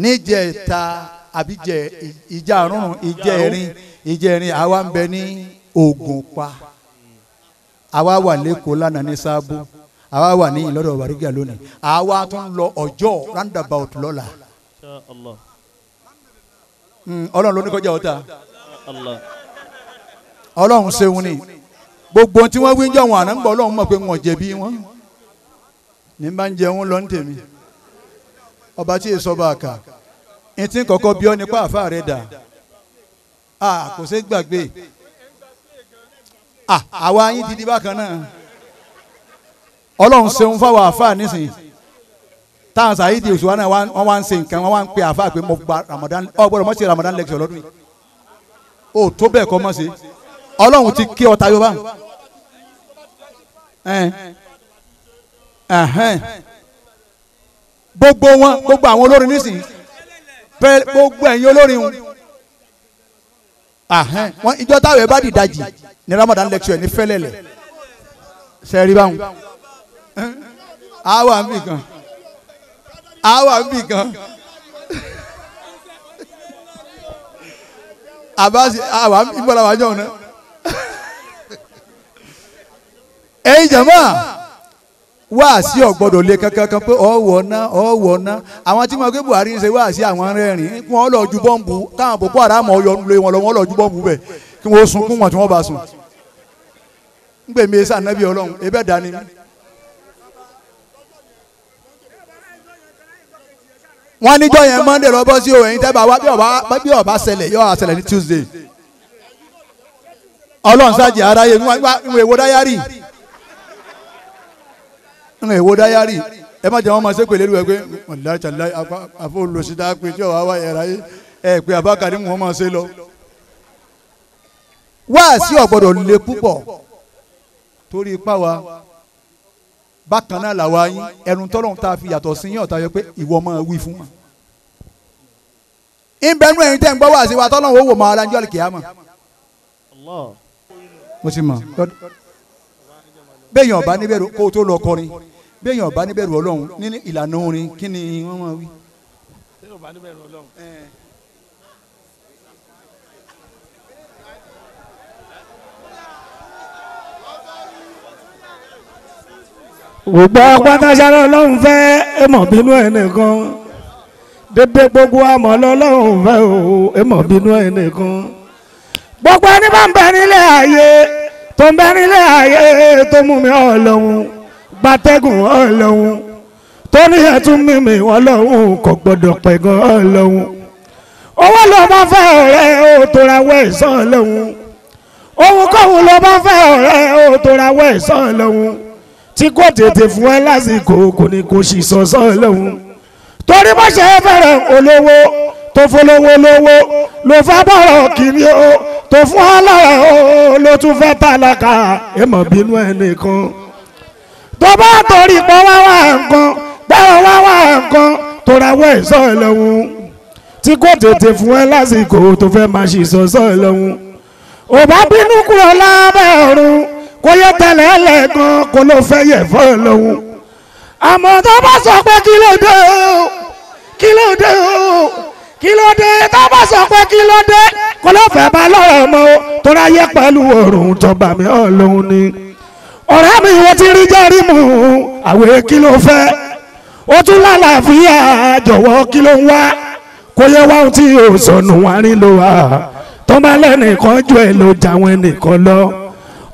níjẹta àbíjẹ ìjàrún ìjẹrin ìjẹrin àwa ń bẹ ní Ògùnpa àwa wà lẹ́kọ̀ọ́ lánàá ní sábò àwa wà ní ìlọ́dọ̀ Bàrúkìyà lónìí àwa tó lọ ọjọ́ roundabout lọ́la hmm, ọlọ́run ló ní kọjá ọ̀tá ọlọ́run ṣeun ni gbogbo tí wọ́n wí ń jọ wọn àná ń gbọ́ ọlọ́run mọ̀ pé wọn jẹ̀bi wọn ní bá ń jẹun lọ ń tèmi ọba tí èso bá kà ẹ ti bí ọ nípa àfa rẹ dà kò ṣe gbàgbé àwa yín ti bákan náà ọlọ́run ṣeun fáwọn àáfàá nísìnyí táwọn sàyídì òṣùwà náà wọ́n wá ń ṣe nǹkan wọ́n wá ń pe àáfàá pé mo gba Ramadan ọ gbọ́dọ̀ mọ̀ ṣe Ramadan lecture lọ́dún yìí o tó bẹ́ẹ̀ kọ́ mọ̀ ṣe ọlọ́run ti kí ọta yorùbá gbogbo wọn gbogbo àwọn olórin nísìnyí gbogbo ẹ̀yin olórin wọn ìjọ táwọn ẹ bá dìdajì ní Ramadan lecture ní fẹ́lẹ́lẹ̀ ṣe báwọn. á wà ń bì kan á wà ń bì kan àbáṣe àwa ń bọ̀ làwọn kankan kan pe ọ̀wọ̀ náà ọ̀wọ̀ na. àwọn tí mo Buhari ń ṣe wá sí àwọn rẹ́rìn kí wọ́n lọ ju bọ́ǹbù káwọn Boko Haram ọ̀yọ́ lé wọn lọ wọ́n lọ ju bọ́ǹbù bẹ̀ kí wọ́n sunkún wọn won wọ́n bá sùn. ń gbèmí esa ebe wọ́n níjọ́ yẹn monday lọ́bọ́ sí o tẹ́ bá wa bí ọba sẹlẹ yọ àṣẹlẹ̀ ní tuesday ọlọ́run sáàjì aráyé nínú èwo dáyárì nínú èwo dáyárì ẹ má jẹ́ wọ́n máa ṣe pèlè ẹ pé pé tí yẹra ẹ pé ṣe lọ. ọ̀gbọ́dọ̀ lè púpọ̀ torí ipá wa bákan náà làwa yín ẹnu tọ́lọ́hún tá a fi yàtọ̀ sí yín ọ̀tá yọ pé ìwọ máa wí fún wa. ìbẹ́nu ẹ̀yin tẹ́ ń gbọ́ wá sí wa tọ́lọ́hún ó wò mọ́ ara jọ́lì kìá mọ̀. mo ti mọ̀ bẹ́ẹ̀yàn ọba níbẹ̀rù kó o tó lọ kọrin bẹ́ẹ̀yàn ọba níbẹ̀rù ọlọ́run ní ìlànà orin kí ni wọ́n máa wí. bẹ́ẹ̀yàn ọba níbẹ̀rù ọlọ́run gbogbo pátására ọlọ́run fẹ́ èmọ̀ bínú ẹ̀ nìkan dédé gbogbo àmọ́ lọ́lọ́run fẹ́ o èmọ̀ bínú ẹ̀ nìkan gbogbo ẹni bá ń bẹ nílé ayé tó ń bẹ nílé ayé tó mú mi ọlọ́run gbatẹ́gùn ọlọ́run tó ní ẹ̀tún mímì ọlọ́run kò gbọ́dọ̀ pẹ̀gàn ọlọ́run owó ló bá fẹ́ ọ̀rẹ́ ó tora wẹ̀sán ọlọ́run òun kóhun ló bá fẹ́ ọ̀rẹ́ ó tora wẹ̀sán ọlọ́run tí kò tètè fún ẹ lásìkò kò ní kò sì sọ̀sọ́ lẹ́hùn torí bó ṣe fẹ́rẹ̀ olówó tó fọlọ́wọ́ lówó ló fẹ́ bọ̀rọ̀ kiri o tó fún alára o ló tún fẹ́ tálákà ẹ mọ̀ bínú ẹ nìkan tó bá torí pọ́ wá wá nǹkan gbẹ́rọ wá wá nǹkan tó rawọ́ ìsọ̀ lẹ́hùn tí kò tètè fún ẹ lásìkò tó fẹ́ máa ṣì sọ̀sọ́ lẹ́hùn ò bá bínú kúrò lábẹ́ ọ̀run kó yẹ tẹlẹ lẹ́ẹ̀kan kó ló fẹ́ yẹ fọ́ lòun. àmọ́ tó bá sọ pé kí ló dé o kí ló dé o kí ló dé tó bá sọ pé kí ló dé kó ló fẹ́ bá lọ́rọ̀ mọ́ o tóra yẹ pẹ̀lú òrùn tọba mi ọ̀ lòun ni. ọ̀rẹ́ mi wọ́n ti rí jẹ́rí mu àwẹ̀ kí ló fẹ́ ó tún lálàáfíà jọ̀wọ́ kí ló ń wá kó yẹ wá ohun tí yóò sọnù wárí ló wà tó bá lẹ́nìkan jù ẹ̀ ló jà ẹnìkan lọ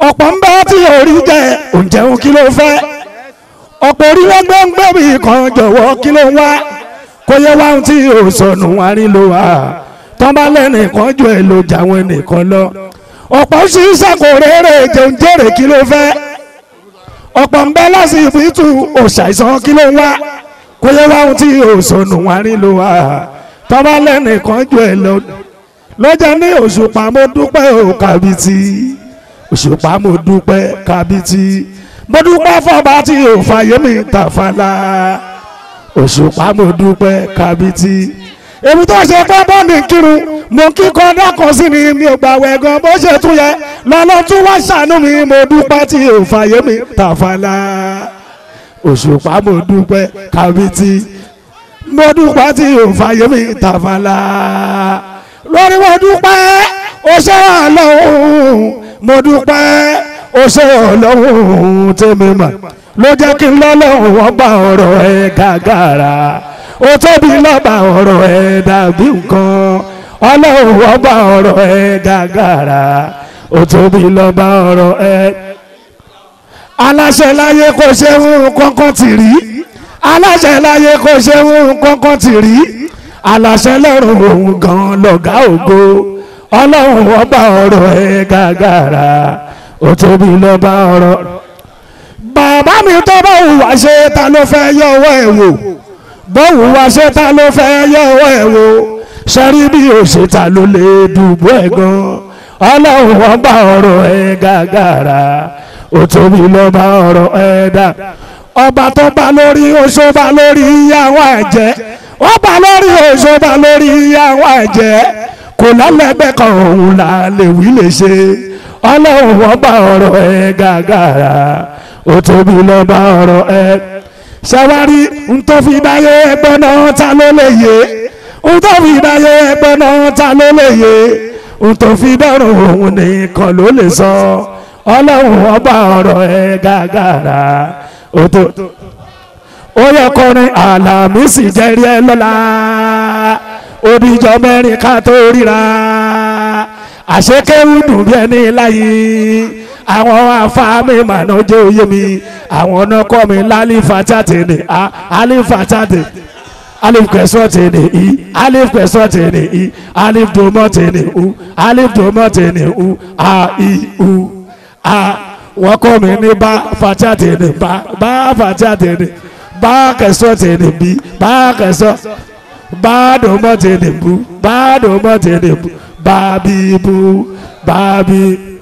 ọ̀pọ̀ ń bá tí orí jẹ oúnjẹ òun kí ló fẹ́ ọ̀pọ̀ orí wọn gbé ń gbẹ̀bí kan jọ̀wọ́ kí ló ń wá kó yẹ wá ohun tí ò sọnù àárín ló wà tán bá lẹ́nìkan jọ ẹ̀ ló jà wọn nìkan lọ ọ̀pọ̀ sì ń ṣàkórèrè jẹun jèrè kí ló fẹ́ ọ̀pọ̀ ń bẹ lásìkò ìtù òṣàìsàn kí ló wá kó yẹ wá ohun tí ò sọnù àárín ló wà tán bá lẹ́nìkan jọ ẹ̀ lọ lọ́jà ní òṣùpá mo dúpẹ́ òkàbìtì òṣùpá mo dúpẹ́ kábítì mo dúpẹ́ fọba tí ò fàyè mi tàfàlà òṣùpá mo dúpẹ́ kábítì èmi tó ṣe pé bọ́ọ̀lù kírun mo kíkọ́ dákọ̀ sí ni mi ò gbà wẹ̀ gan bó ṣe tún yẹ lọ́lọ́ tún wá ṣàánú mi mo dúpẹ́ tí ò fàyè mi tàfàlà òṣùpá mo dúpẹ́ kábítì mo dúpẹ́ tí ò fàyè mi tàfàlà lórí mo dúpẹ́ o ṣe àlọ́ òun mo dúpẹ́ ó ṣe ọlọ́run tèmi mà ló jẹ́ kí n lọ́lọ́run wọ́n bá ọ̀rọ̀ ẹ̀ gàgàrà ó tóbi lọ́ba ọ̀rọ̀ ẹ̀ dàbí nǹkan ọlọ́run wọ́n bá ọ̀rọ̀ ẹ̀ gàgàrà ó tóbi lọ́ba ọ̀rọ̀ ẹ̀. aláṣẹ láyé kò ṣe ń kọ́kọ́ tì rí aláṣẹ láyé kò ṣe ń kọ́kọ́ tì rí aláṣẹ lọ́rùn òun gan-an lọ́gàá ògo ọlọ́run ọba ọ̀rọ̀ ẹ̀ gàgàrà ó tóbi lọ́ba ọ̀rọ̀. bàbá mi tó bá hùwà ṣe ta ló fẹ́ yọ ọwọ́ ẹ̀ wò bó hùwà ṣe ta ló fẹ́ yọ ọwọ́ ẹ̀ wò sẹ́rí bí o ṣe ta ló lè dùbò ẹ̀ gan ọlọ́run ọba ọ̀rọ̀ ẹ̀ gàgàrà ó tóbi lọ́ba ọ̀rọ̀ ẹ̀ dà ọba tó bá lórí oṣó bá lórí ìyàwó ẹ̀jẹ̀ ọba lórí oṣó bá lórí ìyàwó ẹ̀jẹ̀ kò ẹgbẹ́ kan òun là lè wí lè ṣe ọlọ́run wọ́n bá ẹ gàgàrà ó tóbi lọ bá ọ̀rọ̀ ẹ. ṣàwárí ntọ́fi dáyé ẹgbẹ́ náà ta ló lè yé dáyé ẹgbẹ́ náà ta ló lè yé òun nìkan ló lè sọ ọlọ́run ẹ gàgàrà ó tó. ó yẹ kọrin àlàmísì ẹ odijọ́ mẹ́rin ká tó ríra àṣekéwù dùn bí ẹni láyé àwọn afáàmì màná jẹ́ òye mi àwọn ọ̀nà kọ́ mi lálífà tàtẹ̀ ní àlífà tàtẹ̀ alif kẹsàn ti ni i alif kẹsàn i alif domọ u alif domọ ti u a i u a wọn kọ mi ní bá fàtíà ti ni bá bá fàtíà ti ni bá kẹsàn ti ni bá kẹsàn. Bado Matinibu, Bado Matinibu, Babibu, Babi.